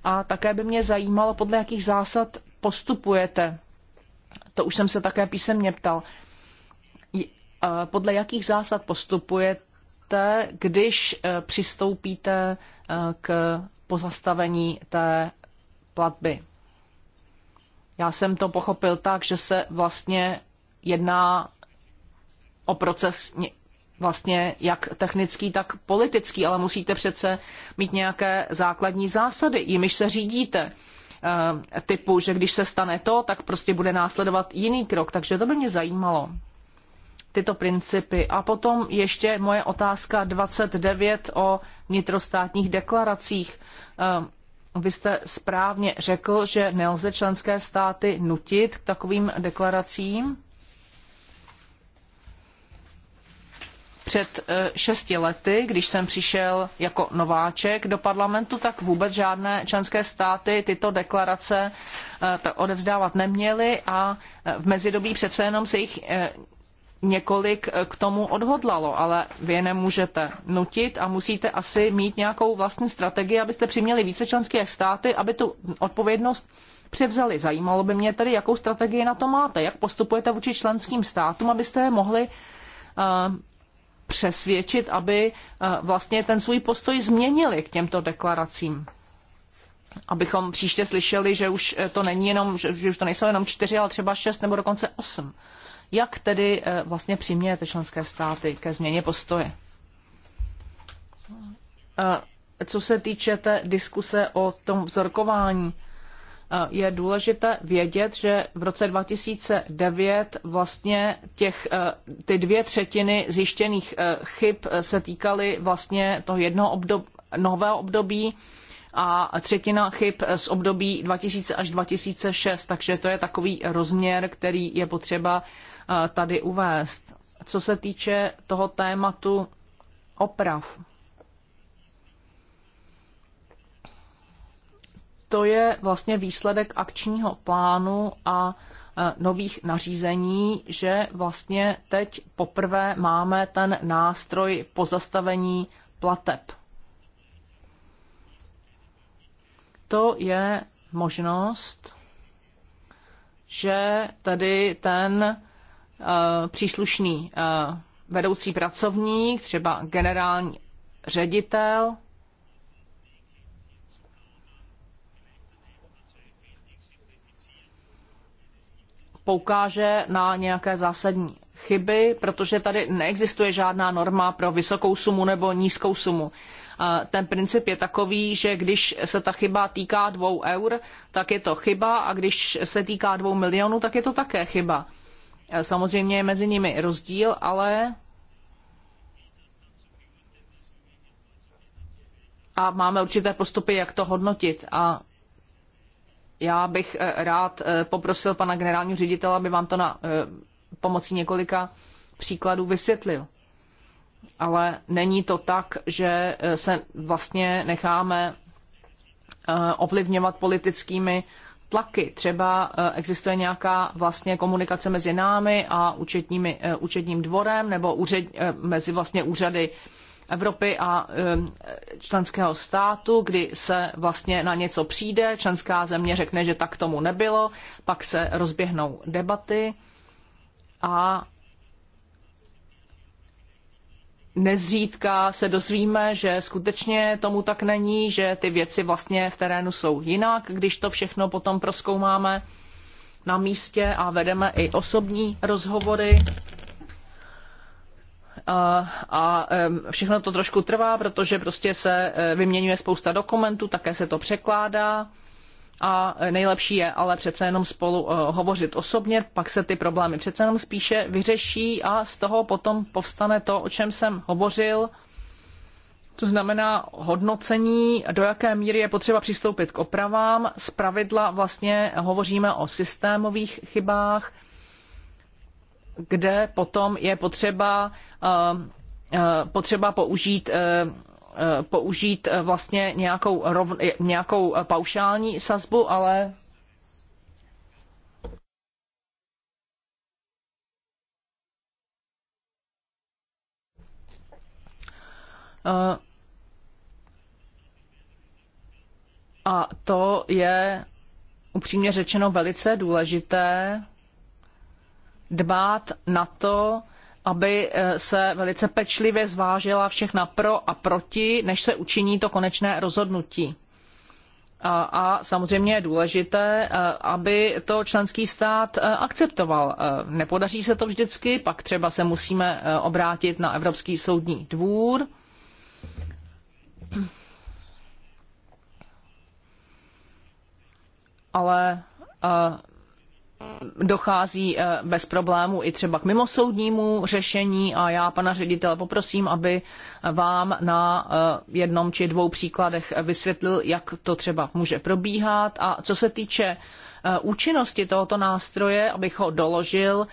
A také by mě zajímalo, podle jakých zásad postupujete. To už jsem se také písemně ptal. Podle jakých zásad postupujete, když e, přistoupíte e, k pozastavení té platby? Já jsem to pochopil tak, že se vlastně jedná o proces vlastně jak technický, tak politický, ale musíte přece mít nějaké základní zásady, jimiž se řídíte eh, typu, že když se stane to, tak prostě bude následovat jiný krok. Takže to by mě zajímalo, tyto principy. A potom ještě moje otázka 29 o vnitrostátních deklaracích. Eh, vy jste správně řekl, že nelze členské státy nutit k takovým deklaracím. Před eh, šesti lety, když jsem přišel jako nováček do parlamentu, tak vůbec žádné členské státy tyto deklarace eh, odevzdávat neměly a eh, v mezidobí přece jenom se jich několik eh, k tomu odhodlalo, ale vy je nemůžete nutit a musíte asi mít nějakou vlastní strategii, abyste přiměli více členské státy, aby tu odpovědnost převzali. Zajímalo by mě tedy, jakou strategii na to máte, jak postupujete vůči členským státům, abyste je mohli uh, přesvědčit, aby uh, vlastně ten svůj postoj změnili k těmto deklaracím. Abychom příště slyšeli, že už to není jenom, že už to nejsou jenom čtyři, ale třeba šest nebo dokonce osm. Jak tedy eh, vlastně přimějete členské státy ke změně postoje? Eh, co se týče té diskuse o tom vzorkování, eh, je důležité vědět, že v roce 2009 vlastně těch, ty dvě třetiny zjištěných chyb se týkaly vlastně toho jednoho obdob, nového období a třetina chyb z období 2000 až 2006, takže to je takový rozměr, který je potřeba tady uvést. Co se týče toho tématu oprav, to je vlastně výsledek akčního plánu a e, nových nařízení, že vlastně teď poprvé máme ten nástroj pozastavení plateb. To je možnost, že tedy ten Eh, příslušný eh, vedoucí pracovník, třeba generální ředitel, poukáže na nějaké zásadní chyby, protože tady neexistuje žádná norma pro vysokou sumu nebo nízkou sumu. Eh, ten princip je takový, že když se ta chyba týká dvou eur, tak je to chyba a když se týká dvou milionů, tak je to také chyba. Eh, samozřejmě je mezi nimi rozdíl, ale a máme určité postupy, jak to hodnotit. A já bych eh, rád eh, poprosil pana generálního ředitele, aby vám to na pomocí několika příkladů vysvětlil. Ale není to tak, že se vlastně necháme ovlivňovat politickými tlaky. Třeba eh, existuje nějaká vlastně komunikace mezi námi a účetními, eh, účetním dvorem nebo úřed, eh, mezi vlastně úřady Evropy a členského státu, kdy se vlastně na něco přijde, členská země řekne, že tak tomu nebylo, pak se rozběhnou debaty a nezřídka se dozvíme, že skutečně tomu tak není, že ty věci vlastně v terénu jsou jinak, když to všechno potom proskoumáme na místě a vedeme i osobní rozhovory. A všechno to trošku trvá, protože prostě se eh, vyměňuje spousta dokumentů, také se to překládá a nejlepší je ale přece jenom spolu eh, hovořit osobně, pak se ty problémy přece jenom spíše vyřeší a z toho potom povstane to, o čem jsem hovořil, to znamená hodnocení, do jaké míry je potřeba přistoupit k opravám. Z pravidla vlastně hovoříme o systémových chybách, kde potom je potřeba, eh, eh, potřeba použít Eh, použít eh, vlastně nějakou, rov, nějakou eh, paušální sazbu, ale A to je upřímně řečeno velice důležité dbát na to, aby eh, se velice pečlivě zvážila všechna pro a proti, než se učiní to konečné rozhodnutí. A, a samozřejmě je důležité, eh, aby to členský stát eh, akceptoval. Nepodaří se to vždycky, pak třeba se musíme obrátit na Evropský soudní dvůr. Ale dochází eh, bez problémů i třeba k mimosoudnímu řešení a já pana ředitele poprosím, aby vám na eh, jednom či dvou příkladech vysvětlil, jak to třeba může probíhat a co se týče eh, účinnosti tohoto nástroje, abych ho doložil,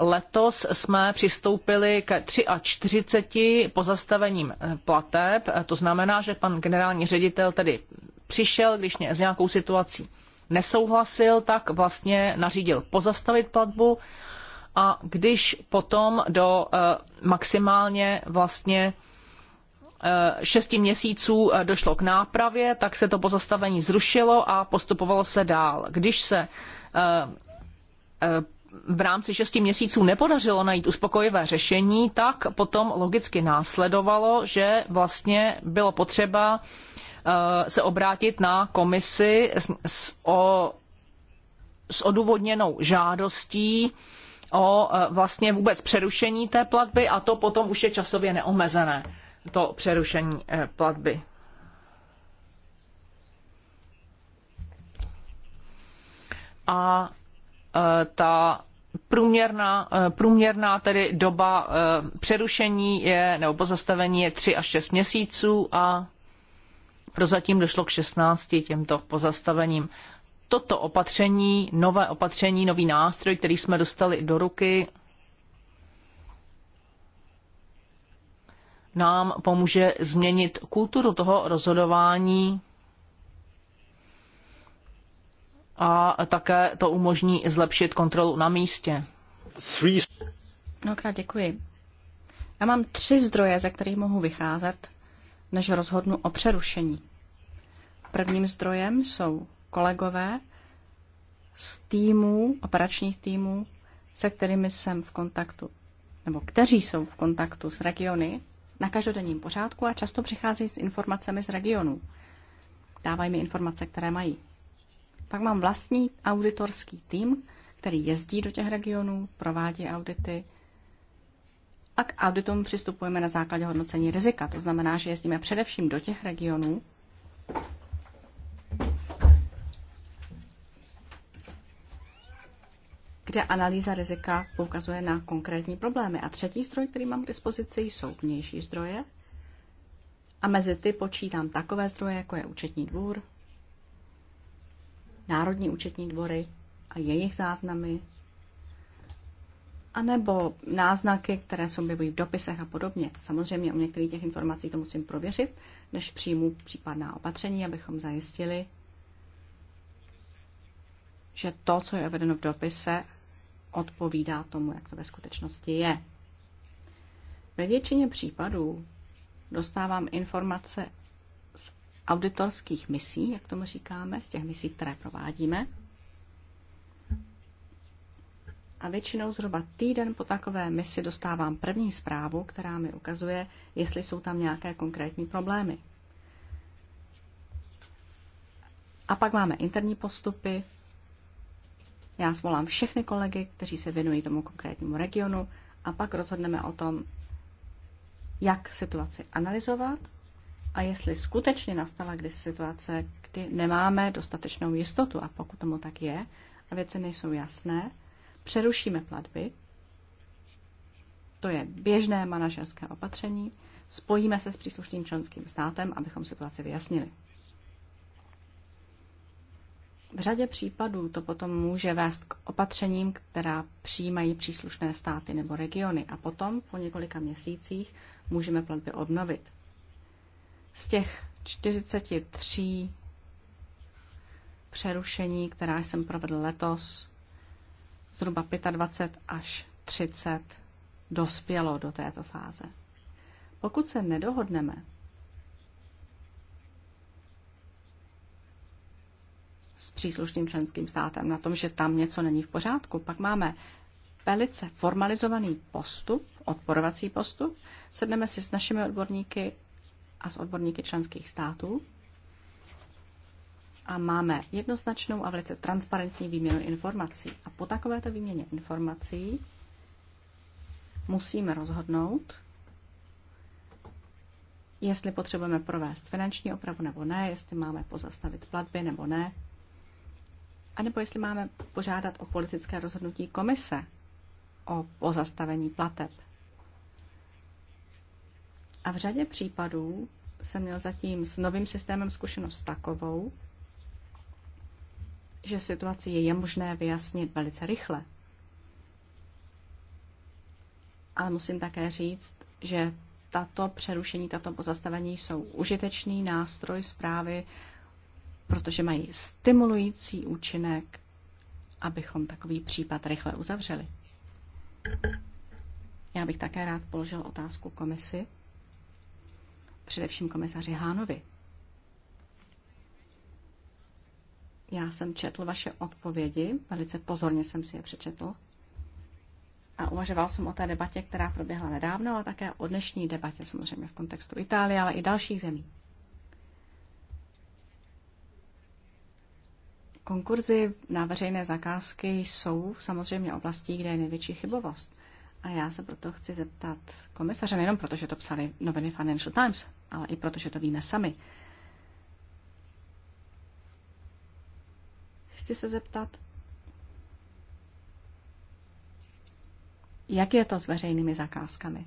letos jsme přistoupili ke 43 pozastavením plateb, to znamená, že pan generální ředitel tedy přišel, když mě s nějakou situací nesouhlasil, tak vlastně nařídil pozastavit platbu a když potom do eh, maximálně vlastně eh, šesti měsíců eh, došlo k nápravě, tak se to pozastavení zrušilo a postupovalo se dál. Když se v rámci šesti měsíců nepodařilo najít uspokojivé řešení, tak potom logicky následovalo, že vlastně bylo potřeba Eh, se obrátit na komisi s, s, o, s odůvodněnou žádostí o eh, vlastně vůbec přerušení té platby a to potom už je časově neomezené, to přerušení eh, platby. A ta průměrná, průměrná tedy doba přerušení je, nebo pozastavení je 3 až 6 měsíců a Prozatím došlo k 16 těmto pozastavením. Toto opatření, nové opatření, nový nástroj, který jsme dostali do ruky, nám pomůže změnit kulturu toho rozhodování a také to umožní zlepšit kontrolu na místě. Mnohokrát děkuji. Já mám tři zdroje, ze kterých mohu vycházet, než rozhodnu o přerušení. Prvním zdrojem jsou kolegové z týmů, operačních týmů, se kterými jsem v kontaktu, nebo kteří jsou v kontaktu s regiony na každodenním pořádku a často přicházejí s informacemi z regionů. Dávají mi informace, které mají. Pak mám vlastní auditorský tým, který jezdí do těch regionů, provádí audity a k auditům přistupujeme na základě hodnocení rizika. To znamená, že jezdíme především do těch regionů, kde analýza rizika poukazuje na konkrétní problémy. A třetí zdroj, který mám k dispozici, jsou vnější zdroje. A mezi ty počítám takové zdroje, jako je účetní dvůr, národní účetní dvory a jejich záznamy, anebo náznaky, které se objevují v dopisech a podobně. Samozřejmě u některých těch informací to musím prověřit, než přijmu případná opatření, abychom zajistili, že to, co je uvedeno v dopise, odpovídá tomu, jak to ve skutečnosti je. Ve většině případů dostávám informace z auditorských misí, jak tomu říkáme, z těch misí, které provádíme. A většinou zhruba týden po takové misi dostávám první zprávu, která mi ukazuje, jestli jsou tam nějaké konkrétní problémy. A pak máme interní postupy, já svolám všechny kolegy, kteří se věnují tomu konkrétnímu regionu a pak rozhodneme o tom, jak situaci analyzovat a jestli skutečně nastala kdy situace, kdy nemáme dostatečnou jistotu a pokud tomu tak je a věci nejsou jasné, přerušíme platby, to je běžné manažerské opatření, spojíme se s příslušným členským státem, abychom situaci vyjasnili. V řadě případů to potom může vést k opatřením, která přijímají příslušné státy nebo regiony a potom po několika měsících můžeme platby obnovit. Z těch 43 přerušení, která jsem provedl letos, zhruba 25 až 30 dospělo do této fáze. Pokud se nedohodneme, s příslušným členským státem na tom, že tam něco není v pořádku. Pak máme velice formalizovaný postup, odporovací postup. Sedneme si s našimi odborníky a s odborníky členských států a máme jednoznačnou a velice transparentní výměnu informací. A po takovéto výměně informací musíme rozhodnout, jestli potřebujeme provést finanční opravu nebo ne, jestli máme pozastavit platby nebo ne, a nebo jestli máme požádat o politické rozhodnutí komise o pozastavení plateb. A v řadě případů jsem měl zatím s novým systémem zkušenost takovou, že situaci je možné vyjasnit velice rychle. Ale musím také říct, že tato přerušení, tato pozastavení jsou užitečný nástroj zprávy protože mají stimulující účinek, abychom takový případ rychle uzavřeli. Já bych také rád položil otázku komisi, především komisaři Hánovi. Já jsem četl vaše odpovědi, velice pozorně jsem si je přečetl a uvažoval jsem o té debatě, která proběhla nedávno, ale také o dnešní debatě samozřejmě v kontextu Itálie, ale i dalších zemí. Konkurzy na veřejné zakázky jsou samozřejmě oblastí, kde je největší chybovost. A já se proto chci zeptat komisaře, nejenom proto, že to psali noviny Financial Times, ale i proto, že to víme sami. Chci se zeptat, jak je to s veřejnými zakázkami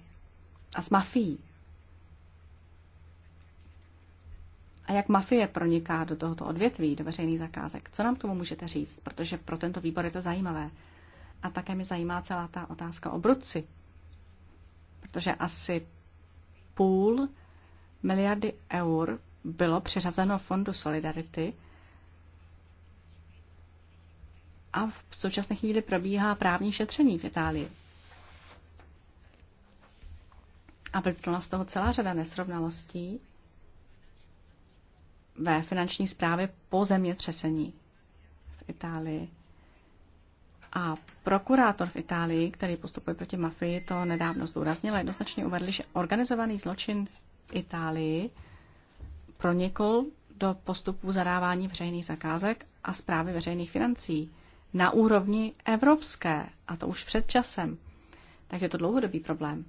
a s mafií. a jak mafie proniká do tohoto odvětví, do veřejných zakázek. Co nám tomu můžete říct? Protože pro tento výbor je to zajímavé. A také mi zajímá celá ta otázka o brudci. Protože asi půl miliardy eur bylo přiřazeno Fondu Solidarity a v současné chvíli probíhá právní šetření v Itálii. A vyplnula z toho celá řada nesrovnalostí ve finanční správě po zemětřesení v Itálii. A prokurátor v Itálii, který postupuje proti mafii, to nedávno zdůraznil a jednoznačně uvedl, že organizovaný zločin v Itálii pronikl do postupu zadávání veřejných zakázek a zprávy veřejných financí na úrovni evropské, a to už před časem. Takže je to dlouhodobý problém.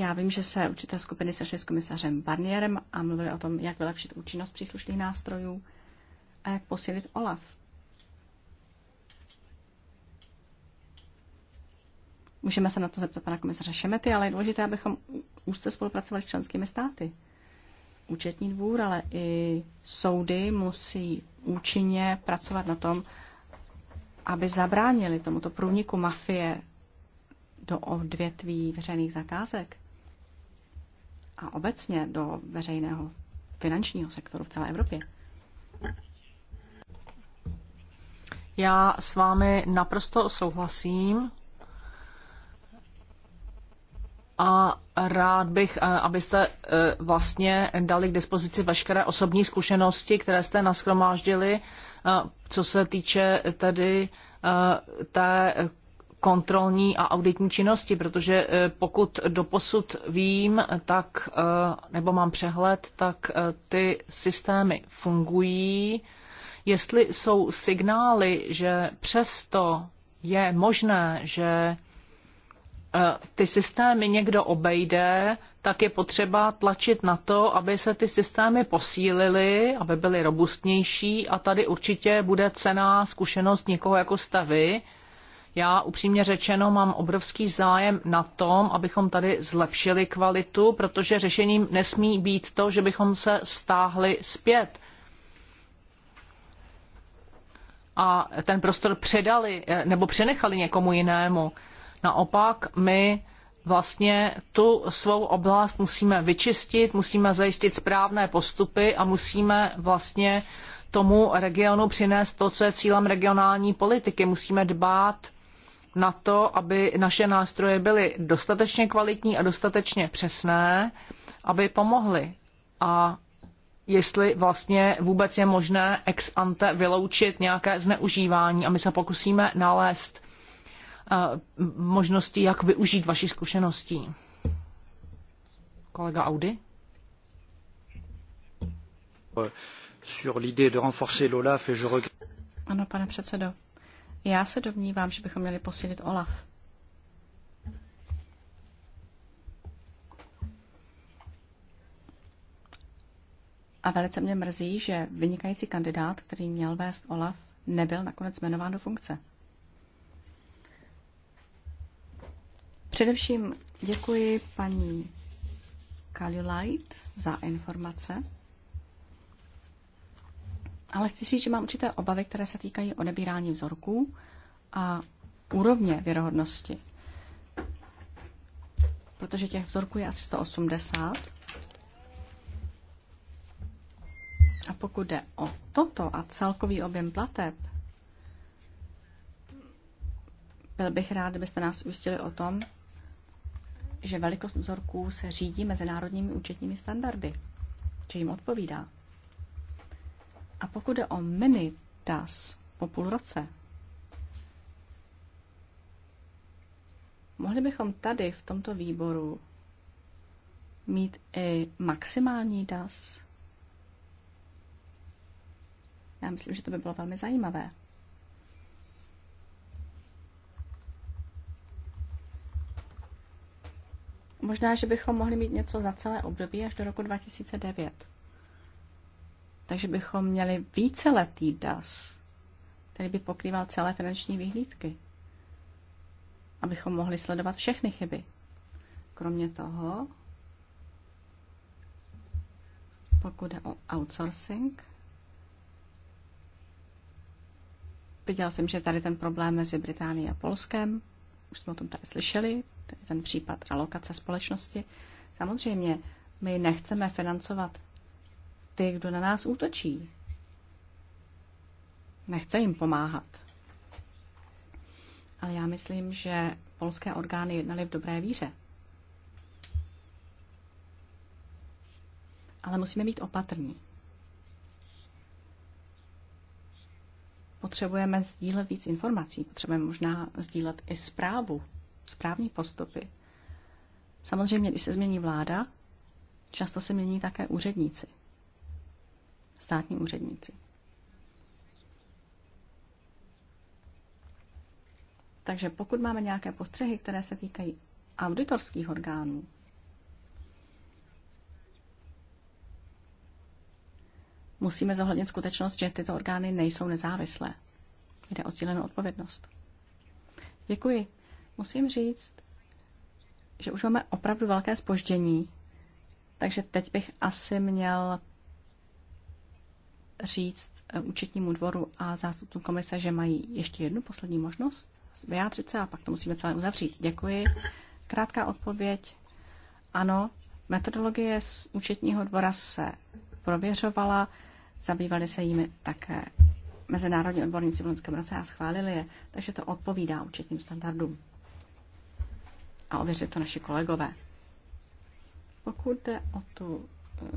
Já vím, že se určité skupiny sešly s komisařem Barnierem a mluvili o tom, jak vylepšit účinnost příslušných nástrojů a jak posílit OLAF. Můžeme se na to zeptat pana komisaře Šemety, ale je důležité, abychom úzce spolupracovali s členskými státy. Účetní dvůr, ale i soudy musí účinně pracovat na tom, aby zabránili tomuto průniku mafie do odvětví veřejných zakázek a obecně do veřejného finančního sektoru v celé Evropě. Já s vámi naprosto souhlasím a rád bych, eh, abyste eh, vlastně dali k dispozici veškeré osobní zkušenosti, které jste naschromáždili, eh, co se týče tedy té kontrolní a auditní činnosti, protože eh, pokud doposud vím, tak, eh, nebo mám přehled, tak eh, ty systémy fungují. Jestli jsou signály, že přesto je možné, že ty systémy někdo obejde, tak je potřeba tlačit na to, aby se ty systémy posílily, aby byly robustnější a tady určitě bude cená zkušenost někoho jako stavy, já upřímně řečeno mám obrovský zájem na tom, abychom tady zlepšili kvalitu, protože řešením nesmí být to, že bychom se stáhli zpět a ten prostor předali eh, nebo přenechali někomu jinému. Naopak my vlastně tu svou oblast musíme vyčistit, musíme zajistit správné postupy a musíme vlastně tomu regionu přinést to, co je cílem regionální politiky. Musíme dbát na to, aby naše nástroje byly dostatečně kvalitní a dostatečně přesné, aby pomohly. A jestli vlastně vůbec je možné ex ante vyloučit nějaké zneužívání a my se pokusíme nalézt eh, možnosti, jak využít vaši zkušeností. Kolega Audi? Sur l'idée de renforcer l'OLAF et je regrette. Ano, pane předsedo. Já se domnívám, že bychom měli posílit OLAF. A velice mě mrzí, že vynikající kandidát, který měl vést OLAF, nebyl nakonec jmenován do funkce. Především děkuji paní Kaliulajt za informace. Ale chci říct, že mám určité obavy, které se týkají odebírání vzorků a úrovně věrohodnosti. Protože těch vzorků je asi 180. A pokud jde o toto a celkový objem plateb, byl bych rád, kdybyste nás ujistili o tom, že velikost vzorků se řídí mezinárodními účetními standardy, že jim odpovídá. A pokud jde o mini DAS po půl roce, mohli bychom tady v tomto výboru mít i maximální DAS? Já myslím, že to by bylo velmi zajímavé. Možná, že bychom mohli mít něco za celé období až do roku 2009. Takže bychom měli víceletý DAS, který by pokrýval celé finanční vyhlídky, abychom mohli sledovat všechny chyby. Kromě toho, pokud je o outsourcing, viděl jsem, že tady ten problém mezi Británií a Polskem, už jsme o tom tady slyšeli, ten případ alokace společnosti. Samozřejmě, my nechceme financovat ty, kdo na nás útočí. Nechce jim pomáhat. Ale já myslím, že polské orgány jednaly v dobré víře. Ale musíme být opatrní. Potřebujeme sdílet víc informací, potřebujeme možná sdílet i zprávu, správní postupy. Samozřejmě, když se změní vláda, často se mění také úředníci státní úředníci. Takže pokud máme nějaké postřehy, které se týkají auditorských orgánů, musíme zohlednit skutečnost, že tyto orgány nejsou nezávislé. Jde o sdílenou odpovědnost. Děkuji. Musím říct, že už máme opravdu velké spoždění, takže teď bych asi měl říct eh, účetnímu dvoru a zástupcům komise, že mají ještě jednu poslední možnost vyjádřit se a pak to musíme celé uzavřít. Děkuji. Krátká odpověď. Ano, metodologie z účetního dvora se prověřovala, zabývali se jimi také mezinárodní odborníci v loňském roce a schválili je, takže to odpovídá účetním standardům. A ověřili to naši kolegové. Pokud jde o tu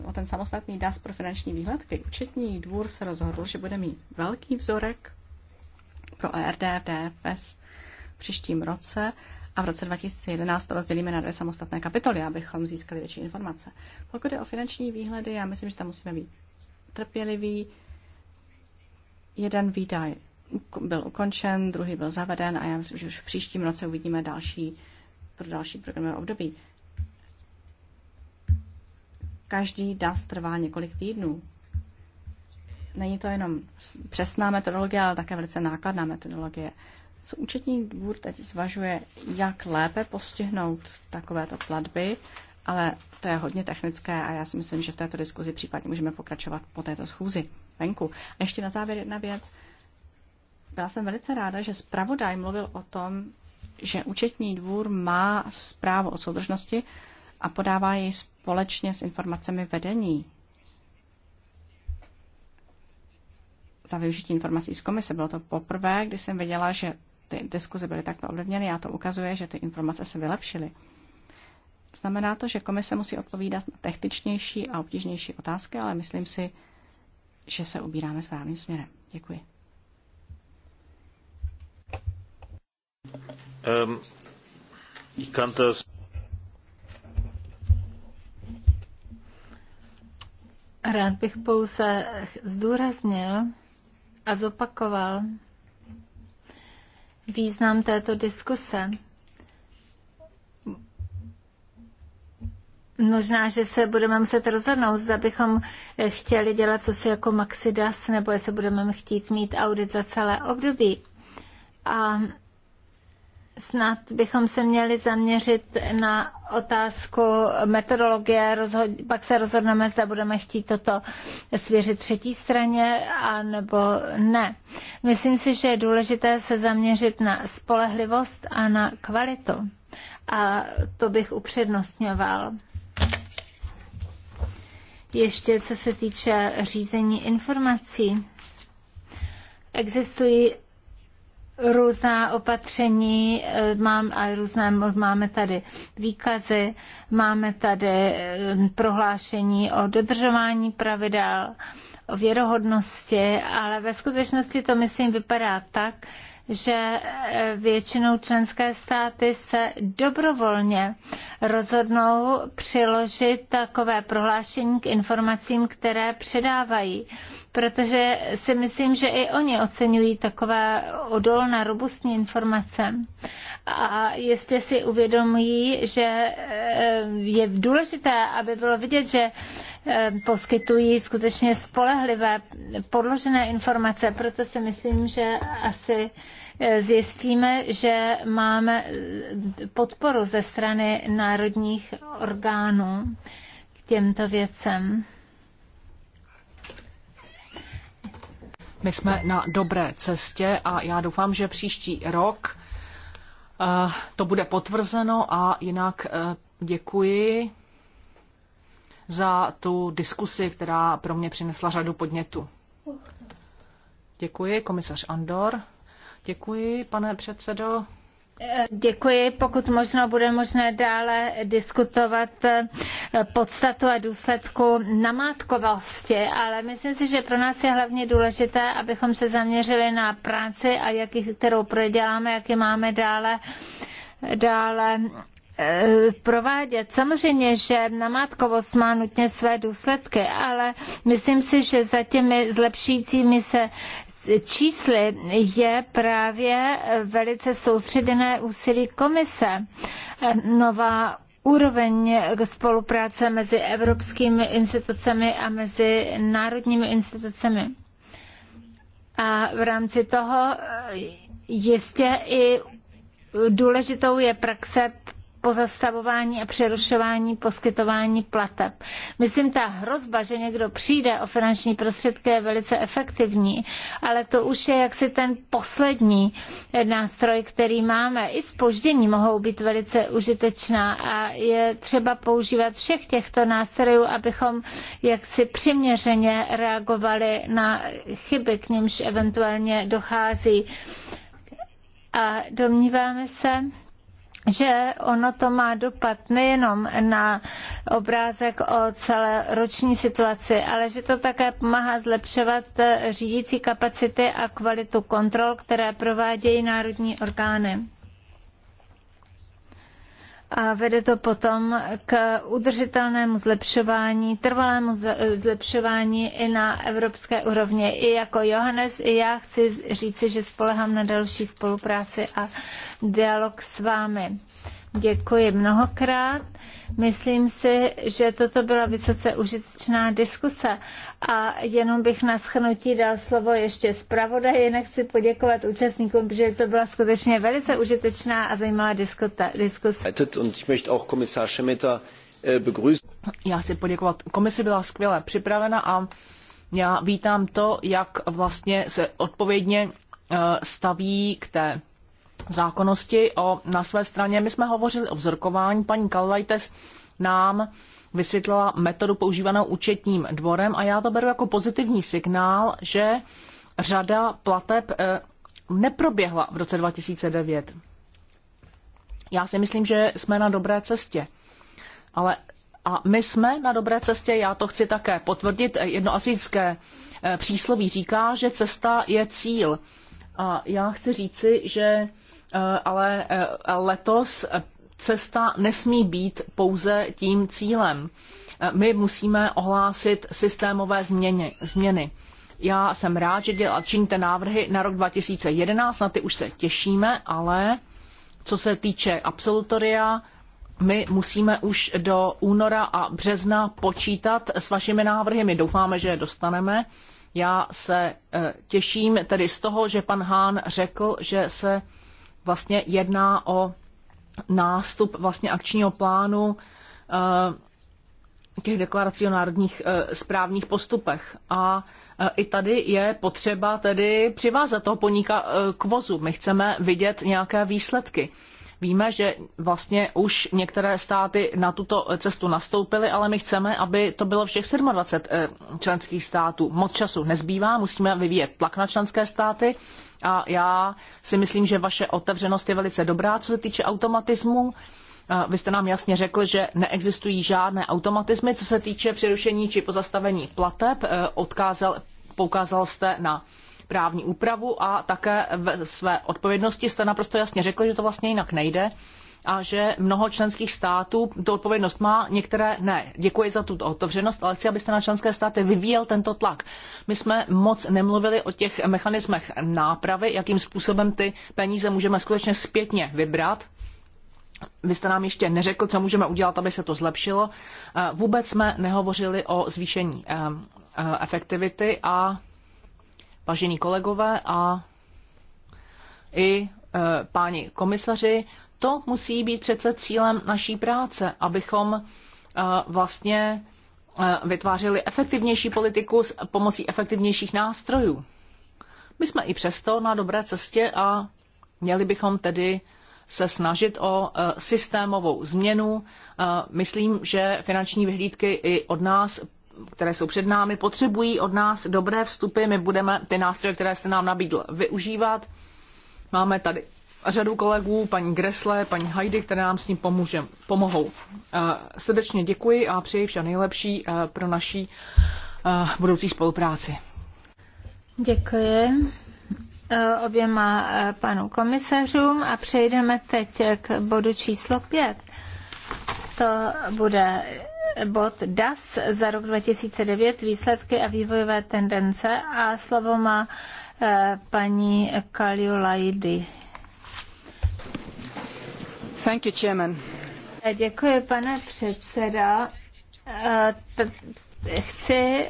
o ten samostatný DAS pro finanční kdy účetní dvůr se rozhodl, že bude mít velký vzorek pro ERD, DFS v příštím roce a v roce 2011 to rozdělíme na dvě samostatné kapitoly, abychom získali větší informace. Pokud je o finanční výhledy, já myslím, že tam musíme být trpěliví. Jeden výdaj byl ukončen, druhý byl zaveden a já myslím, že už v příštím roce uvidíme další pro další programové období. Každý DAS trvá několik týdnů. Není to jenom přesná metodologie, ale také velice nákladná metodologie. Co účetní dvůr teď zvažuje, jak lépe postihnout takovéto platby, ale to je hodně technické a já si myslím, že v této diskuzi případně můžeme pokračovat po této schůzi venku. A ještě na závěr jedna věc. Byla jsem velice ráda, že zpravodaj mluvil o tom, že účetní dvůr má zprávu o soudržnosti, a podává ji společně s informacemi vedení. Za využití informací z komise bylo to poprvé, kdy jsem viděla, že ty diskuze byly takto ovlivněny a to ukazuje, že ty informace se vylepšily. Znamená to, že komise musí odpovídat na techničnější a obtížnější otázky, ale myslím si, že se ubíráme správným směrem. Děkuji. Um, ich kann das Rád bych pouze zdůraznil a zopakoval význam této diskuse. Možná, že se budeme muset rozhodnout, zda bychom chtěli dělat co si jako Maxidas, nebo jestli budeme chtít mít audit za celé období. A Snad bychom se měli zaměřit na otázku metodologie, rozhod- pak se rozhodneme, zda budeme chtít toto svěřit třetí straně, a nebo ne. Myslím si, že je důležité se zaměřit na spolehlivost a na kvalitu. A to bych upřednostňoval. Ještě co se týče řízení informací. Existují různá opatření, eh, mám, a různé, máme tady výkazy, máme tady eh, prohlášení o dodržování pravidel, o věrohodnosti, ale ve skutečnosti to, myslím, vypadá tak, že eh, většinou členské státy se dobrovolně rozhodnou přiložit takové prohlášení k informacím, které předávají, protože si myslím, že i oni oceňují takové odolné, robustní informace. A jestli si uvědomují, že eh, je důležité, aby bylo vidět, že Eh, poskytují skutečně spolehlivé podložené informace, proto si myslím, že asi eh, zjistíme, že máme eh, podporu ze strany národních orgánů k těmto věcem. My jsme na dobré cestě a já doufám, že příští rok to bude potvrzeno a jinak děkuji za tu diskusi, která pro mě přinesla řadu podnětů. Děkuji, komisař Andor. Děkuji, pane předsedo. Děkuji. Pokud možno bude možné dále diskutovat eh, podstatu a důsledku namátkovosti, ale myslím si, že pro nás je hlavně důležité, abychom se zaměřili na práci a jaký, kterou proděláme, jaký máme dále dále E, provádět. Samozřejmě, že namátkovost má nutně své důsledky, ale myslím si, že za těmi zlepšujícími se čísly je právě velice soustředěné úsilí komise. E, nová úroveň spolupráce mezi evropskými institucemi a mezi národními institucemi. A v rámci toho e, jistě i důležitou je praxe pozastavování a přerušování poskytování plateb. Myslím, ta hrozba, že někdo přijde o finanční prostředky, je velice efektivní, ale to už je jaksi ten poslední nástroj, který máme. I spoždění mohou být velice užitečná a je třeba používat všech těchto nástrojů, abychom jaksi přiměřeně reagovali na chyby, k nímž eventuálně dochází. A domníváme se, že ono to má dopad nejenom na obrázek o celé roční situaci, ale že to také pomáhá zlepšovat eh, řídící kapacity a kvalitu kontrol, které provádějí národní orgány a vede to potom k udržitelnému zlepšování, trvalému zlepšování i na evropské úrovni. I jako Johannes, i já chci říci, že spolehám na další spolupráci a dialog s vámi. Děkuji mnohokrát. Myslím si, že toto byla vysoce užitečná diskuse a jenom bych na schnutí dal slovo ještě zpravodaji, jinak chci poděkovat účastníkům, protože to byla skutečně velice užitečná a zajímavá diskuse. Äh, já chci poděkovat. Komise byla skvěle připravena a já vítám to, jak vlastně se odpovědně äh, staví k té zákonnosti o, na své straně. My jsme hovořili o vzorkování. Paní Kallajtes nám vysvětlila metodu používanou účetním dvorem a já to beru jako pozitivní signál, že řada plateb eh, neproběhla v roce 2009. Já si myslím, že jsme na dobré cestě. Ale a my jsme na dobré cestě, já to chci také potvrdit. Jedno asijské eh, přísloví říká, že cesta je cíl. A já chci říci, že Eh, ale eh, letos cesta nesmí být pouze tím cílem. Eh, my musíme ohlásit systémové změny. změny. Já jsem rád, že dělá, činíte návrhy na rok 2011, na ty už se těšíme, ale co se týče absolutoria, my musíme už do února a března počítat s vašimi návrhy. My doufáme, že je dostaneme. Já se těším tedy z toho, že pan Hán řekl, že se vlastně jedná o nástup vlastně akčního plánu eh, těch deklarací o národních eh, správních postupech. A eh, i tady je potřeba tedy přivázat toho poníka k vozu. My chceme vidět nějaké výsledky. Víme, že vlastně už některé státy na tuto cestu nastoupily, ale my chceme, aby to bylo všech 27 eh, členských států. Moc času nezbývá, musíme vyvíjet tlak na členské státy a já si myslím, že vaše otevřenost je velice dobrá, co se týče automatismu. Eh, vy jste nám jasně řekl, že neexistují žádné automatismy, co se týče přerušení či pozastavení plateb. Eh, odkázal, poukázal jste na právní úpravu a také ve své odpovědnosti jste naprosto jasně řekli, že to vlastně jinak nejde a že mnoho členských států tu odpovědnost má, některé ne. Děkuji za tuto otevřenost, ale chci, abyste na členské státy vyvíjel tento tlak. My jsme moc nemluvili o těch mechanismech nápravy, jakým způsobem ty peníze můžeme skutečně zpětně vybrat. Vy jste nám ještě neřekl, co můžeme udělat, aby se to zlepšilo. Eh, vůbec jsme nehovořili o zvýšení eh, eh, efektivity a vážení kolegové a i e, páni komisaři, to musí být přece cílem naší práce, abychom e, vlastně e, vytvářeli efektivnější politiku s pomocí efektivnějších nástrojů. My jsme i přesto na dobré cestě a měli bychom tedy se snažit o systémovou změnu. Myslím, že finanční vyhlídky i od nás které jsou před námi, potřebují od nás dobré vstupy. My budeme ty nástroje, které jste nám nabídl, využívat. Máme tady řadu kolegů, paní Gresle, paní Heidi, které nám s ním pomůže, pomohou. Eh, srdečně děkuji a přeji vše nejlepší eh, pro naší eh, budoucí spolupráci. Děkuji oběma panu komisařům a přejdeme teď k bodu číslo 5. To bude bod DAS za rok 2009, výsledky a vývojové tendence a slovo má eh, paní Kaliulaidi. Thank you, Chairman. Eh, děkuji, pane předseda. Eh, chci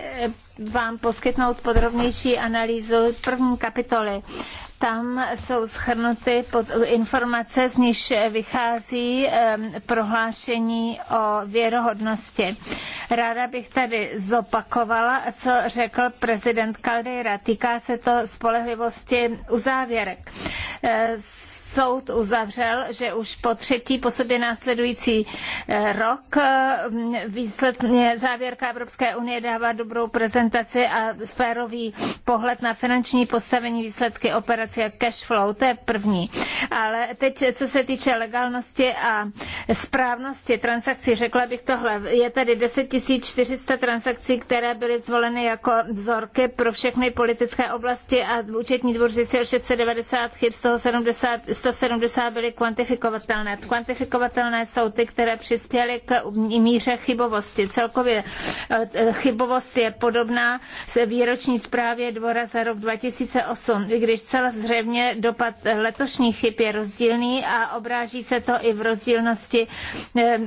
vám poskytnout podrobnější analýzu první kapitoly tam jsou schrnuty pod informace, z níž vychází prohlášení o věrohodnosti. Ráda bych tady zopakovala, co řekl prezident Caldeira. Týká se to spolehlivosti uzávěrek. Eh, soud uzavřel, že už po třetí po sobě následující eh, rok mm, výsledně závěrka Evropské unie dává dobrou prezentaci a sférový pohled na finanční postavení výsledky operace cash flow. To je první. Ale teď, co se týče legálnosti a správnosti transakcí, řekla bych tohle. Je tady 10 400 transakcí, které byly zvoleny jako vzorky pro všechny politické oblasti a účetní dvůr zjistil 690 chyb, z toho 70, 170 byly kvantifikovatelné. Kvantifikovatelné jsou ty, které přispěly k míře chybovosti. Celkově eh, chybovost je podobná se výroční zprávě Dvora za rok 2008, i když celé zřejmě dopad letošních chyb je rozdílný a obráží se to i v rozdílnosti eh,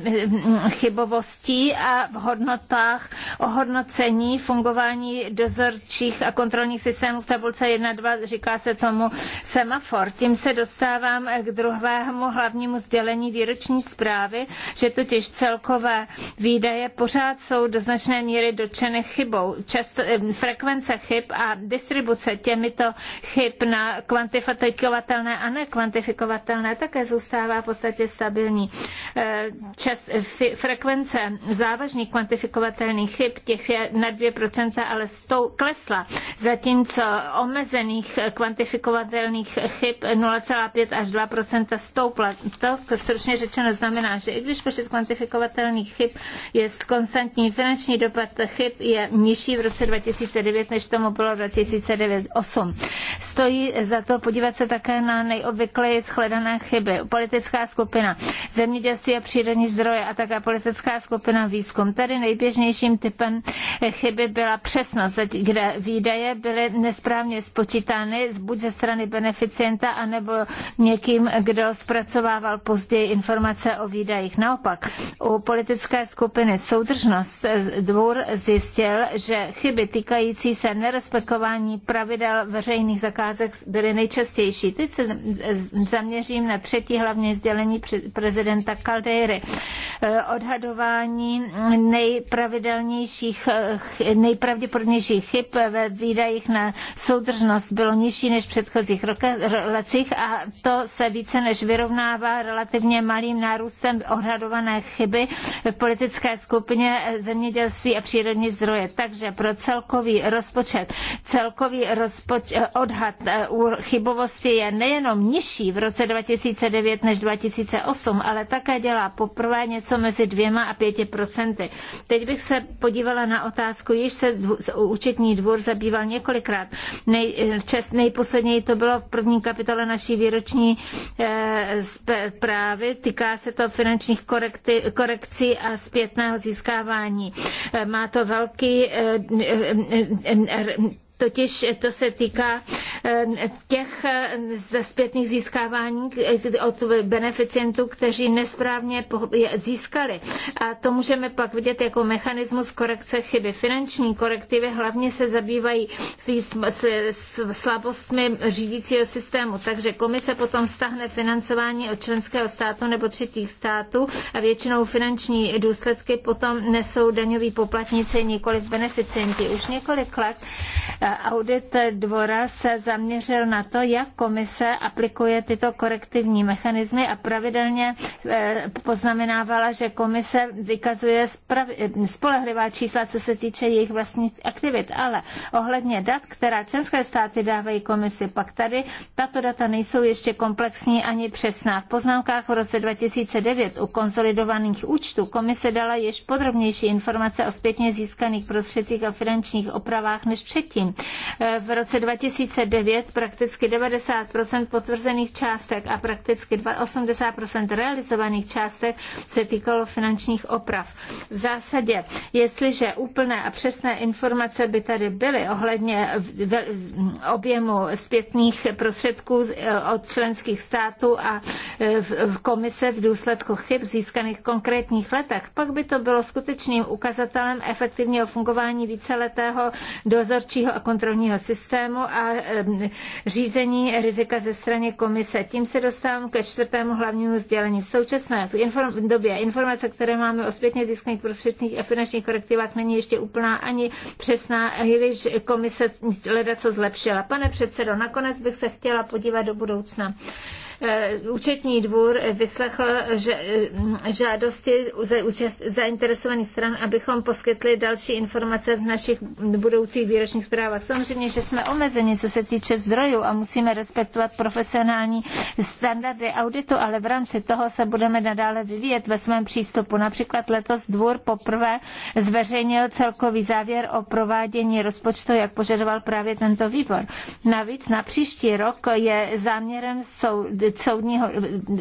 chybovostí a v hodnotách ohodnocení fungování dozorčích a kontrolních systémů v tabulce 1.2 říká se tomu semafor. Tím se dostává dostávám k druhému hlavnímu sdělení výroční zprávy, že totiž celkové výdaje pořád jsou do značné míry dotčeny chybou. Často, eh, frekvence chyb a distribuce těmito chyb na kvantifikovatelné a nekvantifikovatelné také zůstává v podstatě stabilní. Eh, čas, eh, frekvence závažných kvantifikovatelných chyb těch je na 2%, ale stou, klesla, zatímco omezených kvantifikovatelných chyb 0,5 až 2 stoupla. To stručně řečeno znamená, že i když počet kvantifikovatelných chyb je konstantní, finanční dopad chyb je nižší v roce 2009, než tomu bylo v 2009 2008. Stojí za to podívat se také na nejobvykleji shledané chyby. Politická skupina zemědělství a přírodní zdroje a také politická skupina výzkum. Tady nejběžnějším typem chyby byla přesnost, kde výdaje byly nesprávně spočítány buď ze strany beneficienta, anebo někým, kdo zpracovával později informace o výdajích. Naopak, u politické skupiny Soudržnost dvůr zjistil, že chyby týkající se nerespektování pravidel veřejných zakázek byly nejčastější. Teď se zaměřím na třetí hlavní sdělení prezidenta Caldeiry. Eh, odhadování nejpravidelnějších, eh, nejpravděpodobnějších chyb ve výdajích na soudržnost bylo nižší než v předchozích letech a to se více než vyrovnává relativně malým nárůstem ohradované chyby v politické skupině zemědělství a přírodní zdroje. Takže pro celkový rozpočet, celkový rozpoč, odhad eh, u chybovosti je nejenom nižší v roce 2009 než 2008, ale také dělá poprvé něco mezi dvěma a pěti procenty. Teď bych se podívala na otázku, již se účetní dvůr zabýval několikrát. Nej, eh, čest, nejposledněji to bylo v první kapitole naší výroční finanční eh, právy, týká se to finančních korekcí a zpětného získávání. Eh, má to velký eh, Totiž to se týká eh, těch eh, zpětných získávání eh, od beneficientů, kteří nesprávně získali. A to můžeme pak vidět jako mechanismus korekce chyby. Finanční korektivy hlavně se zabývají s slabostmi řídícího systému, takže komise potom stahne financování od členského státu nebo třetích států a většinou finanční důsledky potom nesou daňoví poplatníci, nikoli beneficienti. Už několik let Audit dvora se zaměřil na to, jak komise aplikuje tyto korektivní mechanismy a pravidelně eh, poznamenávala, že komise vykazuje spolehlivá čísla, co se týče jejich vlastních aktivit. Ale ohledně dat, která členské státy dávají komisi, pak tady tato data nejsou ještě komplexní ani přesná. V poznámkách v roce 2009 u konsolidovaných účtů komise dala již podrobnější informace o zpětně získaných prostředcích a finančních opravách než předtím. V roce 2009 prakticky 90% potvrzených částek a prakticky 80% realizovaných částek se týkalo finančních oprav. V zásadě, jestliže úplné a přesné informace by tady byly ohledně objemu zpětných prostředků od členských států a e, v komise v důsledku chyb získaných v konkrétních letech, pak by to bylo skutečným ukazatelem efektivního fungování víceletého dozorčího a kontrolního systému a řízení rizika ze strany komise. Tím se dostávám ke čtvrtému hlavnímu sdělení. V současné inform- době informace, které máme o zpětně získaných prostředních a finančních korektivách, není ještě úplná ani přesná, když komise leda co zlepšila. Pane předsedo, nakonec bych se chtěla podívat do budoucna. Eh, účetní dvůr vyslechl eh, žádosti zainteresovaných stran, abychom poskytli další informace v našich budoucích výročních zprávách. Samozřejmě, že jsme omezeni, co se týče zdrojů a musíme respektovat profesionální standardy auditu, ale v rámci toho se budeme nadále vyvíjet ve svém přístupu. Například letos dvůr poprvé zveřejnil celkový závěr o provádění rozpočtu, jak požadoval právě tento výbor. Navíc na příští rok je záměrem sou, soudního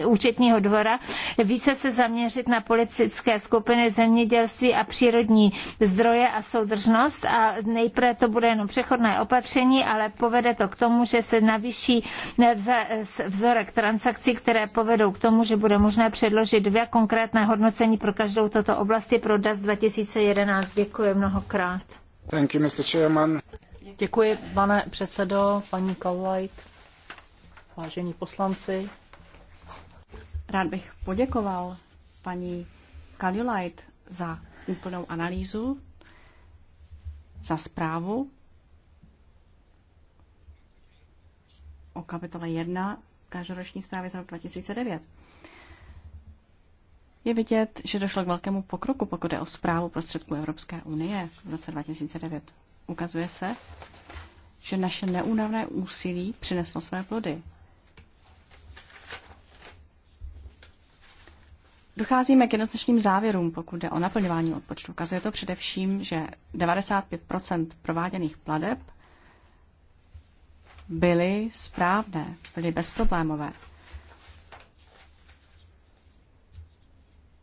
účetního dvora více se zaměřit na politické skupiny zemědělství a přírodní zdroje a soudržnost a nejprve to bude jenom přechodné opatření, ale povede to k tomu, že se navýší vzorek transakcí, které povedou k tomu, že bude možné předložit dvě konkrétné hodnocení pro každou toto oblasti pro DAS 2011. Děkuji mnohokrát. Thank you, Mr. Chairman. Děkuji, pane předsedo, paní Kallajt vážení poslanci. Rád bych poděkoval paní Kaliulajt za úplnou analýzu, za zprávu o kapitole 1 každoroční zprávy za rok 2009. Je vidět, že došlo k velkému pokroku, pokud je o zprávu prostředků Evropské unie v roce 2009. Ukazuje se, že naše neúnavné úsilí přineslo své plody. Docházíme k jednoznačným závěrům, pokud jde o naplňování odpočtu. Ukazuje to především, že 95 prováděných pladeb byly správné, byly bezproblémové.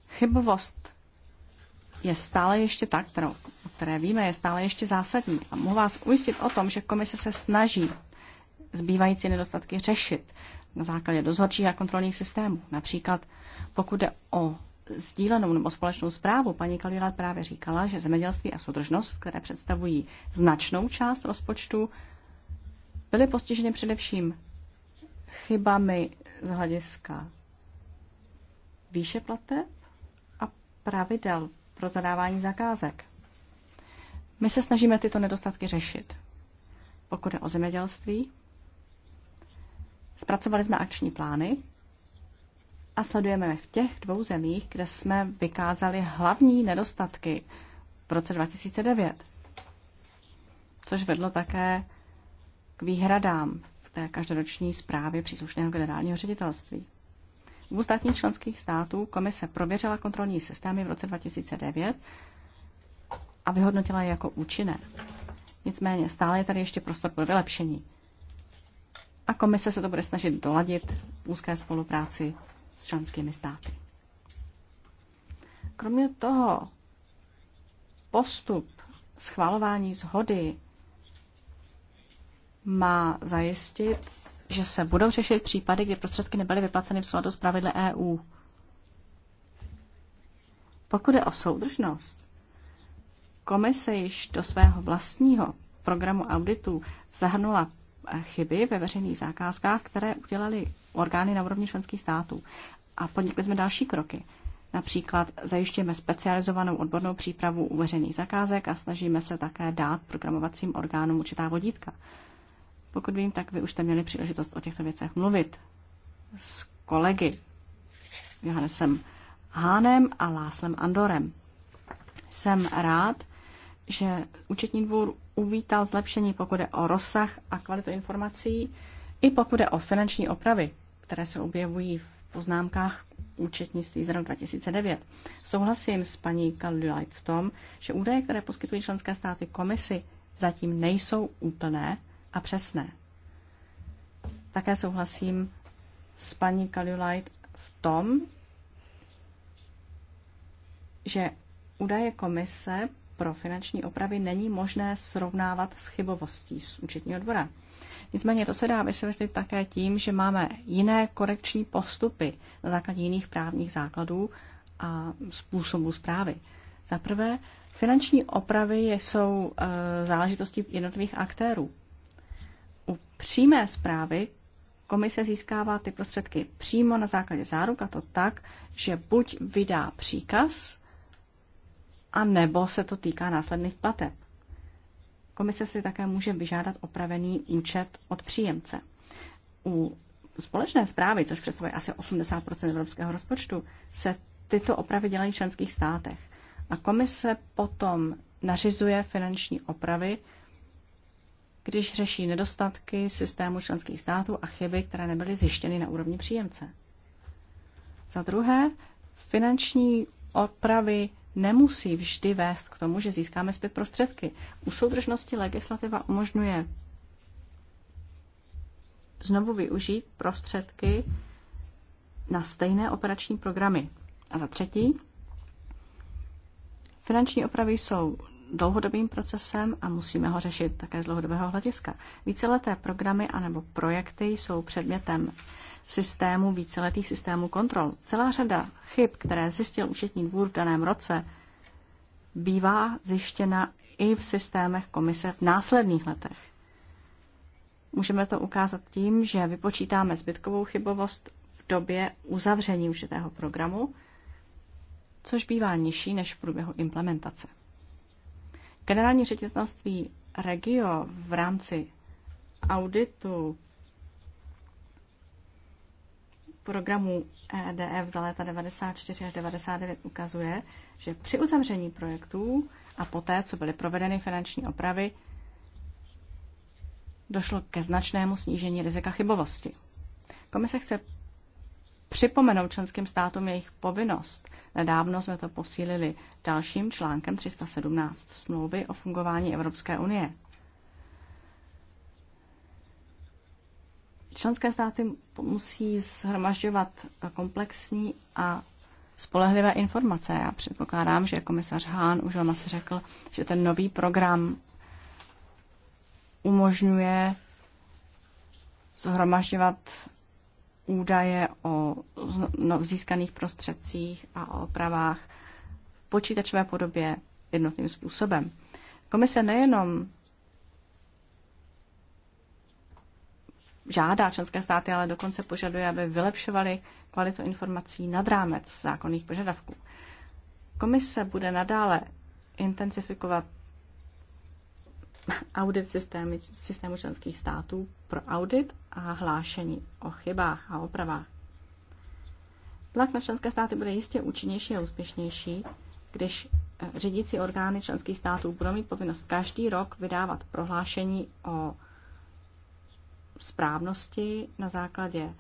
Chybovost je stále ještě tak, kterou, o které víme, je stále ještě zásadní. A mohu vás ujistit o tom, že komise se snaží zbývající nedostatky řešit na základě dozorčích a kontrolních systémů. Například pokud jde o sdílenou nebo společnou zprávu, paní Kalilát právě říkala, že zemědělství a soudržnost, které představují značnou část rozpočtu, byly postiženy především chybami z hlediska výše plateb a pravidel pro zadávání zakázek. My se snažíme tyto nedostatky řešit. Pokud je o zemědělství, zpracovali jsme akční plány, a sledujeme v těch dvou zemích, kde jsme vykázali hlavní nedostatky v roce 2009, což vedlo také k výhradám v té každoroční zprávě příslušného generálního ředitelství. U ostatních členských států komise prověřila kontrolní systémy v roce 2009 a vyhodnotila je jako účinné. Nicméně stále je tady ještě prostor pro vylepšení. A komise se to bude snažit doladit v úzké spolupráci s členskými státy. Kromě toho postup schvalování zhody má zajistit, že se budou řešit případy, kdy prostředky nebyly vyplaceny v souladu s pravidly EU. Pokud je o soudržnost, komise již do svého vlastního programu auditu zahrnula chyby ve veřejných zakázkách, které udělali orgány na úrovni členských států. A podnikli jsme další kroky. Například zajišťujeme specializovanou odbornou přípravu u veřejných zakázek a snažíme se také dát programovacím orgánům určitá vodítka. Pokud vím, tak vy už jste měli příležitost o těchto věcech mluvit s kolegy Johannesem Hánem a Láslem Andorem. Jsem rád, že účetní dvůr uvítal zlepšení, pokud je o rozsah a kvalitu informací, i pokud je o finanční opravy které se objevují v poznámkách účetnictví z roku 2009. Souhlasím s paní Kaldulajt v tom, že údaje, které poskytují členské státy komisi, zatím nejsou úplné a přesné. Také souhlasím s paní Kaliulajt v tom, že údaje komise pro finanční opravy není možné srovnávat s chybovostí z účetního dvora. Nicméně to se dá vysvětlit také tím, že máme jiné korekční postupy na základě jiných právních základů a způsobů zprávy. Za prvé, finanční opravy jsou e, záležitostí jednotlivých aktérů. U přímé zprávy komise získává ty prostředky přímo na základě záruk a to tak, že buď vydá příkaz, a nebo se to týká následných plateb. Komise si také může vyžádat opravený účet od příjemce. U společné zprávy, což představuje asi 80 evropského rozpočtu, se tyto opravy dělají v členských státech. A komise potom nařizuje finanční opravy, když řeší nedostatky systému členských států a chyby, které nebyly zjištěny na úrovni příjemce. Za druhé, finanční opravy nemusí vždy vést k tomu, že získáme zpět prostředky. U soudržnosti legislativa umožňuje znovu využít prostředky na stejné operační programy. A za třetí, finanční opravy jsou dlouhodobým procesem a musíme ho řešit také z dlouhodobého hlediska. Víceleté programy anebo projekty jsou předmětem systému víceletých systémů kontrol. Celá řada chyb, které zjistil účetní dvůr v daném roce, bývá zjištěna i v systémech komise v následných letech. Můžeme to ukázat tím, že vypočítáme zbytkovou chybovost v době uzavření užitého programu, což bývá nižší než v průběhu implementace. Generální ředitelství Regio v rámci auditu programů EDF za léta 94 až 99 ukazuje, že při uzavření projektů a poté, co byly provedeny finanční opravy, došlo ke značnému snížení rizika chybovosti. Komise chce připomenout členským státům jejich povinnost. Nedávno jsme to posílili dalším článkem 317 smlouvy o fungování Evropské unie. Členské státy musí zhromažďovat komplexní a spolehlivé informace. Já předpokládám, že komisař Hán už vám asi řekl, že ten nový program umožňuje zhromažďovat údaje o no, získaných prostředcích a o pravách v počítačové podobě jednotným způsobem. Komise nejenom žádá členské státy, ale dokonce požaduje, aby vylepšovali kvalitu informací nad rámec zákonných požadavků. Komise bude nadále intenzifikovat audit systémy, systému členských států pro audit a hlášení o chybách a opravách. Tlak na členské státy bude jistě účinnější a úspěšnější, když eh, řídící orgány členských států budou mít povinnost každý rok vydávat prohlášení o správnosti na základě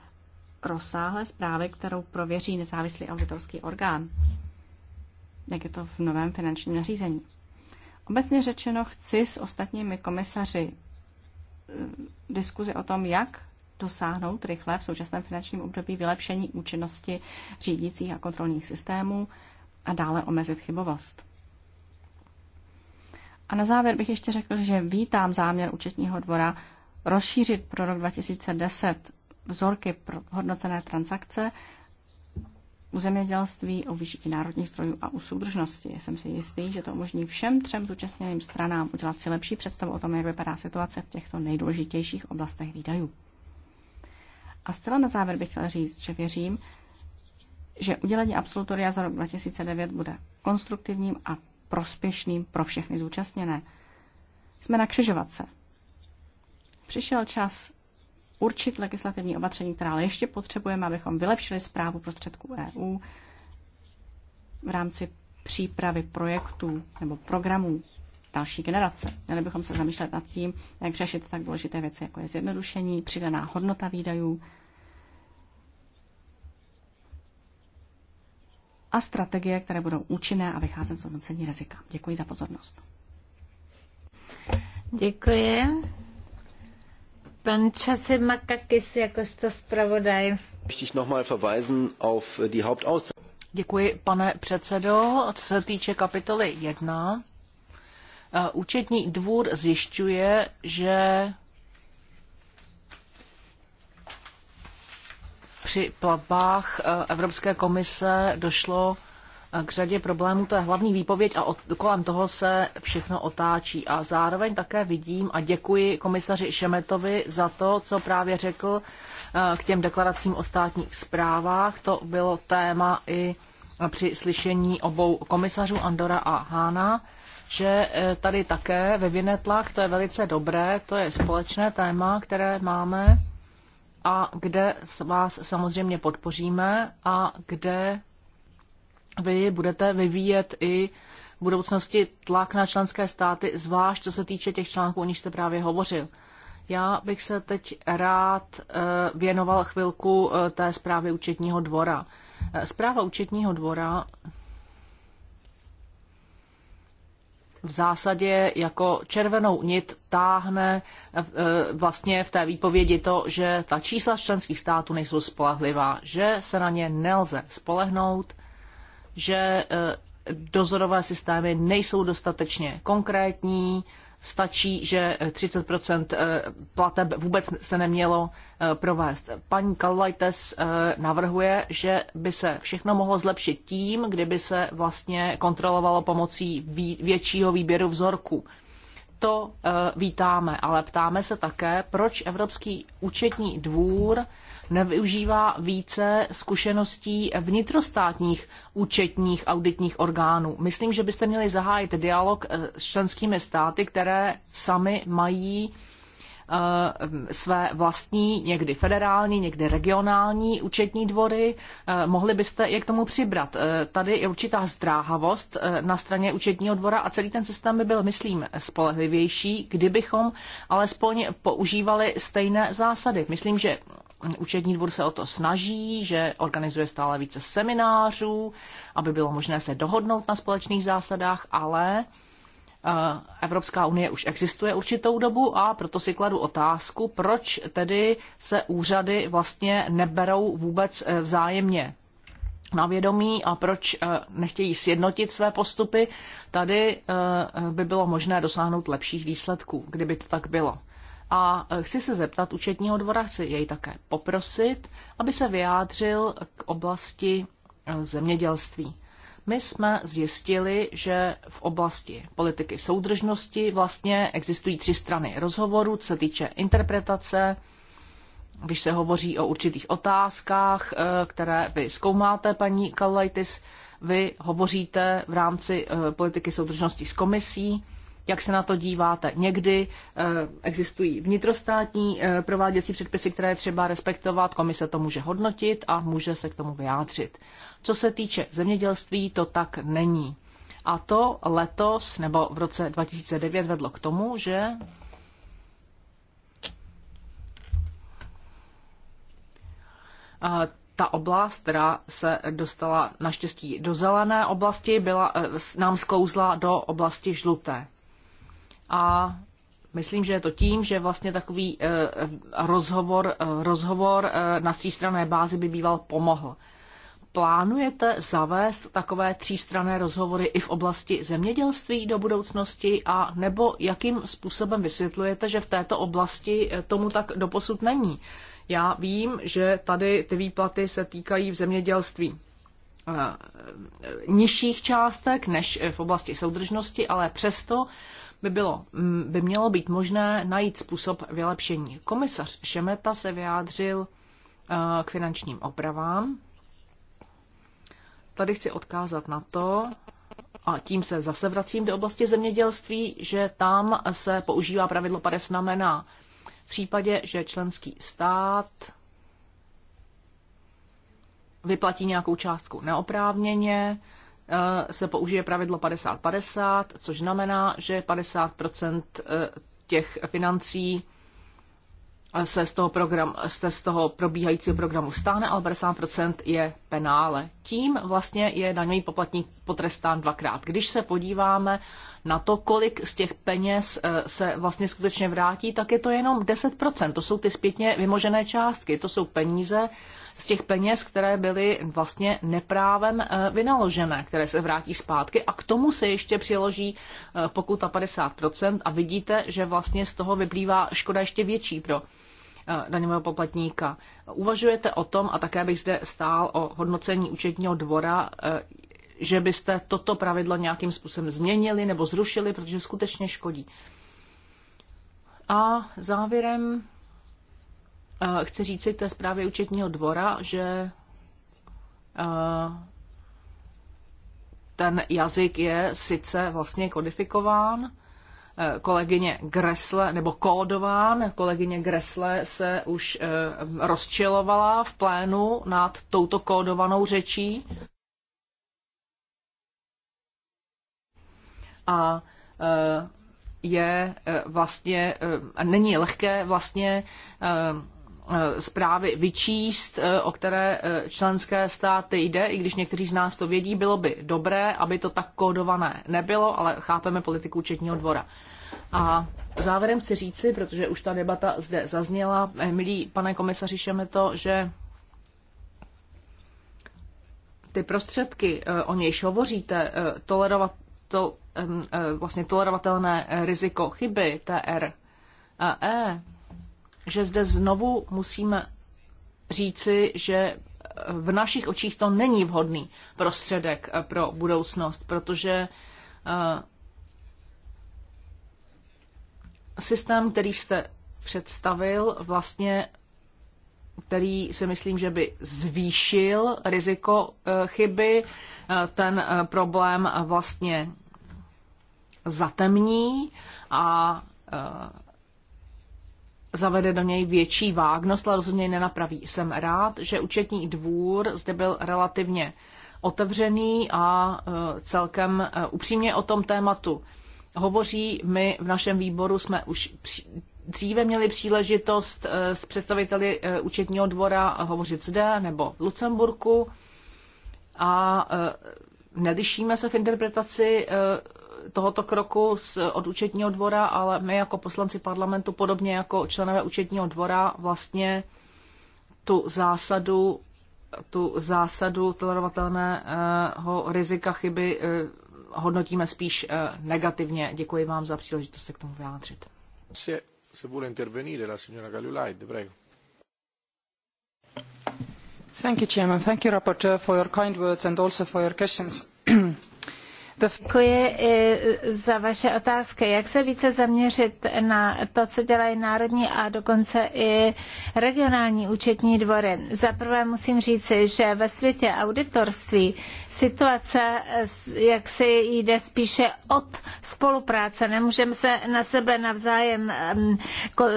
rozsáhlé zprávy, kterou prověří nezávislý auditorský orgán, jak je to v novém finančním nařízení. Obecně řečeno chci s ostatními komisaři eh, diskuzi o tom, jak dosáhnout rychle v současném finančním období vylepšení účinnosti řídících a kontrolních systémů a dále omezit chybovost. A na závěr bych ještě řekl, že vítám záměr účetního dvora rozšířit pro rok 2010 vzorky pro hodnocené transakce u zemědělství, o vyžití národních zdrojů a u soudržnosti. Jsem si jistý, že to umožní všem třem zúčastněným stranám udělat si lepší představu o tom, jak vypadá situace v těchto nejdůležitějších oblastech výdajů. A zcela na závěr bych chtěla říct, že věřím, že udělení absolutoria za rok 2009 bude konstruktivním a prospěšným pro všechny zúčastněné. Jsme na křižovatce. Přišel čas určit legislativní opatření, která ale ještě potřebujeme, abychom vylepšili zprávu prostředků EU v rámci přípravy projektů nebo programů další generace. Měli bychom se zamýšlet nad tím, jak řešit tak důležité věci, jako je zjednodušení, přidaná hodnota výdajů a strategie, které budou účinné a vycházet z hodnocení rizika. Děkuji za pozornost. Děkuji pan Časy jakožto zpravodaj. Děkuji, pane předsedo. Co se týče kapitoly 1, eh, účetní dvůr zjišťuje, že při platbách eh, Evropské komise došlo k řadě problémů. To je hlavní výpověď a od, kolem toho se všechno otáčí. A zároveň také vidím a děkuji komisaři Šemetovi za to, co právě řekl eh, k těm deklaracím o státních zprávách. To bylo téma i při slyšení obou komisařů Andora a Hána že eh, tady také vyvine tlak, to je velice dobré, to je společné téma, které máme a kde vás samozřejmě podpoříme a kde vy budete vyvíjet i v budoucnosti tlak na členské státy, zvlášť co se týče těch článků, o nich jste právě hovořil. Já bych se teď rád eh, věnoval chvilku eh, té zprávy účetního dvora. Eh, zpráva účetního dvora v zásadě jako červenou nit táhne vlastně v té výpovědi to, že ta čísla členských států nejsou spolehlivá, že se na ně nelze spolehnout, že e, dozorové systémy nejsou dostatečně konkrétní, stačí, že 30 e, e, plateb vůbec se nemělo provést. Paní Kalajtes navrhuje, že by se všechno mohlo zlepšit tím, kdyby se vlastně kontrolovalo pomocí většího výběru vzorků. To vítáme, ale ptáme se také, proč Evropský účetní dvůr nevyužívá více zkušeností vnitrostátních účetních auditních orgánů. Myslím, že byste měli zahájit dialog eh, s členskými státy, které sami mají eh, své vlastní, někdy federální, někdy regionální účetní dvory. Eh, mohli byste je k tomu přibrat. Tady je určitá zdráhavost na straně účetního dvora a celý ten systém by byl, myslím, spolehlivější, kdybychom alespoň používali stejné zásady. Myslím, že Účetní dvůr se o to snaží, že organizuje stále více seminářů, aby bylo možné se dohodnout na společných zásadách, ale eh, Evropská unie už existuje určitou dobu a proto si kladu otázku, proč tedy se úřady vlastně neberou vůbec eh, vzájemně na vědomí a proč eh, nechtějí sjednotit své postupy, tady by bylo možné dosáhnout lepších výsledků, kdyby to tak bylo a eh, chci se zeptat účetního dvora, chci jej také poprosit, aby se vyjádřil k oblasti eh, zemědělství. My jsme zjistili, že v oblasti politiky soudržnosti vlastně existují tři strany rozhovoru, co se týče interpretace, když se hovoří o určitých otázkách, eh, které vy zkoumáte, paní Kalaitis, vy hovoříte v rámci politiky soudržnosti s komisí, jak se na to díváte. Někdy eh, existují vnitrostátní eh, prováděcí předpisy, které třeba respektovat, komise to může hodnotit a může se k tomu vyjádřit. Co se týče zemědělství, to tak není. A to letos nebo v roce 2009 vedlo k tomu, že ta oblast, která se dostala naštěstí do zelené oblasti, byla, eh, nám sklouzla do oblasti žluté a myslím, že je to tím, že vlastně takový eh, rozhovor, eh, rozhovor eh, na třístrané bázi by býval pomohl. Plánujete zavést takové třístrané rozhovory i v oblasti zemědělství do budoucnosti a nebo jakým způsobem vysvětlujete, že v této oblasti tomu tak doposud není? Já vím, že tady ty výplaty se týkají v zemědělství nižších částek než v oblasti soudržnosti, ale přesto by, bylo, mm, by mělo být možné najít způsob vylepšení. Komisař Šemeta se vyjádřil eh, k finančním opravám. Tady chci odkázat na to, a tím se zase vracím do oblasti zemědělství, že tam se používá pravidlo 50 znamená v případě, že členský stát vyplatí nějakou částku neoprávněně, Eh, se použije pravidlo 50-50, což znamená, že 50 eh, těch financí eh, se z toho, program, se z toho probíhajícího programu stáne, ale 50% je penále. Tím vlastně je daňový poplatník potrestán dvakrát. Když se podíváme na to, kolik z těch peněz se vlastně skutečně vrátí, tak je to jenom 10%. To jsou ty zpětně vymožené částky. To jsou peníze, z těch peněz, které byly vlastně neprávem eh, vynaložené, které se vrátí zpátky a k tomu se ještě přiloží eh, pokuta 50% a vidíte, že vlastně z toho vyplývá škoda ještě větší pro eh, daňového poplatníka. Uvažujete o tom, a také bych zde stál o hodnocení účetního dvora, že byste toto pravidlo nějakým způsobem změnili nebo zrušili, protože skutečně škodí. A závěrem chci si k té zprávě účetního dvora, že ten jazyk je sice vlastně kodifikován, e, kolegyně Gresle, nebo kódován, kolegyně Gresle se už e, rozčilovala v plénu nad touto kódovanou řečí. A e, je vlastně, není lehké vlastně Eh, zprávy vyčíst, eh, o které eh, členské státy jde, i když někteří z nás to vědí, bylo by dobré, aby to tak kódované nebylo, ale chápeme politiku účetního dvora. A závěrem chci říci, protože už ta debata zde zazněla, milí pane komisaři to, že ty prostředky, o nějž hovoříte, tolerovat, to, vlastně tolerovatelné riziko chyby TRE, že zde znovu musíme říci, že v našich očích to není vhodný prostředek pro budoucnost, protože eh, systém, který jste představil, vlastně který si myslím, že by zvýšil riziko eh, chyby, eh, ten problém vlastně zatemní a zavede do něj větší vágnost, ale rozhodně nenapraví. Jsem rád, že účetní dvůr zde byl relativně otevřený a e, celkem e, upřímně o tom tématu hovoří. My v našem výboru jsme už dříve měli příležitost e, s představiteli účetního dvora hovořit zde nebo v Lucemburku a nelišíme se v interpretaci tohoto kroku z, od účetního dvora, ale my jako poslanci parlamentu, podobně jako členové účetního dvora, vlastně tu zásadu, tu zásadu tolerovatelného rizika chyby eh, hodnotíme spíš eh, negativně. Děkuji vám za příležitost se k tomu vyjádřit. Se, se vuole intervenire la signora Galulaide, prego. Thank you, Chairman. Thank you, Rapporteur, for your kind words and also for your questions. Děkuji za vaše otázky. Jak se více zaměřit na to, co dělají národní a dokonce i regionální účetní dvory? Za prvé musím říci, že ve světě auditorství situace jak si jde spíše od spolupráce. Nemůžeme se na sebe navzájem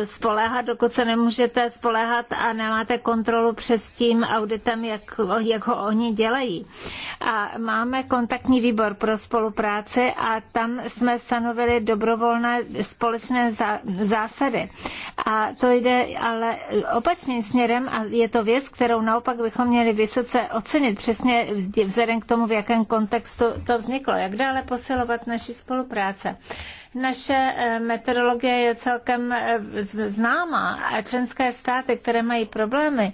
spoléhat, dokud se nemůžete spoléhat a nemáte kontrolu přes tím auditem, jak, jak ho oni dělají. A máme kontaktní výbor pro spolupráci spolupráci a tam jsme stanovili dobrovolné společné zásady. A to jde ale opačným směrem a je to věc, kterou naopak bychom měli vysoce ocenit, přesně vzhledem k tomu, v jakém kontextu to vzniklo. Jak dále posilovat naši spolupráce? Naše eh, meteorologie je celkem eh, známá a členské státy, které mají problémy,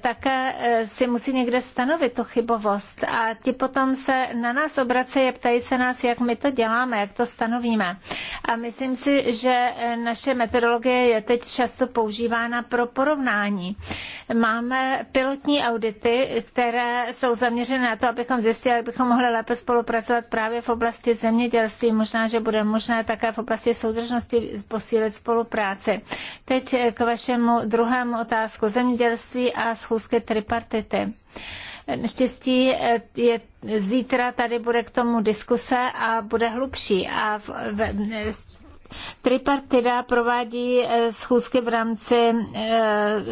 také eh, si musí někde stanovit tu chybovost a ti potom se na nás obracejí a ptají se nás, jak my to děláme, jak to stanovíme. A myslím si, že eh, naše metodologie je teď často používána pro porovnání. Máme pilotní audity, které jsou zaměřené na to, abychom zjistili, jak bychom mohli lépe spolupracovat právě v oblasti zemědělství. Možná, že bude možné také v oblasti soudržnosti posílit spolupráci. Teď eh, k vašemu druhému otázku zemědělství a a schůzky tripartity. Naštěstí eh, je, zítra tady bude k tomu diskuse a bude hlubší. A v, v, Tripartida provádí eh, schůzky v rámci eh,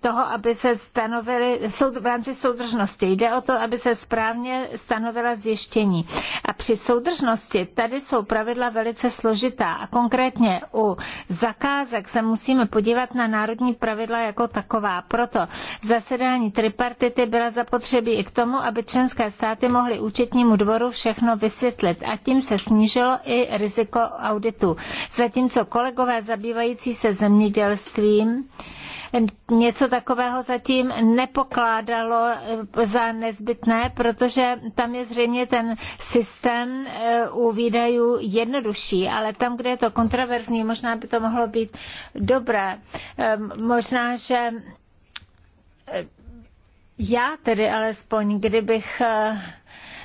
toho, aby se stanovily, v rámci soudržnosti. Jde o to, aby se správně stanovila zjištění. A při soudržnosti tady jsou pravidla velice složitá a konkrétně u zakázek se musíme podívat na národní pravidla jako taková. Proto zasedání tripartity byla zapotřebí i k tomu, aby členské státy mohly účetnímu dvoru všechno vysvětlit a tím se snížilo i riziko auditu světu. Zatímco kolegové zabývající se zemědělstvím něco takového zatím nepokládalo eh, za nezbytné, protože tam je zřejmě ten systém eh, u výdajů jednodušší, ale tam, kde je to kontroverzní, možná by to mohlo být dobré. Ehm, možná, že eh, já tedy alespoň, kdybych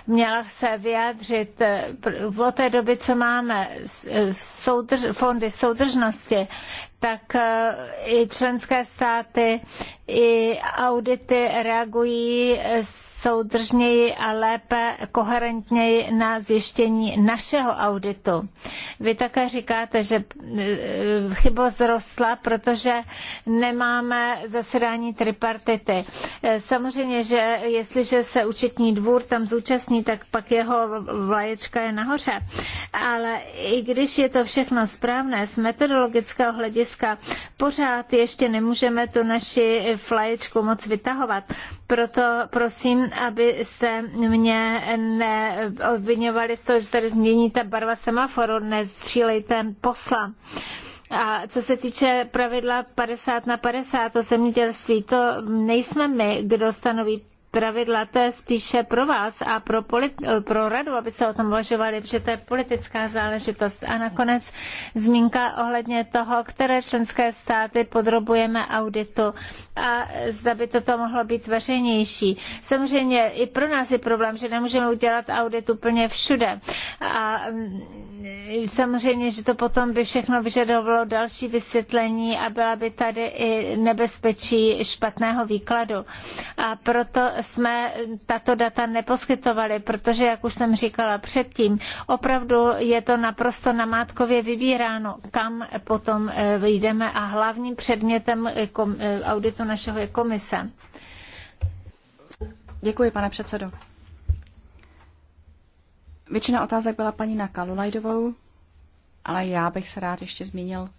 měla se vyjádřit eh, od té doby, co máme eh, soudrž, fondy soudržnosti, tak eh, i členské státy, i audity reagují soudržněji a lépe, koherentněji na zjištění našeho auditu. Vy také říkáte, že eh, chyba zrostla, protože nemáme zasedání tripartity. Eh, samozřejmě, že jestliže se účetní dvůr tam zúčastní, tak pak jeho vlaječka je nahoře. Ale i když je to všechno správné, z metodologického hlediska Řecka. Pořád ještě nemůžeme tu naši flaječku moc vytahovat. Proto prosím, abyste mě neobvinovali z toho, že tady změníte barva semaforu, nestřílejte posla. A co se týče pravidla 50 na 50 o zemědělství, to nejsme my, kdo stanoví pravidla, to je spíše pro vás a pro, polit- pro radu, abyste o tom uvažovali, protože to je politická záležitost. A nakonec zmínka ohledně toho, které členské státy podrobujeme auditu a zda by toto mohlo být veřejnější. Samozřejmě i pro nás je problém, že nemůžeme udělat audit úplně všude. A mm, samozřejmě, že to potom by všechno vyžadovalo další vysvětlení a byla by tady i nebezpečí špatného výkladu. A proto jsme tato data neposkytovali, protože, jak už jsem říkala předtím, opravdu je to naprosto namátkově vybíráno, kam potom eh, jdeme a hlavním předmětem eh, eh, auditu našeho je komise. Děkuji, pane předsedo. Většina otázek byla paní na Kalulajdovou, ale já bych se rád ještě zmínil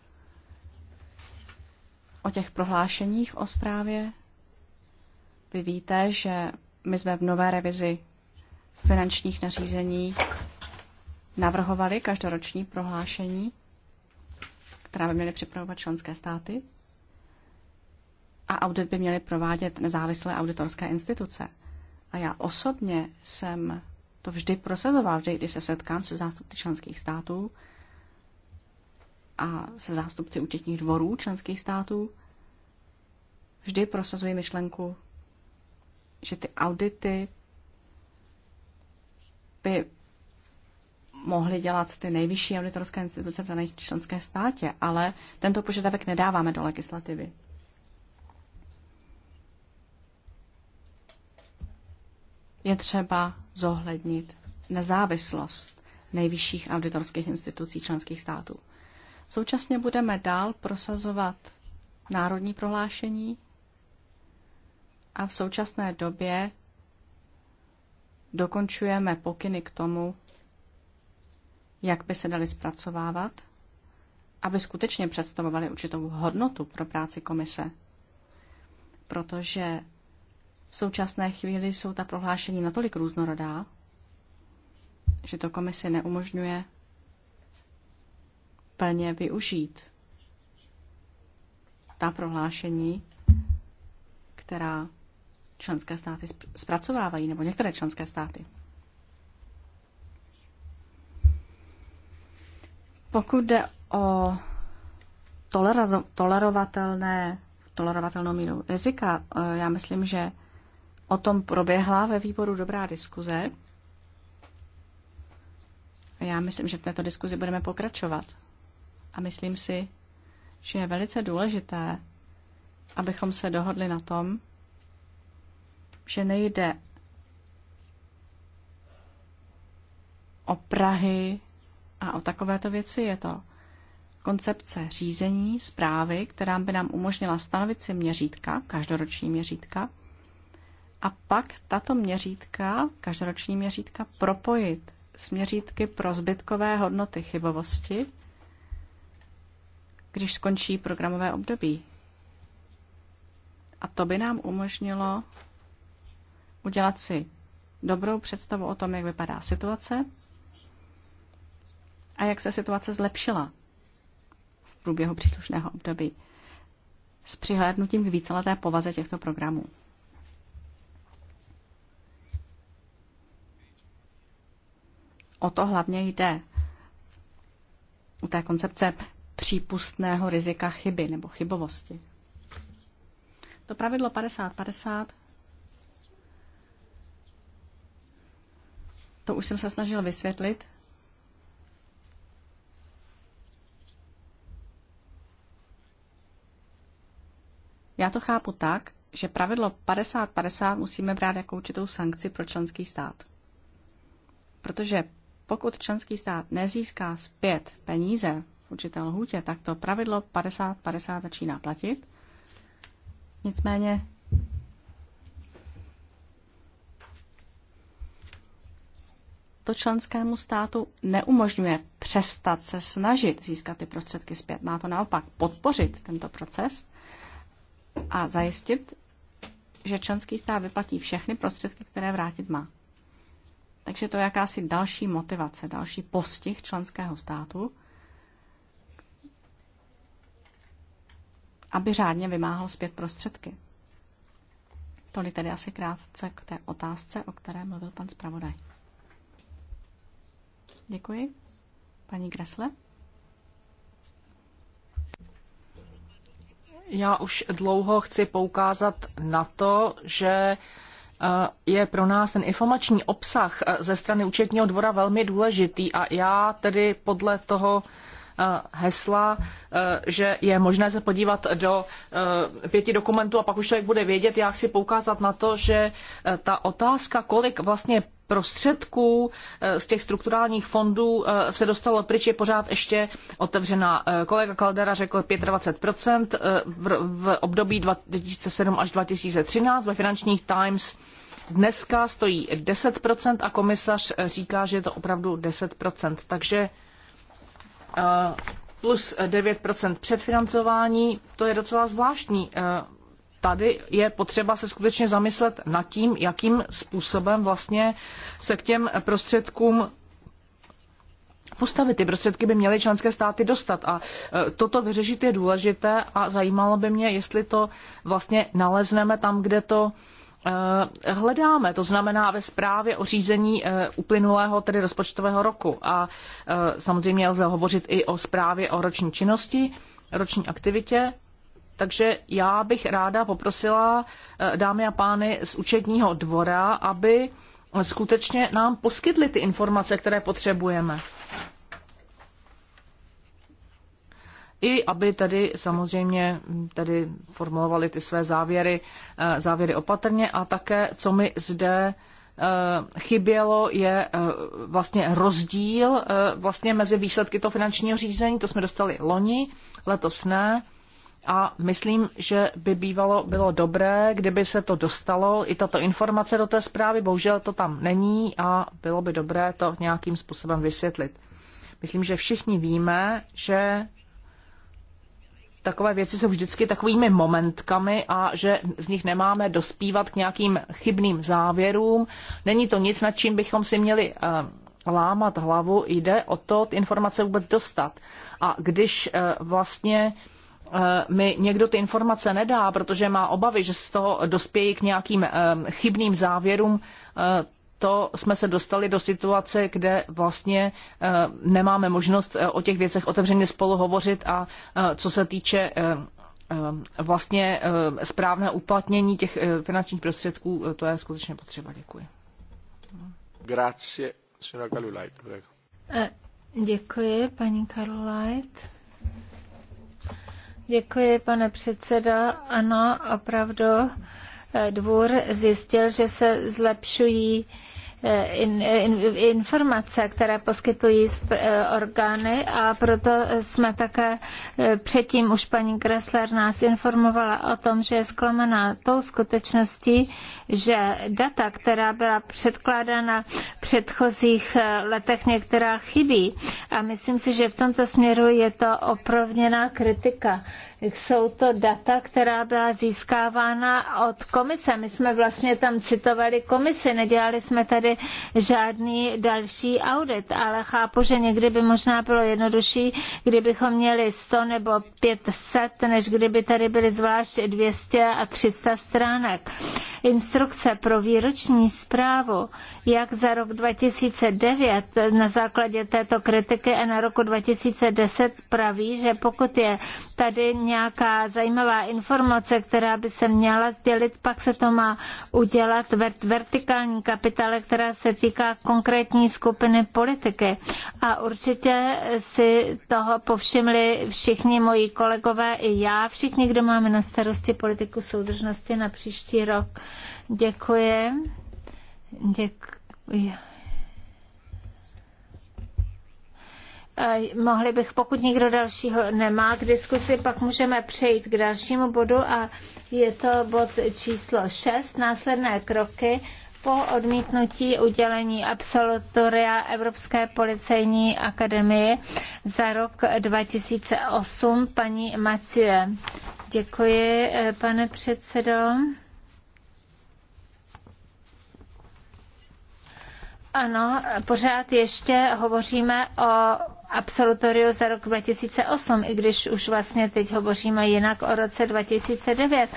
o těch prohlášeních o zprávě vy víte, že my jsme v nové revizi finančních nařízení navrhovali každoroční prohlášení, která by měly připravovat členské státy a audit by měly provádět nezávislé auditorské instituce. A já osobně jsem to vždy prosazoval, vždy, když se setkám se zástupci členských států a se zástupci účetních dvorů členských států, vždy prosazuji myšlenku že ty audity by mohly dělat ty nejvyšší auditorské instituce v daných členské státě, ale tento požadavek nedáváme do legislativy. Je třeba zohlednit nezávislost nejvyšších auditorských institucí členských států. Současně budeme dál prosazovat národní prohlášení a v současné době dokončujeme pokyny k tomu, jak by se daly zpracovávat, aby skutečně představovaly určitou hodnotu pro práci komise. Protože v současné chvíli jsou ta prohlášení natolik různorodá, že to komisi neumožňuje plně využít ta prohlášení, která členské státy zpracovávají, nebo některé členské státy. Pokud jde o tolerovatelné, tolerovatelnou míru rizika, eh, já myslím, že o tom proběhla ve výboru dobrá diskuze. Já myslím, že v této diskuzi budeme pokračovat. A myslím si, že je velice důležité, abychom se dohodli na tom, že nejde o Prahy a o takovéto věci. Je to koncepce řízení, zprávy, která by nám umožnila stanovit si měřítka, každoroční měřítka, a pak tato měřítka, každoroční měřítka, propojit s měřítky pro zbytkové hodnoty chybovosti, když skončí programové období. A to by nám umožnilo udělat si dobrou představu o tom, jak vypadá situace a jak se situace zlepšila v průběhu příslušného období s přihlédnutím k víceleté povaze těchto programů. O to hlavně jde u té koncepce přípustného rizika chyby nebo chybovosti. To pravidlo 50-50 To už jsem se snažil vysvětlit. Já to chápu tak, že pravidlo 50-50 musíme brát jako určitou sankci pro členský stát. Protože pokud členský stát nezíská zpět peníze v určité lhůtě, tak to pravidlo 50-50 začíná platit. Nicméně to členskému státu neumožňuje přestat se snažit získat ty prostředky zpět. Má to naopak podpořit tento proces a zajistit, že členský stát vyplatí všechny prostředky, které vrátit má. Takže to je jakási další motivace, další postih členského státu, aby řádně vymáhal zpět prostředky. Tolik tedy asi krátce k té otázce, o které mluvil pan zpravodaj. Děkuji. Paní Gresle? Já už dlouho chci poukázat na to, že eh, je pro nás ten informační obsah eh, ze strany účetního dvora velmi důležitý a já tedy podle toho eh, hesla, že je možné se podívat do pěti dokumentů a pak už člověk bude vědět, jak si poukázat na to, že ta otázka, kolik vlastně prostředků eh, z těch strukturálních fondů eh, se dostalo pryč, je pořád ještě otevřená. Eh, kolega Kaldera řekl 25 v období 2007 až 2013 ve finančních Times dneska stojí 10 a komisař říká, že je to opravdu 10 takže plus 9 předfinancování, to je docela zvláštní tady je potřeba se skutečně zamyslet nad tím, jakým způsobem vlastně se k těm prostředkům postavit. Ty prostředky by měly členské státy dostat a e, toto vyřešit je důležité a zajímalo by mě, jestli to vlastně nalezneme tam, kde to e, hledáme, to znamená ve zprávě o řízení e, uplynulého, tedy rozpočtového roku. A samozřejmě lze hovořit i o zprávě o roční činnosti, roční aktivitě takže já bych ráda poprosila eh, dámy a pány z účetního dvora, aby skutečně nám poskytli ty informace, které potřebujeme. I aby tedy samozřejmě hm, tedy formulovali ty své závěry, eh, závěry opatrně a také, co mi zde eh, chybělo, je vlastně rozdíl vlastně mezi výsledky toho finančního řízení, to jsme dostali loni, letos ne, a myslím, že by bývalo bylo dobré, kdyby se to dostalo, i tato informace do té zprávy, bohužel to tam není a bylo by dobré to nějakým způsobem vysvětlit. Myslím, že všichni víme, že takové věci jsou vždycky takovými momentkami a že z nich nemáme dospívat k nějakým chybným závěrům. Není to nic, nad čím bychom si měli eh, lámat hlavu, jde o to ty informace vůbec dostat. A když eh, vlastně Eh, mi někdo ty informace nedá, protože má obavy, že z toho dospějí k nějakým eh, chybným závěrům, eh, to jsme se dostali do situace, kde vlastně nemáme možnost o těch věcech otevřeně spolu hovořit a co se týče vlastně správné uplatnění těch finančních prostředků, to je skutečně potřeba. Děkuji. Grazie, signora Děkuji, paní Karolajt. Děkuji, pane předseda. Ano, opravdu eh, dvůr zjistil, že se zlepšují Eh, eh, informace, které poskytují eh, orgány a proto jsme také předtím už paní Gressler nás informovala o tom, že je zklamaná tou skutečností, že data, která byla předkládána v předchozích letech, některá chybí. A myslím si, že v tomto směru je to oprovněná kritika jsou to data, která byla získávána od komise. My jsme vlastně tam citovali komisi, nedělali jsme tady žádný další audit, ale chápu, že někdy by možná bylo jednodušší, kdybychom měli 100 nebo 500, než kdyby tady byly zvlášť 200 a 300 stránek. Instrukce pro výroční zprávu jak za rok 2009 na základě této kritiky a na roku 2010 praví, že pokud je tady nějaká zajímavá informace, která by se měla sdělit, pak se to má udělat vertikální kapitale, která se týká konkrétní skupiny politiky. A určitě si toho povšimli všichni moji kolegové i já, všichni, kdo máme na starosti politiku soudržnosti na příští rok. Děkuji. Děkuji. Mohli bych, pokud nikdo dalšího nemá k diskusi, pak můžeme přejít k dalšímu bodu a je to bod číslo 6, následné kroky po odmítnutí udělení absolutoria Evropské policejní akademie za rok 2008 paní Maciuje. Děkuji, eh, pane předsedo. Ano, pořád ještě hovoříme o absolutoriu za rok 2008, i když už vlastně teď hovoříme jinak o roce 2009.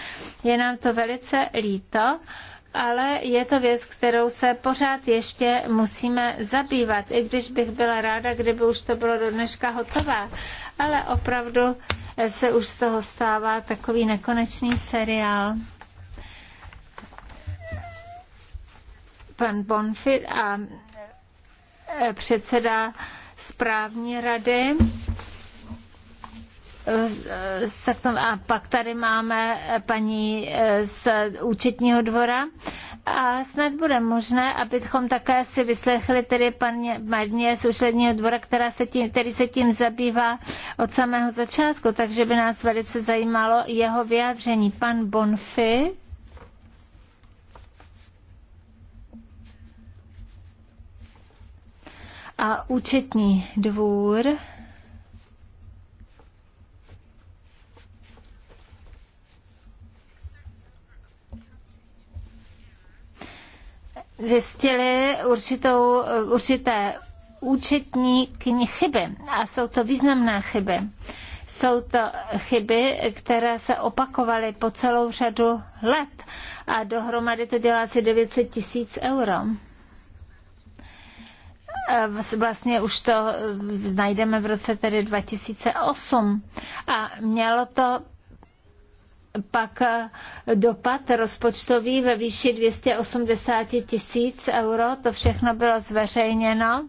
Je nám to velice líto, ale je to věc, kterou se pořád ještě musíme zabývat, i když bych byla ráda, kdyby už to bylo do dneška hotové. Ale opravdu se už z toho stává takový nekonečný seriál. pan Bonfit a e, předseda správní rady e, e, a pak tady máme paní z účetního dvora. A snad bude možné, abychom také si vyslechli tedy paní Marně z účetního dvora, která se tím, který se tím zabývá od samého začátku, takže by nás velice zajímalo jeho vyjádření. Pan Bonfi. a účetní dvůr zjistili určitou, určité účetní kni- chyby. A jsou to významné chyby. Jsou to chyby, které se opakovaly po celou řadu let a dohromady to dělá asi 900 tisíc euro vlastně už to eh, najdeme v roce tedy 2008 a mělo to pak eh, dopad rozpočtový ve výši 280 tisíc euro, to všechno bylo zveřejněno.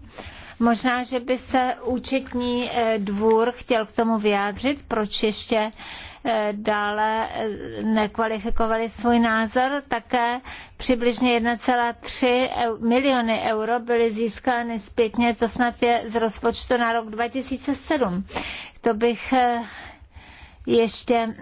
Možná, že by se účetní eh, dvůr chtěl k tomu vyjádřit, proč ještě uh, Eh, dále eh, nekvalifikovali svůj názor. Také přibližně 1,3 miliony euro byly získány zpětně, to snad je z rozpočtu na rok 2007. To bych eh, ještě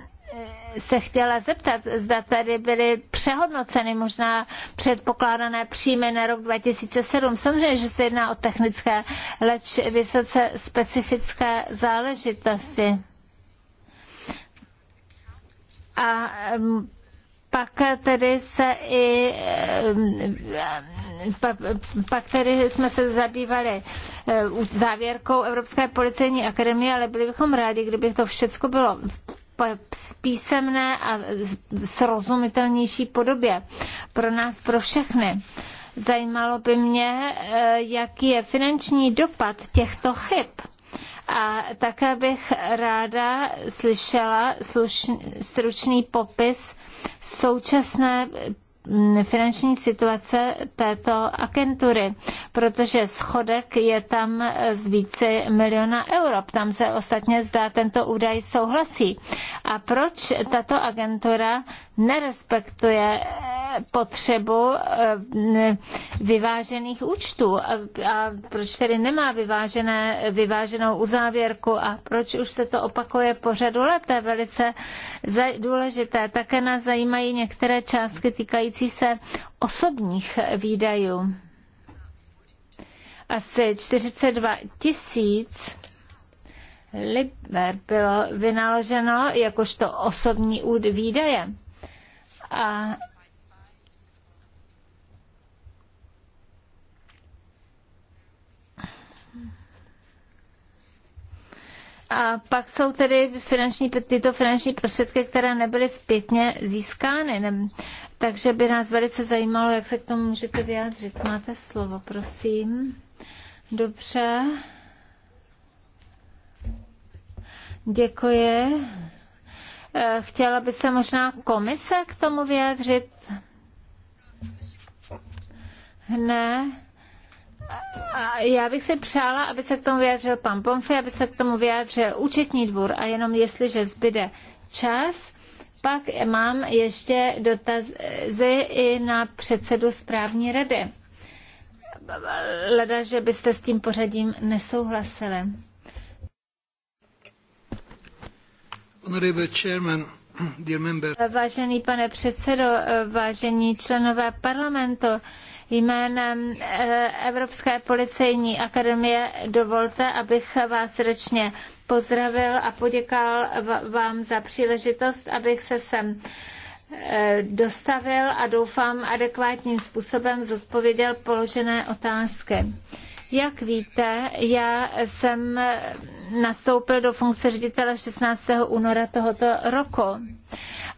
se chtěla zeptat, zda tady byly přehodnoceny možná předpokládané příjmy na rok 2007. Samozřejmě, že se jedná o technické, leč vysoce specifické záležitosti. A pak tedy se i pak tedy jsme se zabývali e, závěrkou Evropské policejní akademie, ale byli bychom rádi, kdyby to všechno bylo písemné a srozumitelnější podobě pro nás, pro všechny. Zajímalo by mě, e, jaký je finanční dopad těchto chyb a také bych ráda slyšela slušný, stručný popis současné mm, finanční situace této agentury, protože schodek je tam z více miliona euro. Tam se ostatně zdá, tento údaj souhlasí. A proč tato agentura nerespektuje eh, potřebu eh, vyvážených účtů. A, a proč tedy nemá vyvážené, vyváženou uzávěrku a proč už se to opakuje po řadu let? To je velice důležité. Také nás zajímají některé částky týkající se osobních výdajů. Asi 42 tisíc liber bylo vynaloženo jakožto osobní výdaje a A pak jsou tedy finanční, tyto finanční prostředky, které nebyly zpětně získány. Takže by nás velice zajímalo, jak se k tomu můžete vyjádřit. Máte slovo, prosím. Dobře. Děkuji. Eh, chtěla by se možná komise k tomu vyjádřit? Ne. A já bych si přála, aby se k tomu vyjádřil pan Pomfy, aby se k tomu vyjádřil účetní dvůr a jenom jestliže zbyde čas, pak mám ještě dotazy i na předsedu správní rady. Leda, že byste s tím pořadím nesouhlasili. Vážený pane předsedo, vážení členové parlamentu, jménem eh, Evropské policejní akademie dovolte, abych vás srdečně pozdravil a poděkal vám za příležitost, abych se sem eh, dostavil a doufám adekvátním způsobem zodpověděl položené otázky. Jak víte, já jsem nastoupil do funkce ředitele 16. února tohoto roku.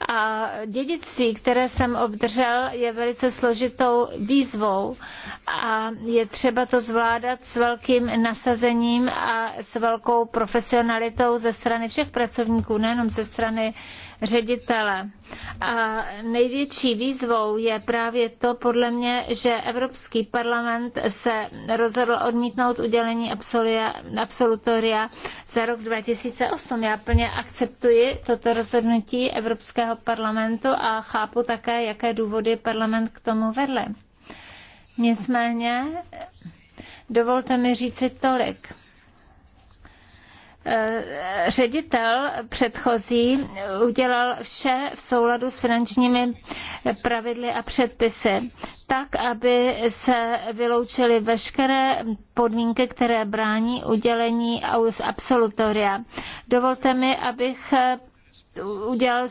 A dědictví, které jsem obdržel, je velice složitou výzvou a je třeba to zvládat s velkým nasazením a s velkou profesionalitou ze strany všech pracovníků, nejenom ze strany ředitele. A největší výzvou je právě to, podle mě, že Evropský parlament se rozhodl odmítnout udělení absolia, absolutoria za rok 2008. Já plně akceptuji toto rozhodnutí Evropského parlamentu a chápu také, jaké důvody parlament k tomu vedly. Nicméně dovolte mi říci tolik Eh, ředitel předchozí udělal vše v souladu s finančními pravidly a předpisy, tak, aby se vyloučily veškeré podmínky, které brání udělení absolutoria. Dovolte mi, abych udělal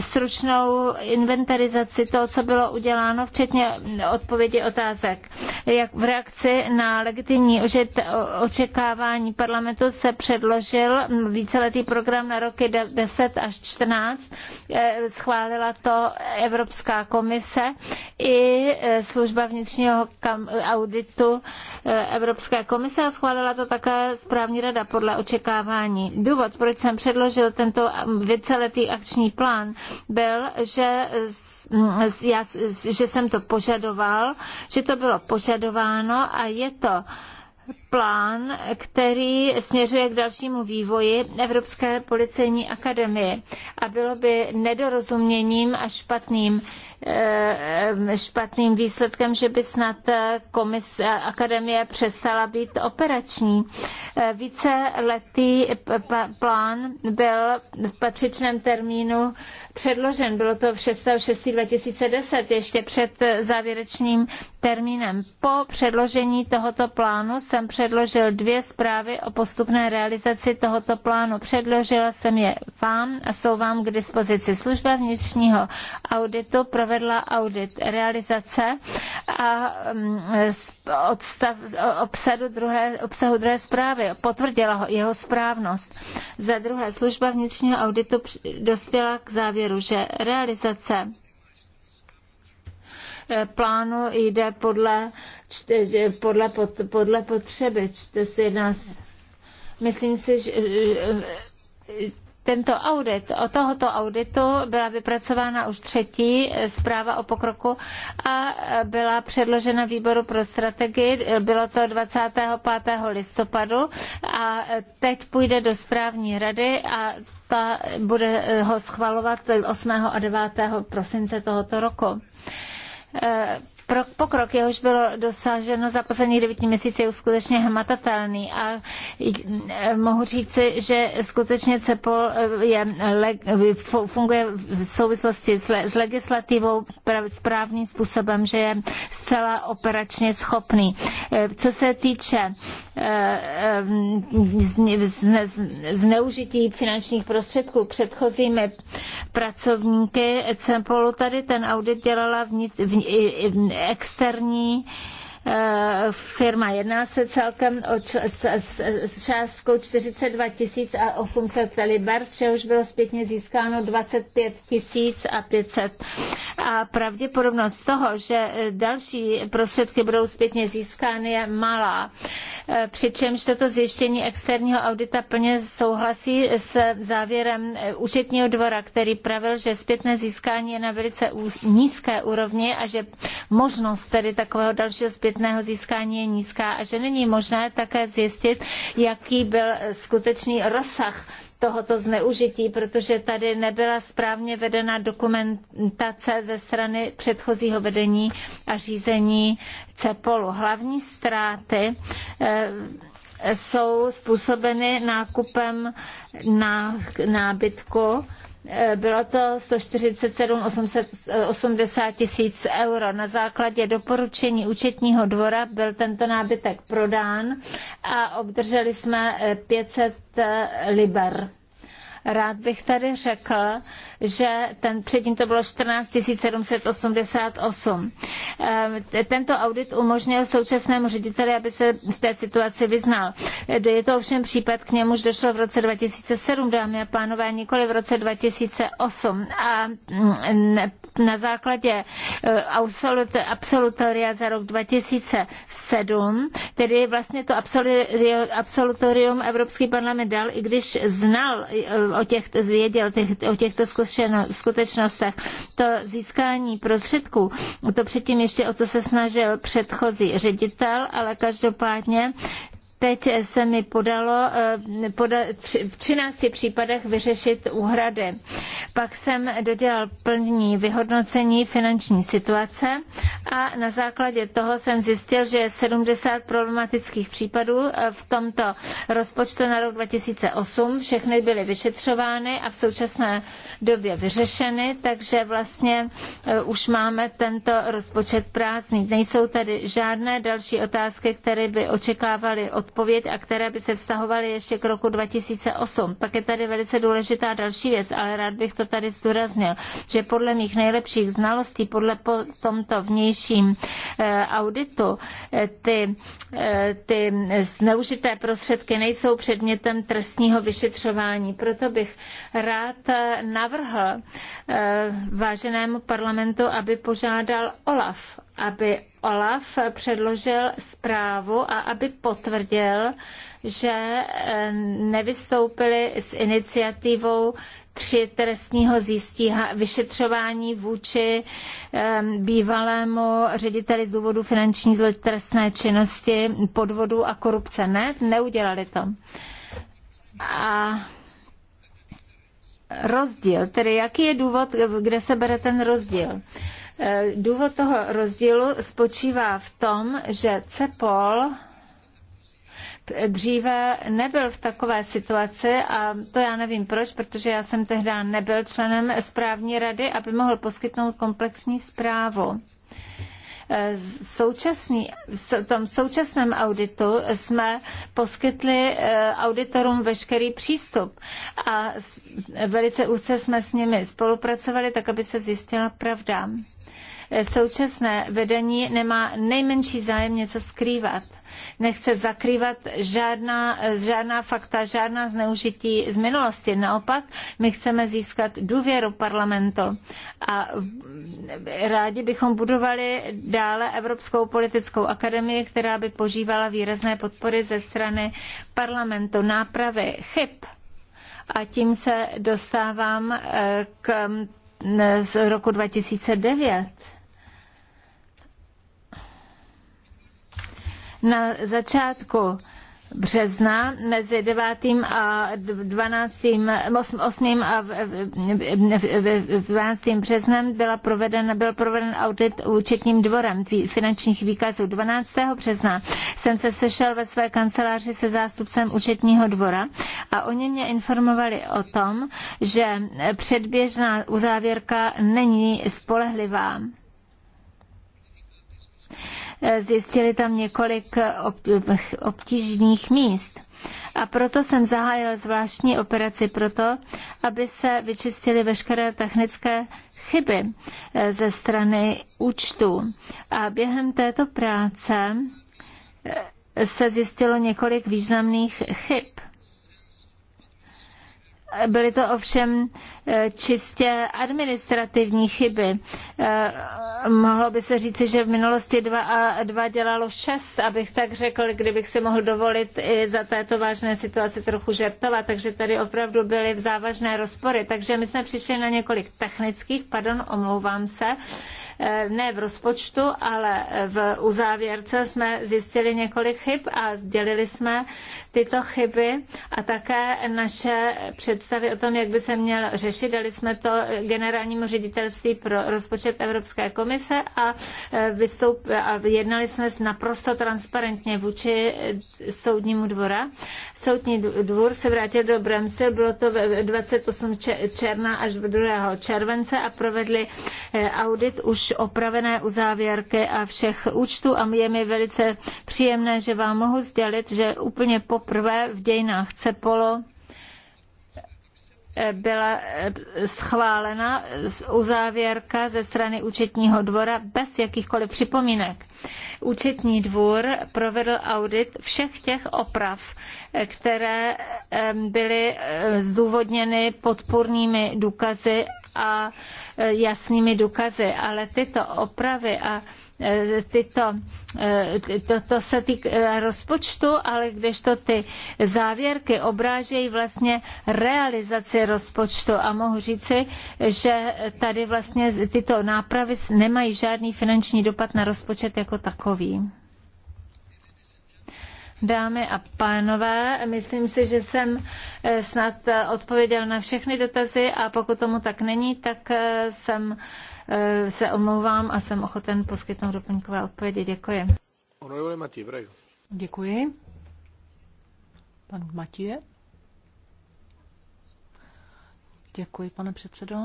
stručnou inventarizaci toho, co bylo uděláno, včetně odpovědi otázek. Jak v reakci na legitimní očekávání parlamentu se předložil víceletý program na roky 10 až 14, eh, schválila to Evropská komise i eh, služba vnitřního auditu eh, Evropské komise a schválila to také správní rada podle očekávání. Důvod, proč jsem předložil tento mm, víceletý akční plán, byl, že, já, že jsem to požadoval, že to bylo požadováno a je to plán, který směřuje k dalšímu vývoji Evropské policejní akademie. A bylo by nedorozuměním a špatným eh, špatným výsledkem, že by snad komis, akademie přestala být operační. Eh, víceletý plán byl v patřičném termínu předložen. Bylo to v 6.6.2010, ještě před závěrečným termínem. Po předložení tohoto plánu jsem před předložil dvě zprávy o postupné realizaci tohoto plánu. Předložila jsem je vám a jsou vám k dispozici. Služba vnitřního auditu provedla audit realizace a mm, odstav, obsadu druhé, obsahu druhé zprávy. Potvrdila jeho správnost. Za druhé, služba vnitřního auditu dospěla k závěru, že realizace plánu jde podle, podle, podle potřeby. To se nás. myslím si, že tento audit, o tohoto auditu byla vypracována už třetí zpráva o pokroku a byla předložena výboru pro strategii. Bylo to 25. listopadu a teď půjde do správní rady a ta bude ho schvalovat 8. a 9. prosince tohoto roku pokrok, jehož bylo dosaženo za posledních devíti měsíců, je skutečně hmatatelný a e, mohu říci, že skutečně CEPOL e, je, funguje v souvislosti s legislativou správným způsobem, že je zcela operačně schopný. E, co se týče Eh, eh, zneužití finančních prostředků předchozími pracovníky Cepolu. Tady ten audit dělala v, externí firma. Jedná se celkem o č- s, s částkou 42 tisíc a 800 liber, z čehož bylo zpětně získáno 25 tisíc a 500. A pravděpodobnost toho, že další prostředky budou zpětně získány, je malá. E, přičemž toto zjištění externího audita plně souhlasí s závěrem e, účetního dvora, který pravil, že zpětné získání je na velice nízké úrovni a že možnost tedy takového dalšího zpětného zpětného získání je nízká a že není možné také zjistit, jaký byl skutečný rozsah tohoto zneužití, protože tady nebyla správně vedena dokumentace ze strany předchozího vedení a řízení CEPOLu. Hlavní ztráty eh, jsou způsobeny nákupem nábytku, Eh, bylo to 147 880 eh, tisíc euro. Na základě doporučení účetního dvora byl tento nábytek prodán a obdrželi jsme 500 eh, liber. Rád bych tady řekl, že ten, předtím to bylo 14 788. Ehm, tento audit umožnil současnému řediteli, aby se v té situaci vyznal. E, je to ovšem případ, k němuž došlo v roce 2007, dámy a pánové, nikoli v roce 2008. A mm, na základě e, absolutoria za rok 2007, tedy vlastně to absolutorium Evropský parlament dal, i když znal e, o těch, věděl těch, o těchto skutečnostech. To získání prostředků, to předtím ještě o to se snažil předchozí ředitel, ale každopádně Teď se mi podalo eh, v 13 případech vyřešit úhrady. Pak jsem dodělal plní vyhodnocení finanční situace a na základě toho jsem zjistil, že je 70 problematických případů eh, v tomto rozpočtu na rok 2008. Všechny byly vyšetřovány a v současné době vyřešeny, takže vlastně eh, už máme tento rozpočet prázdný. Nejsou tady žádné další otázky, které by očekávaly od odpověď a které by se vztahovaly ještě k roku 2008. Pak je tady velice důležitá další věc, ale rád bych to tady zdůraznil, že podle mých nejlepších znalostí, podle po tomto vnějším eh, auditu, eh, ty, eh, ty zneužité prostředky nejsou předmětem trestního vyšetřování. Proto bych rád navrhl váženému parlamentu, aby požádal OLAF, aby Olaf předložil zprávu a aby potvrdil, že eh, nevystoupili s iniciativou tři trestního zjistíha, vyšetřování vůči eh, bývalému řediteli z důvodu finanční zlo, trestné činnosti, podvodu a korupce. Ne, neudělali to. A rozdíl, tedy jaký je důvod, kde se bere ten rozdíl? Eh, důvod toho rozdílu spočívá v tom, že CEPOL dříve nebyl v takové situaci a to já nevím proč, protože já jsem tehdy nebyl členem správní rady, aby mohl poskytnout komplexní zprávu eh, současný, v tom současném auditu jsme poskytli eh, auditorům veškerý přístup a velice úzce jsme s nimi spolupracovali, tak aby se zjistila pravda. Současné vedení nemá nejmenší zájem něco skrývat. Nechce zakrývat žádná, žádná fakta, žádná zneužití z minulosti. Naopak, my chceme získat důvěru parlamentu a rádi bychom budovali dále Evropskou politickou akademii, která by požívala výrazné podpory ze strany parlamentu nápravy chyb. A tím se dostávám eh, k z roku 2009 Na začátku března mezi 9. a 12. 8. a 12. březnem byla provedena byl proveden audit účetním dvorem finančních výkazů. 12. března jsem se sešel ve své kanceláři se zástupcem účetního dvora a oni mě informovali o tom, že předběžná uzávěrka není spolehlivá. Eh, zjistili tam několik eh, eh, obtížných míst. A proto jsem zahájil zvláštní operaci proto, aby se vyčistily veškeré technické chyby ze strany účtů. A během této práce se zjistilo několik významných chyb Byly to ovšem eh, čistě administrativní chyby. Eh, mohlo by se říci, že v minulosti dva a dva dělalo šest, abych tak řekl, kdybych si mohl dovolit i za této vážné situace trochu žertovat, takže tady opravdu byly závažné rozpory. Takže my jsme přišli na několik technických, pardon, omlouvám se, Eh, ne v rozpočtu, ale eh, v uzávěrce jsme zjistili několik chyb a sdělili jsme tyto chyby a také naše představy o tom, jak by se měl řešit. Dali jsme to eh, generálnímu ředitelství pro rozpočet Evropské komise a, vystoup, a jednali jsme naprosto transparentně vůči soudnímu dvora. Soudní dvůr se vrátil do Bremsy, bylo to 28 června až 2. července a provedli audit už opravené uzávěrky a všech účtů a je mi velice příjemné, že vám mohu sdělit, že úplně poprvé v dějinách Cepolo eh, byla eh, schválena uzávěrka ze strany účetního dvora bez jakýchkoliv připomínek. Účetní dvůr provedl audit všech těch oprav, eh, které byly zdůvodněny podpůrnými důkazy a e, jasnými důkazy, ale tyto opravy a e, tyto, e, to, to se týká rozpočtu, ale když to ty závěrky obrážejí vlastně realizaci rozpočtu a mohu říci, že tady vlastně tyto nápravy nemají žádný finanční dopad na rozpočet jako takový. Dámy a pánové, myslím si, že jsem eh, snad eh, odpověděl na všechny dotazy a pokud tomu tak není, tak eh, jsem se omlouvám a jsem ochoten poskytnout doplňkové odpovědi. Děkuji. Děkuji. Pan Matěj. Děkuji, pane předsedo.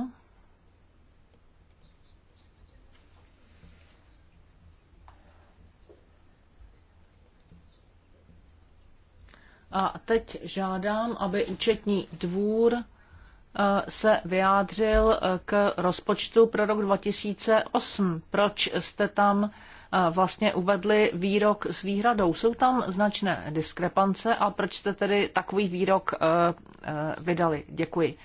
A teď žádám, aby účetní dvůr eh, se vyjádřil eh, k rozpočtu pro rok 2008. Proč jste tam eh, vlastně uvedli výrok s výhradou? Jsou tam značné diskrepance a proč jste tedy takový výrok vydali? Děkuji.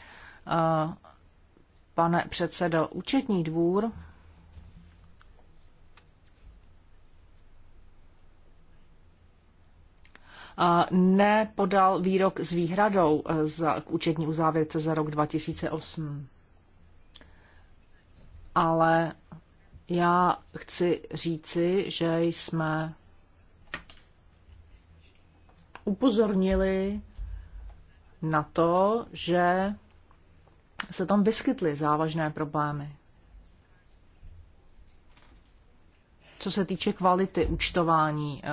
Pane předsedo, účetní dvůr nepodal výrok s výhradou eh, za, k účetní uzávěrce za rok 2008. Ale já chci říci, že jsme upozornili na to, že se tam vyskytly závažné problémy. Co se týče kvality účtování eh,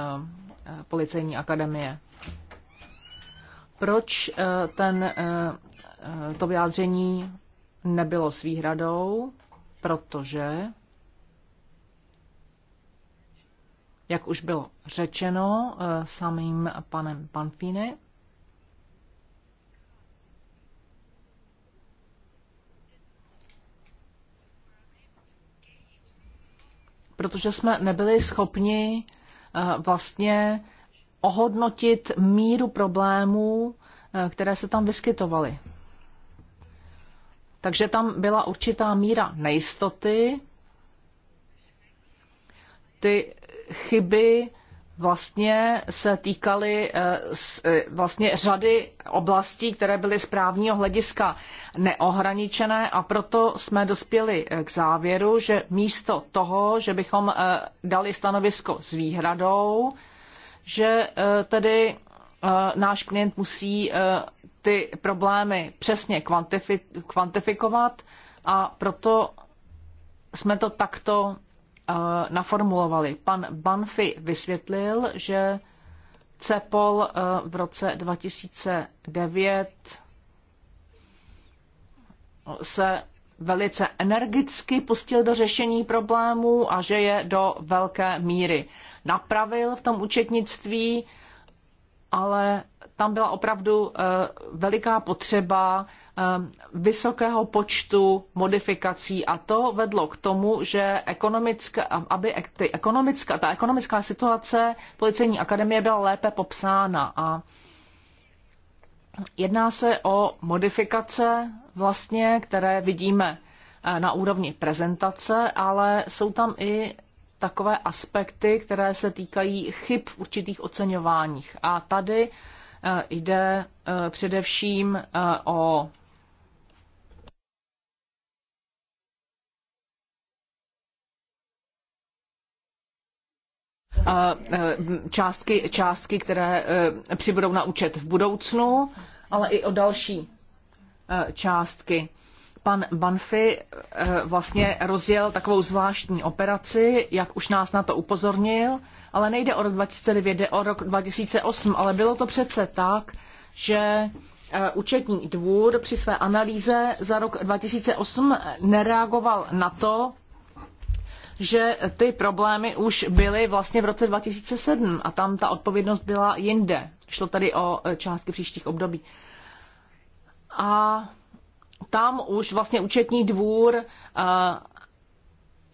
Eh, policejní akademie. Proč eh, ten, eh, to vyjádření nebylo s výhradou? Protože, jak už bylo řečeno samým panem Panfíny, protože jsme nebyli schopni Eh, vlastně ohodnotit míru problémů, eh, které se tam vyskytovaly. Takže tam byla určitá míra nejistoty. Ty chyby vlastně se týkaly eh, eh, vlastně řady oblastí, které byly z právního hlediska neohraničené a proto jsme dospěli eh, k závěru, že místo toho, že bychom dali stanovisko s výhradou, že tedy náš klient musí ty problémy přesně kvantifikovat a proto jsme to takto Eh, naformulovali. Pan Banfi vysvětlil, že CEPOL eh, v roce 2009 se velice energicky pustil do řešení problémů a že je do velké míry napravil v tom účetnictví ale tam byla opravdu eh, veliká potřeba eh, vysokého počtu modifikací a to vedlo k tomu, že ekonomická, aby ty ekonomická, ta ekonomická situace Policejní akademie byla lépe popsána a jedná se o modifikace vlastně, které vidíme eh, na úrovni prezentace, ale jsou tam i takové aspekty, které se týkají chyb v určitých oceňováních. A tady eh, jde eh, především eh, o částky, částky, které přibudou na účet v budoucnu, ale i o další částky pan Banfi eh, vlastně rozjel takovou zvláštní operaci, jak už nás na to upozornil, ale nejde o rok 2009, jde o rok 2008, ale bylo to přece tak, že eh, účetní dvůr při své analýze za rok 2008 nereagoval na to, že ty problémy už byly vlastně v roce 2007 a tam ta odpovědnost byla jinde. Šlo tady o eh, částky příštích období. A tam už vlastně účetní dvůr eh,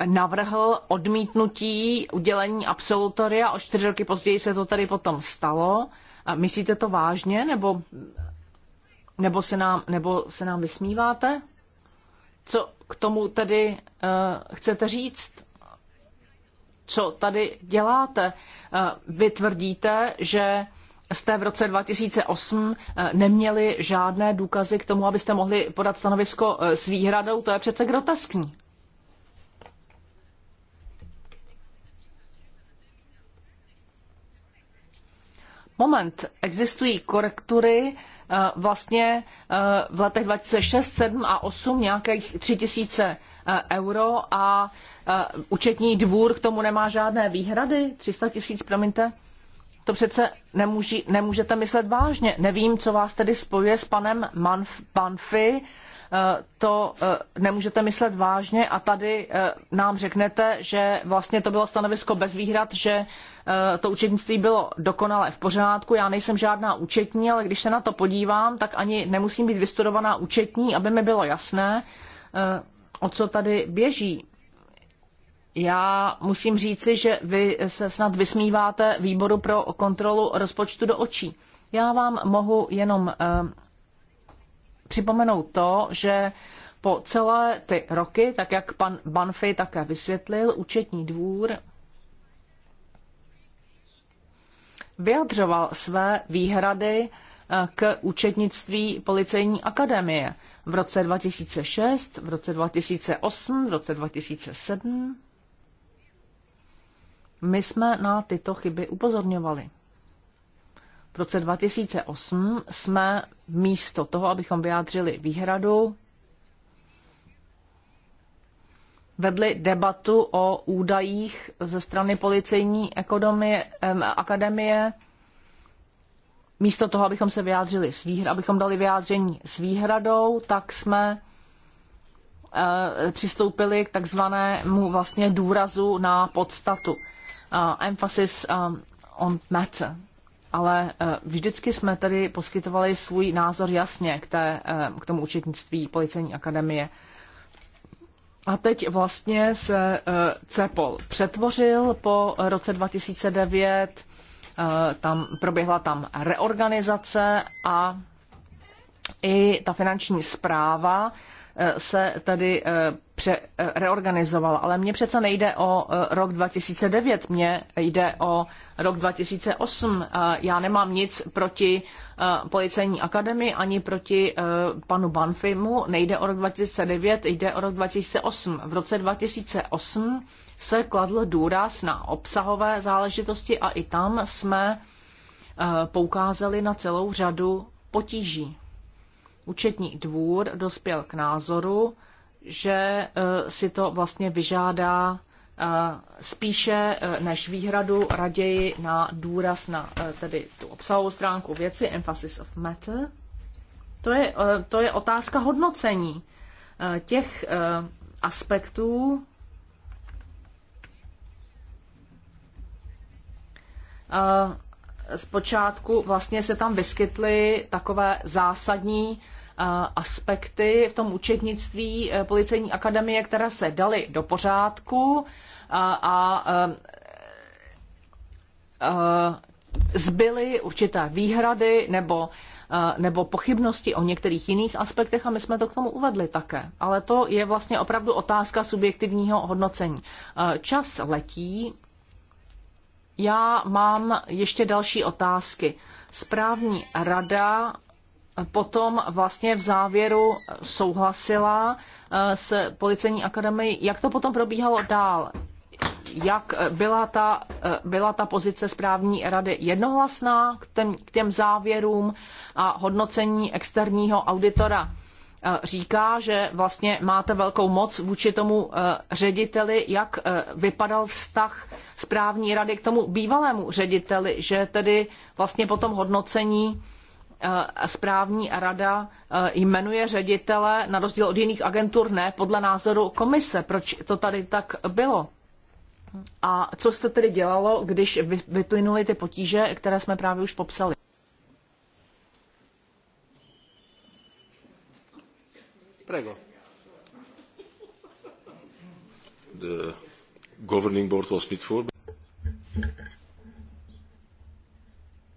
navrhl odmítnutí udělení absolutoria. O čtyři roky později se to tady potom stalo. Myslíte to vážně, nebo, nebo, se, nám, nebo se nám vysmíváte? Co k tomu tedy uh, chcete říct? Co tady děláte? Uh, vy tvrdíte, že jste v roce 2008 eh, neměli žádné důkazy k tomu, abyste mohli podat stanovisko eh, s výhradou, to je přece groteskní. Moment, existují korektury eh, vlastně v letech 2006, 7 a 8 nějakých 3000 euro a účetní dvůr k tomu nemá žádné výhrady, 300 tisíc, promiňte. To přece nemůži, nemůžete myslet vážně. Nevím, co vás tedy spojuje s panem Manf, Banfi. Eh, to eh, nemůžete myslet vážně a tady eh, nám řeknete, že vlastně to bylo stanovisko bez výhrad, že to účetnictví bylo dokonale v pořádku. Já nejsem žádná účetní, ale když se na to podívám, tak ani nemusím být vystudovaná účetní, aby mi bylo jasné, o co tady běží. Já musím říci, že vy se snad vysmíváte výboru pro kontrolu rozpočtu do očí. Já vám mohu jenom eh, připomenout to, že po celé ty roky, tak jak pan Banfi také vysvětlil, účetní dvůr vyjadřoval své výhrady eh, k účetnictví Policejní akademie v roce 2006, v roce 2008, v roce 2007. My jsme na tyto chyby upozorňovali. V roce 2008 jsme místo toho, abychom vyjádřili výhradu, vedli debatu o údajích ze strany policejní ekonomie, akademie, místo toho, abychom se vyjádřili s výhr- abychom dali vyjádření s výhradou, tak jsme eh, přistoupili k takzvanému vlastně důrazu na podstatu Eh, emphasis eh, on matter. Ale eh, vždycky jsme tady poskytovali svůj názor jasně k, té, k tomu učetnictví Policejní akademie. A teď vlastně se CEPOL přetvořil po roce 2009, tam, proběhla tam reorganizace a i ta finanční zpráva Eh, se tedy eh, pře- eh, reorganizoval. Ale mně přece nejde o rok 2009, mně jde o rok 2008. Já nemám nic proti policejní akademii ani proti panu Banfimu. Nejde o rok 2009, jde o rok 2008. V roce 2008 se kladl důraz na obsahové záležitosti a i tam jsme poukázali na celou řadu potíží. Účetní dvůr dospěl k názoru, že eh, si to vlastně vyžádá eh, spíše eh, než výhradu raději na důraz na tedy tu obsahovou stránku věci, emphasis of matter. To je, to je otázka hodnocení těch aspektů, zpočátku vlastně se tam vyskytly takové zásadní aspekty v tom učetnictví e, policejní akademie, které se daly do pořádku a, a, e, a zbyly určité výhrady nebo e, nebo pochybnosti o některých jiných aspektech a my jsme to k tomu uvedli také. Ale to je vlastně opravdu otázka subjektivního hodnocení. Čas letí. Já mám ještě další otázky. Správní rada potom vlastně v závěru souhlasila eh, s policejní akademií. Jak to potom probíhalo dál? Jak byla ta, eh, byla ta pozice správní rady jednohlasná k, těm, k těm závěrům a hodnocení externího auditora? Eh, říká, že vlastně máte velkou moc vůči tomu řediteli, jak vypadal vztah správní rady k tomu bývalému řediteli, že tedy vlastně po tom hodnocení správní rada e, jmenuje ředitele, na rozdíl od jiných agentur ne, podle názoru komise. Proč to tady tak bylo? A co jste tedy dělalo, když vyplynuly ty potíže, které jsme právě už popsali? Prego. The governing board was for...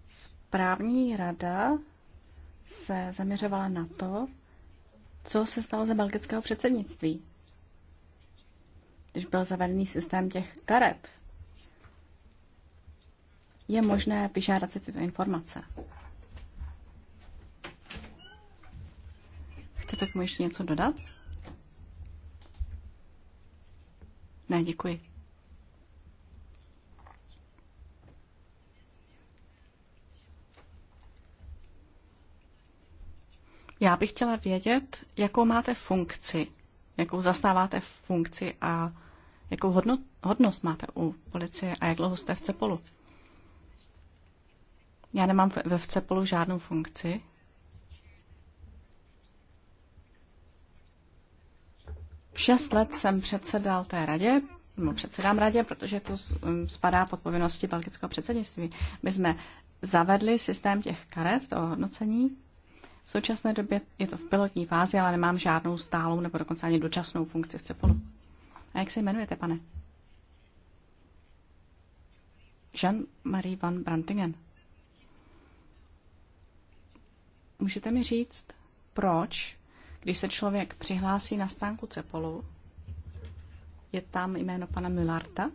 Správní rada se zaměřovala na to, co se stalo ze belgického předsednictví, když byl zavedený systém těch karet. Je možné vyžádat si tyto informace. Chcete k tomu ještě něco dodat? Ne, děkuji. Já bych chtěla vědět, jakou máte funkci, jakou zastáváte funkci a jakou hodnot, hodnost máte u policie a jak dlouho jste v Cepolu. Já nemám ve Cepolu žádnou funkci. šest let jsem předsedal té radě, nebo předsedám radě, protože to um, spadá pod povinnosti belgického předsednictví. My jsme zavedli systém těch karet, toho hodnocení, v současné době je to v pilotní fázi, ale nemám žádnou stálou nebo dokonce ani dočasnou funkci v Cepolu. A jak se jmenujete, pane? Jean-Marie van Brantingen. Můžete mi říct, proč, když se člověk přihlásí na stránku Cepolu, je tam jméno pana Millarta,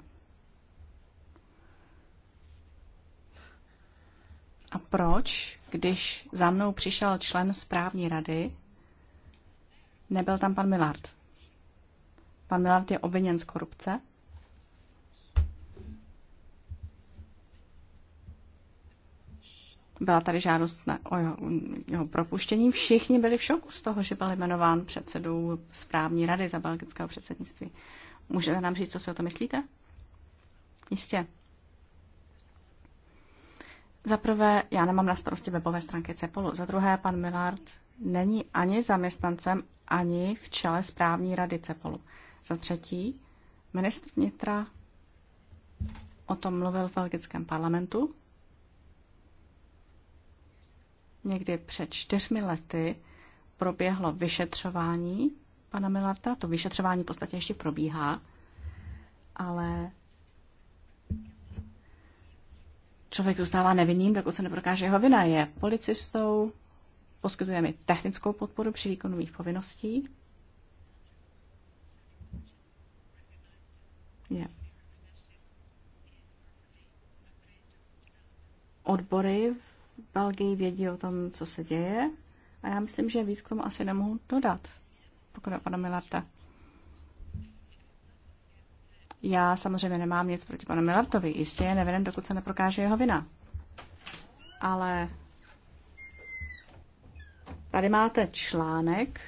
a proč, když za mnou přišel člen správní rady, nebyl tam pan Milard. Pan Milard je obviněn z korupce. Byla tady žádost na, o jeho, jeho propuštění. Všichni byli v šoku z toho, že byl jmenován předsedou správní rady za belgického předsednictví. Můžete nám říct, co si o to myslíte? Jistě. Za prvé, já nemám na starosti webové stránky Cepolu. Za druhé, pan Milard není ani zaměstnancem, ani v čele správní rady Cepolu. Za třetí, ministr vnitra o tom mluvil v belgickém parlamentu někdy před čtyřmi lety proběhlo vyšetřování pana Milarta. To vyšetřování v podstatě ještě probíhá, ale Člověk zůstává nevinným, dokud se neprokáže jeho vina. Je policistou, poskytuje mi technickou podporu při výkonu mých povinností. Je. Odbory v Belgii vědí o tom, co se děje. A já myslím, že víc k tomu asi nemohu dodat, pokud pana Milarta. Já samozřejmě nemám nic proti panu Milartovi. Jistě je nevinen, dokud se neprokáže jeho vina. Ale tady máte článek,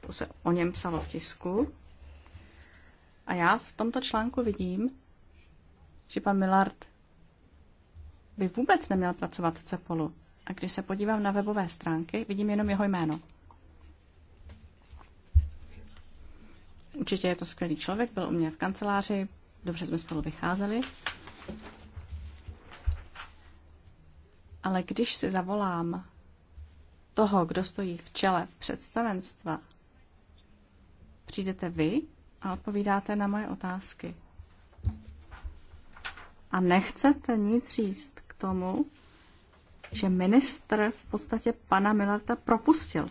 to se o něm psalo v tisku. A já v tomto článku vidím, že pan Millard by vůbec neměl pracovat v Cepolu. A když se podívám na webové stránky, vidím jenom jeho jméno. Určitě je to skvělý člověk, byl u mě v kanceláři, dobře jsme spolu vycházeli. Ale když si zavolám toho, kdo stojí v čele představenstva, přijdete vy a odpovídáte na moje otázky. A nechcete nic říct k tomu, že ministr v podstatě pana Milarta propustil.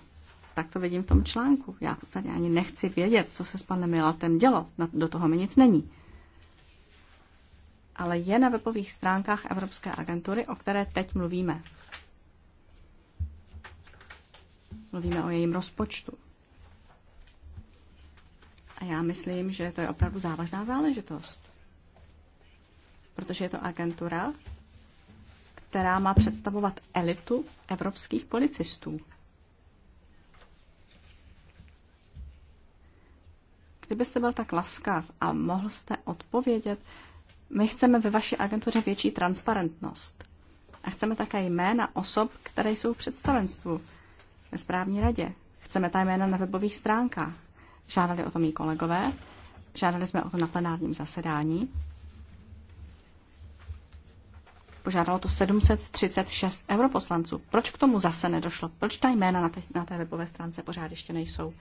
Tak to vidím v tom článku. Já v podstatě ani nechci vědět, co se s panem Milatem dělo. Do toho mi nic není. Ale je na webových stránkách Evropské agentury, o které teď mluvíme. Mluvíme o jejím rozpočtu. A já myslím, že to je opravdu závažná záležitost. Protože je to agentura, která má představovat elitu evropských policistů. Kdybyste byl tak laskav a mohl jste odpovědět, my chceme ve vaší agentuře větší transparentnost. A chceme také jména osob, které jsou v představenstvu, ve správní radě. Chceme ta jména na webových stránkách. Žádali o to mý kolegové, žádali jsme o to na plenárním zasedání. Požádalo to 736 europoslanců. Proč k tomu zase nedošlo? Proč ta jména na té, na té webové stránce pořád ještě nejsou?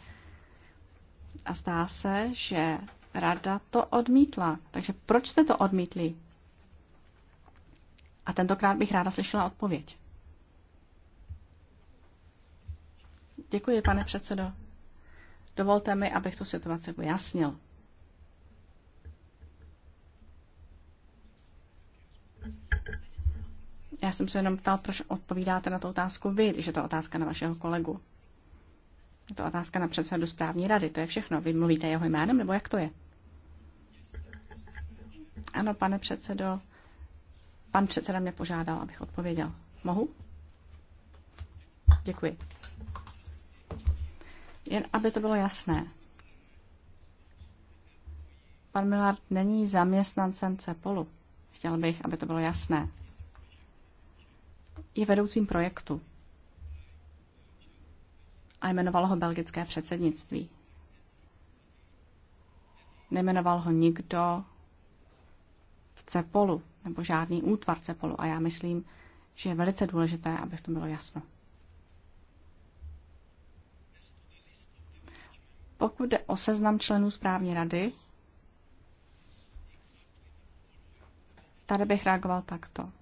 A zdá se, že rada to odmítla. Takže proč jste to odmítli? A tentokrát bych ráda slyšela odpověď. Děkuji, pane předsedo. Dovolte mi, abych tu situaci vyjasnil. Já jsem se jenom ptal, proč odpovídáte na tu otázku vy, když je to otázka na vašeho kolegu. Je to otázka na předsedu správní rady, to je všechno. Vy mluvíte jeho jménem, nebo jak to je? Ano, pane předsedo, pan předseda mě požádal, abych odpověděl. Mohu? Děkuji. Jen aby to bylo jasné. Pan Milard není zaměstnancem Cepolu. Chtěl bych, aby to bylo jasné. Je vedoucím projektu a jmenoval ho belgické předsednictví. Nejmenoval ho nikdo v CEPOLu nebo žádný útvar CEPOLu a já myslím, že je velice důležité, aby v tom bylo jasno. Pokud jde o seznam členů správní rady, tady bych reagoval takto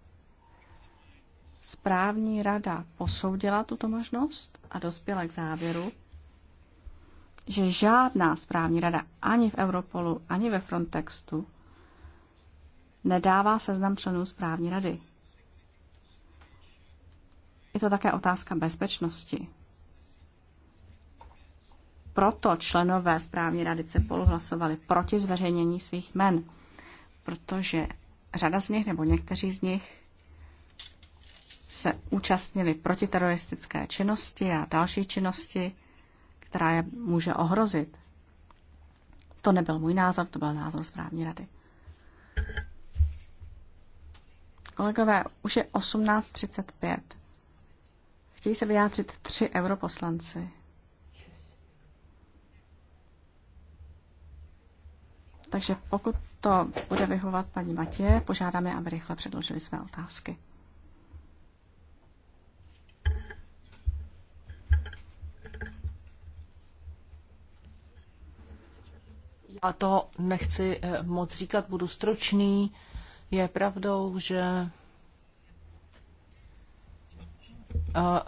správní rada posoudila tuto možnost a dospěla k závěru, že žádná správní rada ani v Europolu, ani ve Frontextu nedává seznam členů správní rady. Je to také otázka bezpečnosti. Proto členové správní rady CEPOLu hlasovali proti zveřejnění svých men, protože řada z nich nebo někteří z nich se účastnili protiteroristické činnosti a další činnosti, která je může ohrozit. To nebyl můj názor, to byl názor správní rady. Kolegové, už je 18.35. Chtějí se vyjádřit tři europoslanci. Takže pokud to bude vyhovovat paní Matě, požádáme, aby rychle předložili své otázky. Já to nechci eh, moc říkat, budu stručný. Je pravdou, že eh,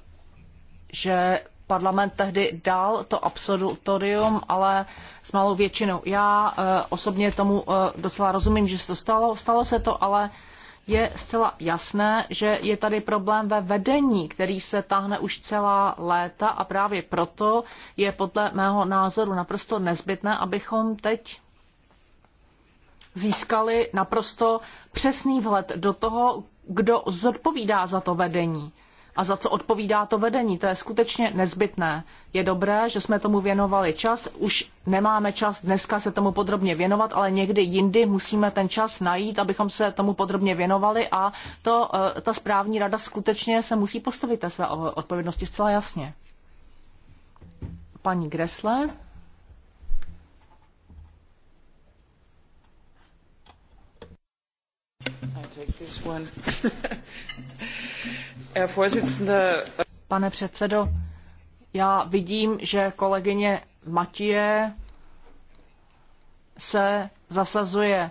že parlament tehdy dal to absolutorium, ale s malou většinou. Já eh, osobně tomu docela rozumím, že se to stalo, stalo se to, ale je zcela jasné, že je tady problém ve vedení, který se táhne už celá léta a právě proto je podle mého názoru naprosto nezbytné, abychom teď získali naprosto přesný vhled do toho, kdo zodpovídá za to vedení a za co odpovídá to vedení. To je skutečně nezbytné. Je dobré, že jsme tomu věnovali čas. Už nemáme čas dneska se tomu podrobně věnovat, ale někdy jindy musíme ten čas najít, abychom se tomu podrobně věnovali a to, eh, ta správní rada skutečně se musí postavit té své odpovědnosti zcela jasně. Paní Gresle. Pane předsedo, já vidím, že kolegyně Matěje se zasazuje eh,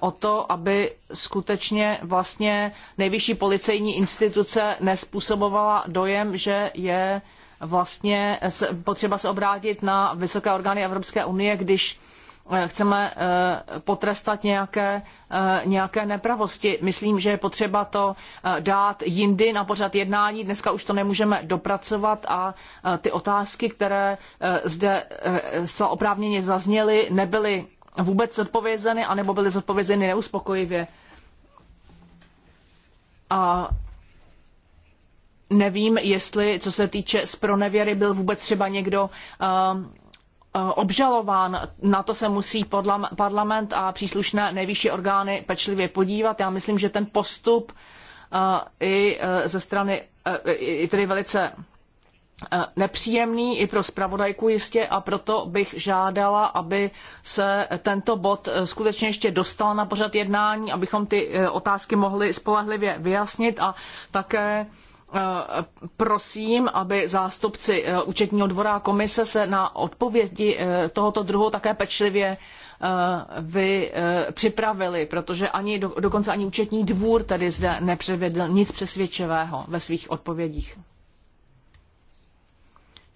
o to, aby skutečně vlastně nejvyšší policejní instituce nespůsobovala dojem, že je vlastně potřeba se obrátit na vysoké orgány Evropské unie, když Eh, chceme eh, potrestat nějaké, eh, nějaké nepravosti. Myslím, že je potřeba to dát jindy na pořad jednání. Dneska už to nemůžeme dopracovat a ty otázky, které zde se oprávněně zazněly, nebyly vůbec zodpovězeny anebo byly zodpovězeny neuspokojivě. A nevím, jestli, co se týče spronevěry, byl vůbec třeba někdo uh, Eh, obžalován. Na to se musí parlament a příslušné nejvyšší orgány pečlivě podívat. Já myslím, že ten postup eh, i eh, ze strany, i tedy velice nepříjemný i pro zpravodajku jistě a proto bych žádala, aby se tento bod skutečně ještě dostal na pořad jednání, abychom ty otázky mohli spolehlivě vyjasnit a také Eh, prosím, aby zástupci eh, účetního dvora a komise se na odpovědi eh, tohoto druhu také pečlivě vy připravili, protože ani dokonce ani účetní dvůr tady zde nepředvedl nic přesvědčivého ve svých odpovědích.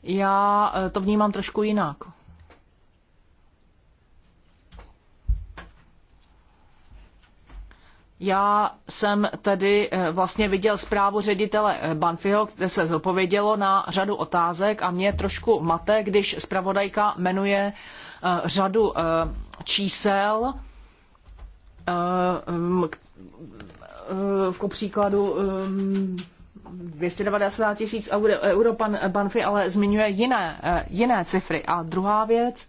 Já to vnímám trošku jinak. Já jsem tedy eh, vlastně viděl zprávu ředitele eh, Banfiho, kde se zodpovědělo na řadu otázek a mě trošku mate, když zpravodajka jmenuje eh, řadu čísel, mm, ku příkladu 290 tisíc euro, euro pan Banfi ale zmiňuje jiné, jiné cifry. A druhá věc,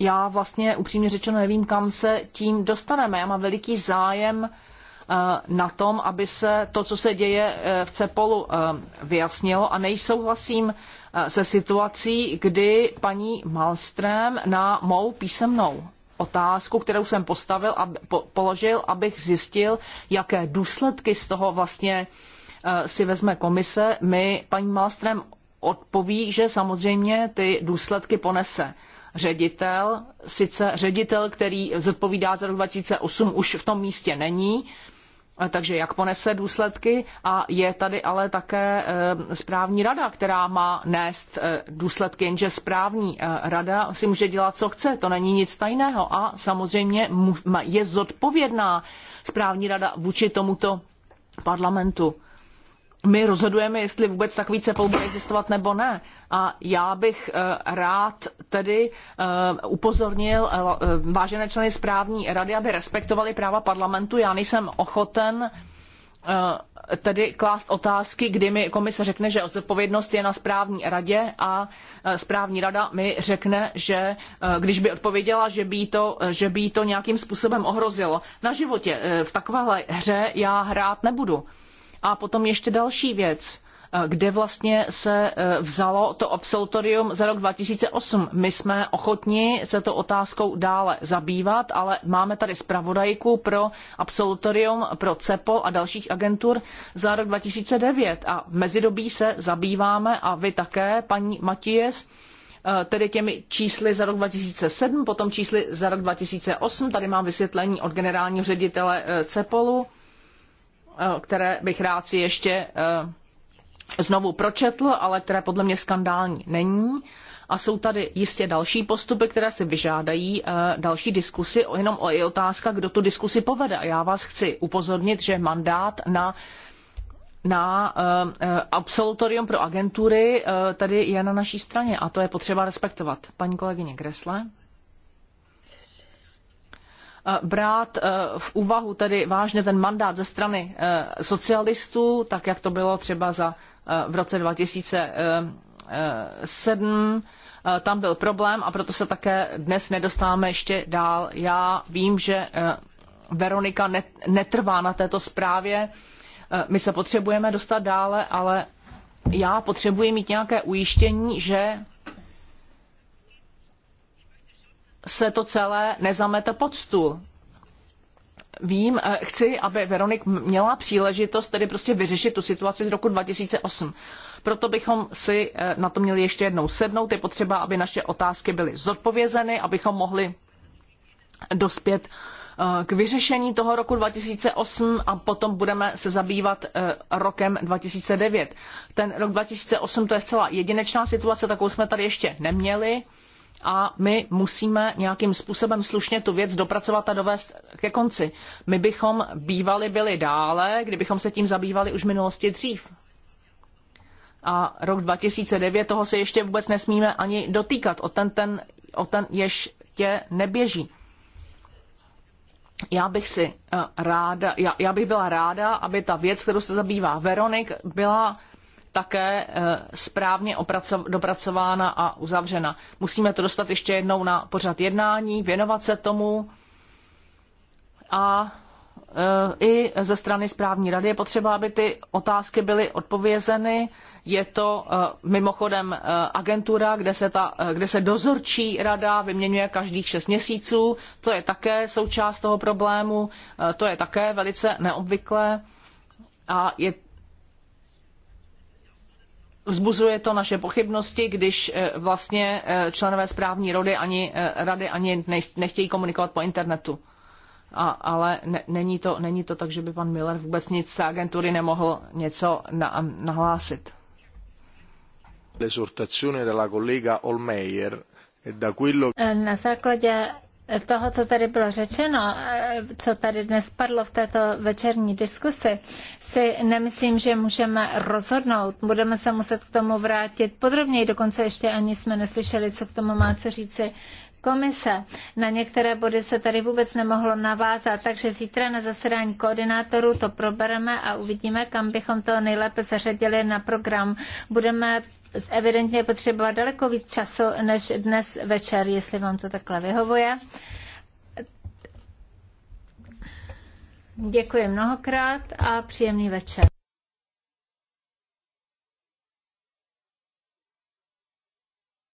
já vlastně upřímně řečeno nevím, kam se tím dostaneme. Já mám veliký zájem eh, na tom, aby se to, co se děje eh, v Cepolu, eh, vyjasnilo a nejsouhlasím se situací, kdy paní Malström na mou písemnou otázku, kterou jsem postavil a položil, abych zjistil, jaké důsledky z toho vlastně si vezme komise, mi paní Malström odpoví, že samozřejmě ty důsledky ponese ředitel, sice ředitel, který zodpovídá za rok 2008, už v tom místě není, eh, takže jak ponese důsledky a je tady ale také eh, správní rada, která má nést eh, důsledky, jenže správní rada si může dělat, co chce, to není nic tajného a samozřejmě je zodpovědná správní rada vůči tomuto parlamentu my rozhodujeme, jestli vůbec takový cepel bude existovat nebo ne. A já bych eh, rád tedy eh, upozornil eh, vážené členy správní rady, aby respektovali práva parlamentu. Já nejsem ochoten tedy klást otázky, kdy mi komise řekne, že odpovědnost je na správní radě a správní rada mi řekne, že když by odpověděla, že by to, že by to nějakým způsobem ohrozilo. Na životě v takovéhle hře já hrát nebudu. A potom ještě další věc eh, kde vlastně se eh, vzalo to absolutorium za rok 2008. My jsme ochotni se to otázkou dále zabývat, ale máme tady zpravodajku pro absolutorium pro CEPOL a dalších agentur za rok 2009 a v mezidobí se zabýváme a vy také, paní Matíjes, eh, tedy těmi čísly za rok 2007, potom čísly za rok 2008. Tady mám vysvětlení od generálního ředitele CEPOLu Eh, které bych rád si ještě eh, znovu pročetl, ale které podle mě skandální není. A jsou tady jistě další postupy, které si vyžádají eh, další diskusy, jenom je otázka, kdo tu diskusi povede. A já vás chci upozornit, že mandát na na absolutorium pro agentury tady je na naší straně a to je potřeba respektovat. Paní kolegyně Gresle. Eh, brát eh, v úvahu tedy vážně ten mandát ze strany eh, socialistů, tak jak to bylo třeba za, v roce 2007, tam byl problém a proto se také dnes nedostáváme ještě dál. Já vím, že Veronika netrvá na této zprávě. My se potřebujeme dostat dále, ale já potřebuji mít nějaké ujištění, že se to celé nezamete pod stůl. Vím, eh, chci, aby Veronik měla příležitost tedy prostě vyřešit tu situaci z roku 2008. Proto bychom si eh, na to měli ještě jednou sednout. Je potřeba, aby naše otázky byly zodpovězeny, abychom mohli dospět eh, k vyřešení toho roku 2008 a potom budeme se zabývat rokem 2009. Ten rok 2008 to je zcela jedinečná situace, takovou jsme tady ještě neměli a my musíme nějakým způsobem slušně tu věc dopracovat a dovést ke konci. My bychom bývali byli dále, kdybychom se tím zabývali už v minulosti dřív. A rok 2009, toho se ještě vůbec nesmíme ani dotýkat. O ten, ten, o ten ještě neběží. Já bych si eh, ráda, já, já bych byla ráda, aby ta věc, kterou se zabývá Veronik, byla také eh, správně dopracována a uzavřena. Musíme to dostat ještě jednou na pořad jednání, věnovat se tomu a eh, i ze strany správní rady je potřeba, aby ty otázky byly odpovězeny. Je to eh, mimochodem agentura, kde se, ta, kde se dozorčí rada vyměňuje každých šest měsíců. To je také součást toho problému, to je také velice neobvyklé a je Vzbuzuje to naše pochybnosti, když eh, vlastně eh, členové správní eh, rady ani, rady ani nechtějí komunikovat po internetu. A, ale ne, není, to, není to tak, že by pan Miller vůbec nic z agentury nemohl něco na, nahlásit. Na základě toho, co tady bylo řečeno, eh, co tady dnes padlo v této večerní diskusi, si nemyslím, že můžeme rozhodnout. Budeme se muset k tomu vrátit podrobněji, dokonce ještě ani jsme neslyšeli, co k tomu má co říci komise. Na některé body se tady vůbec nemohlo navázat, takže zítra na zasedání koordinátorů to probereme a uvidíme, kam bychom to nejlépe zařadili na program. Budeme evidentně potřeba daleko víc času než dnes večer, jestli vám to takhle vyhovuje. Děkuji mnohokrát a příjemný večer.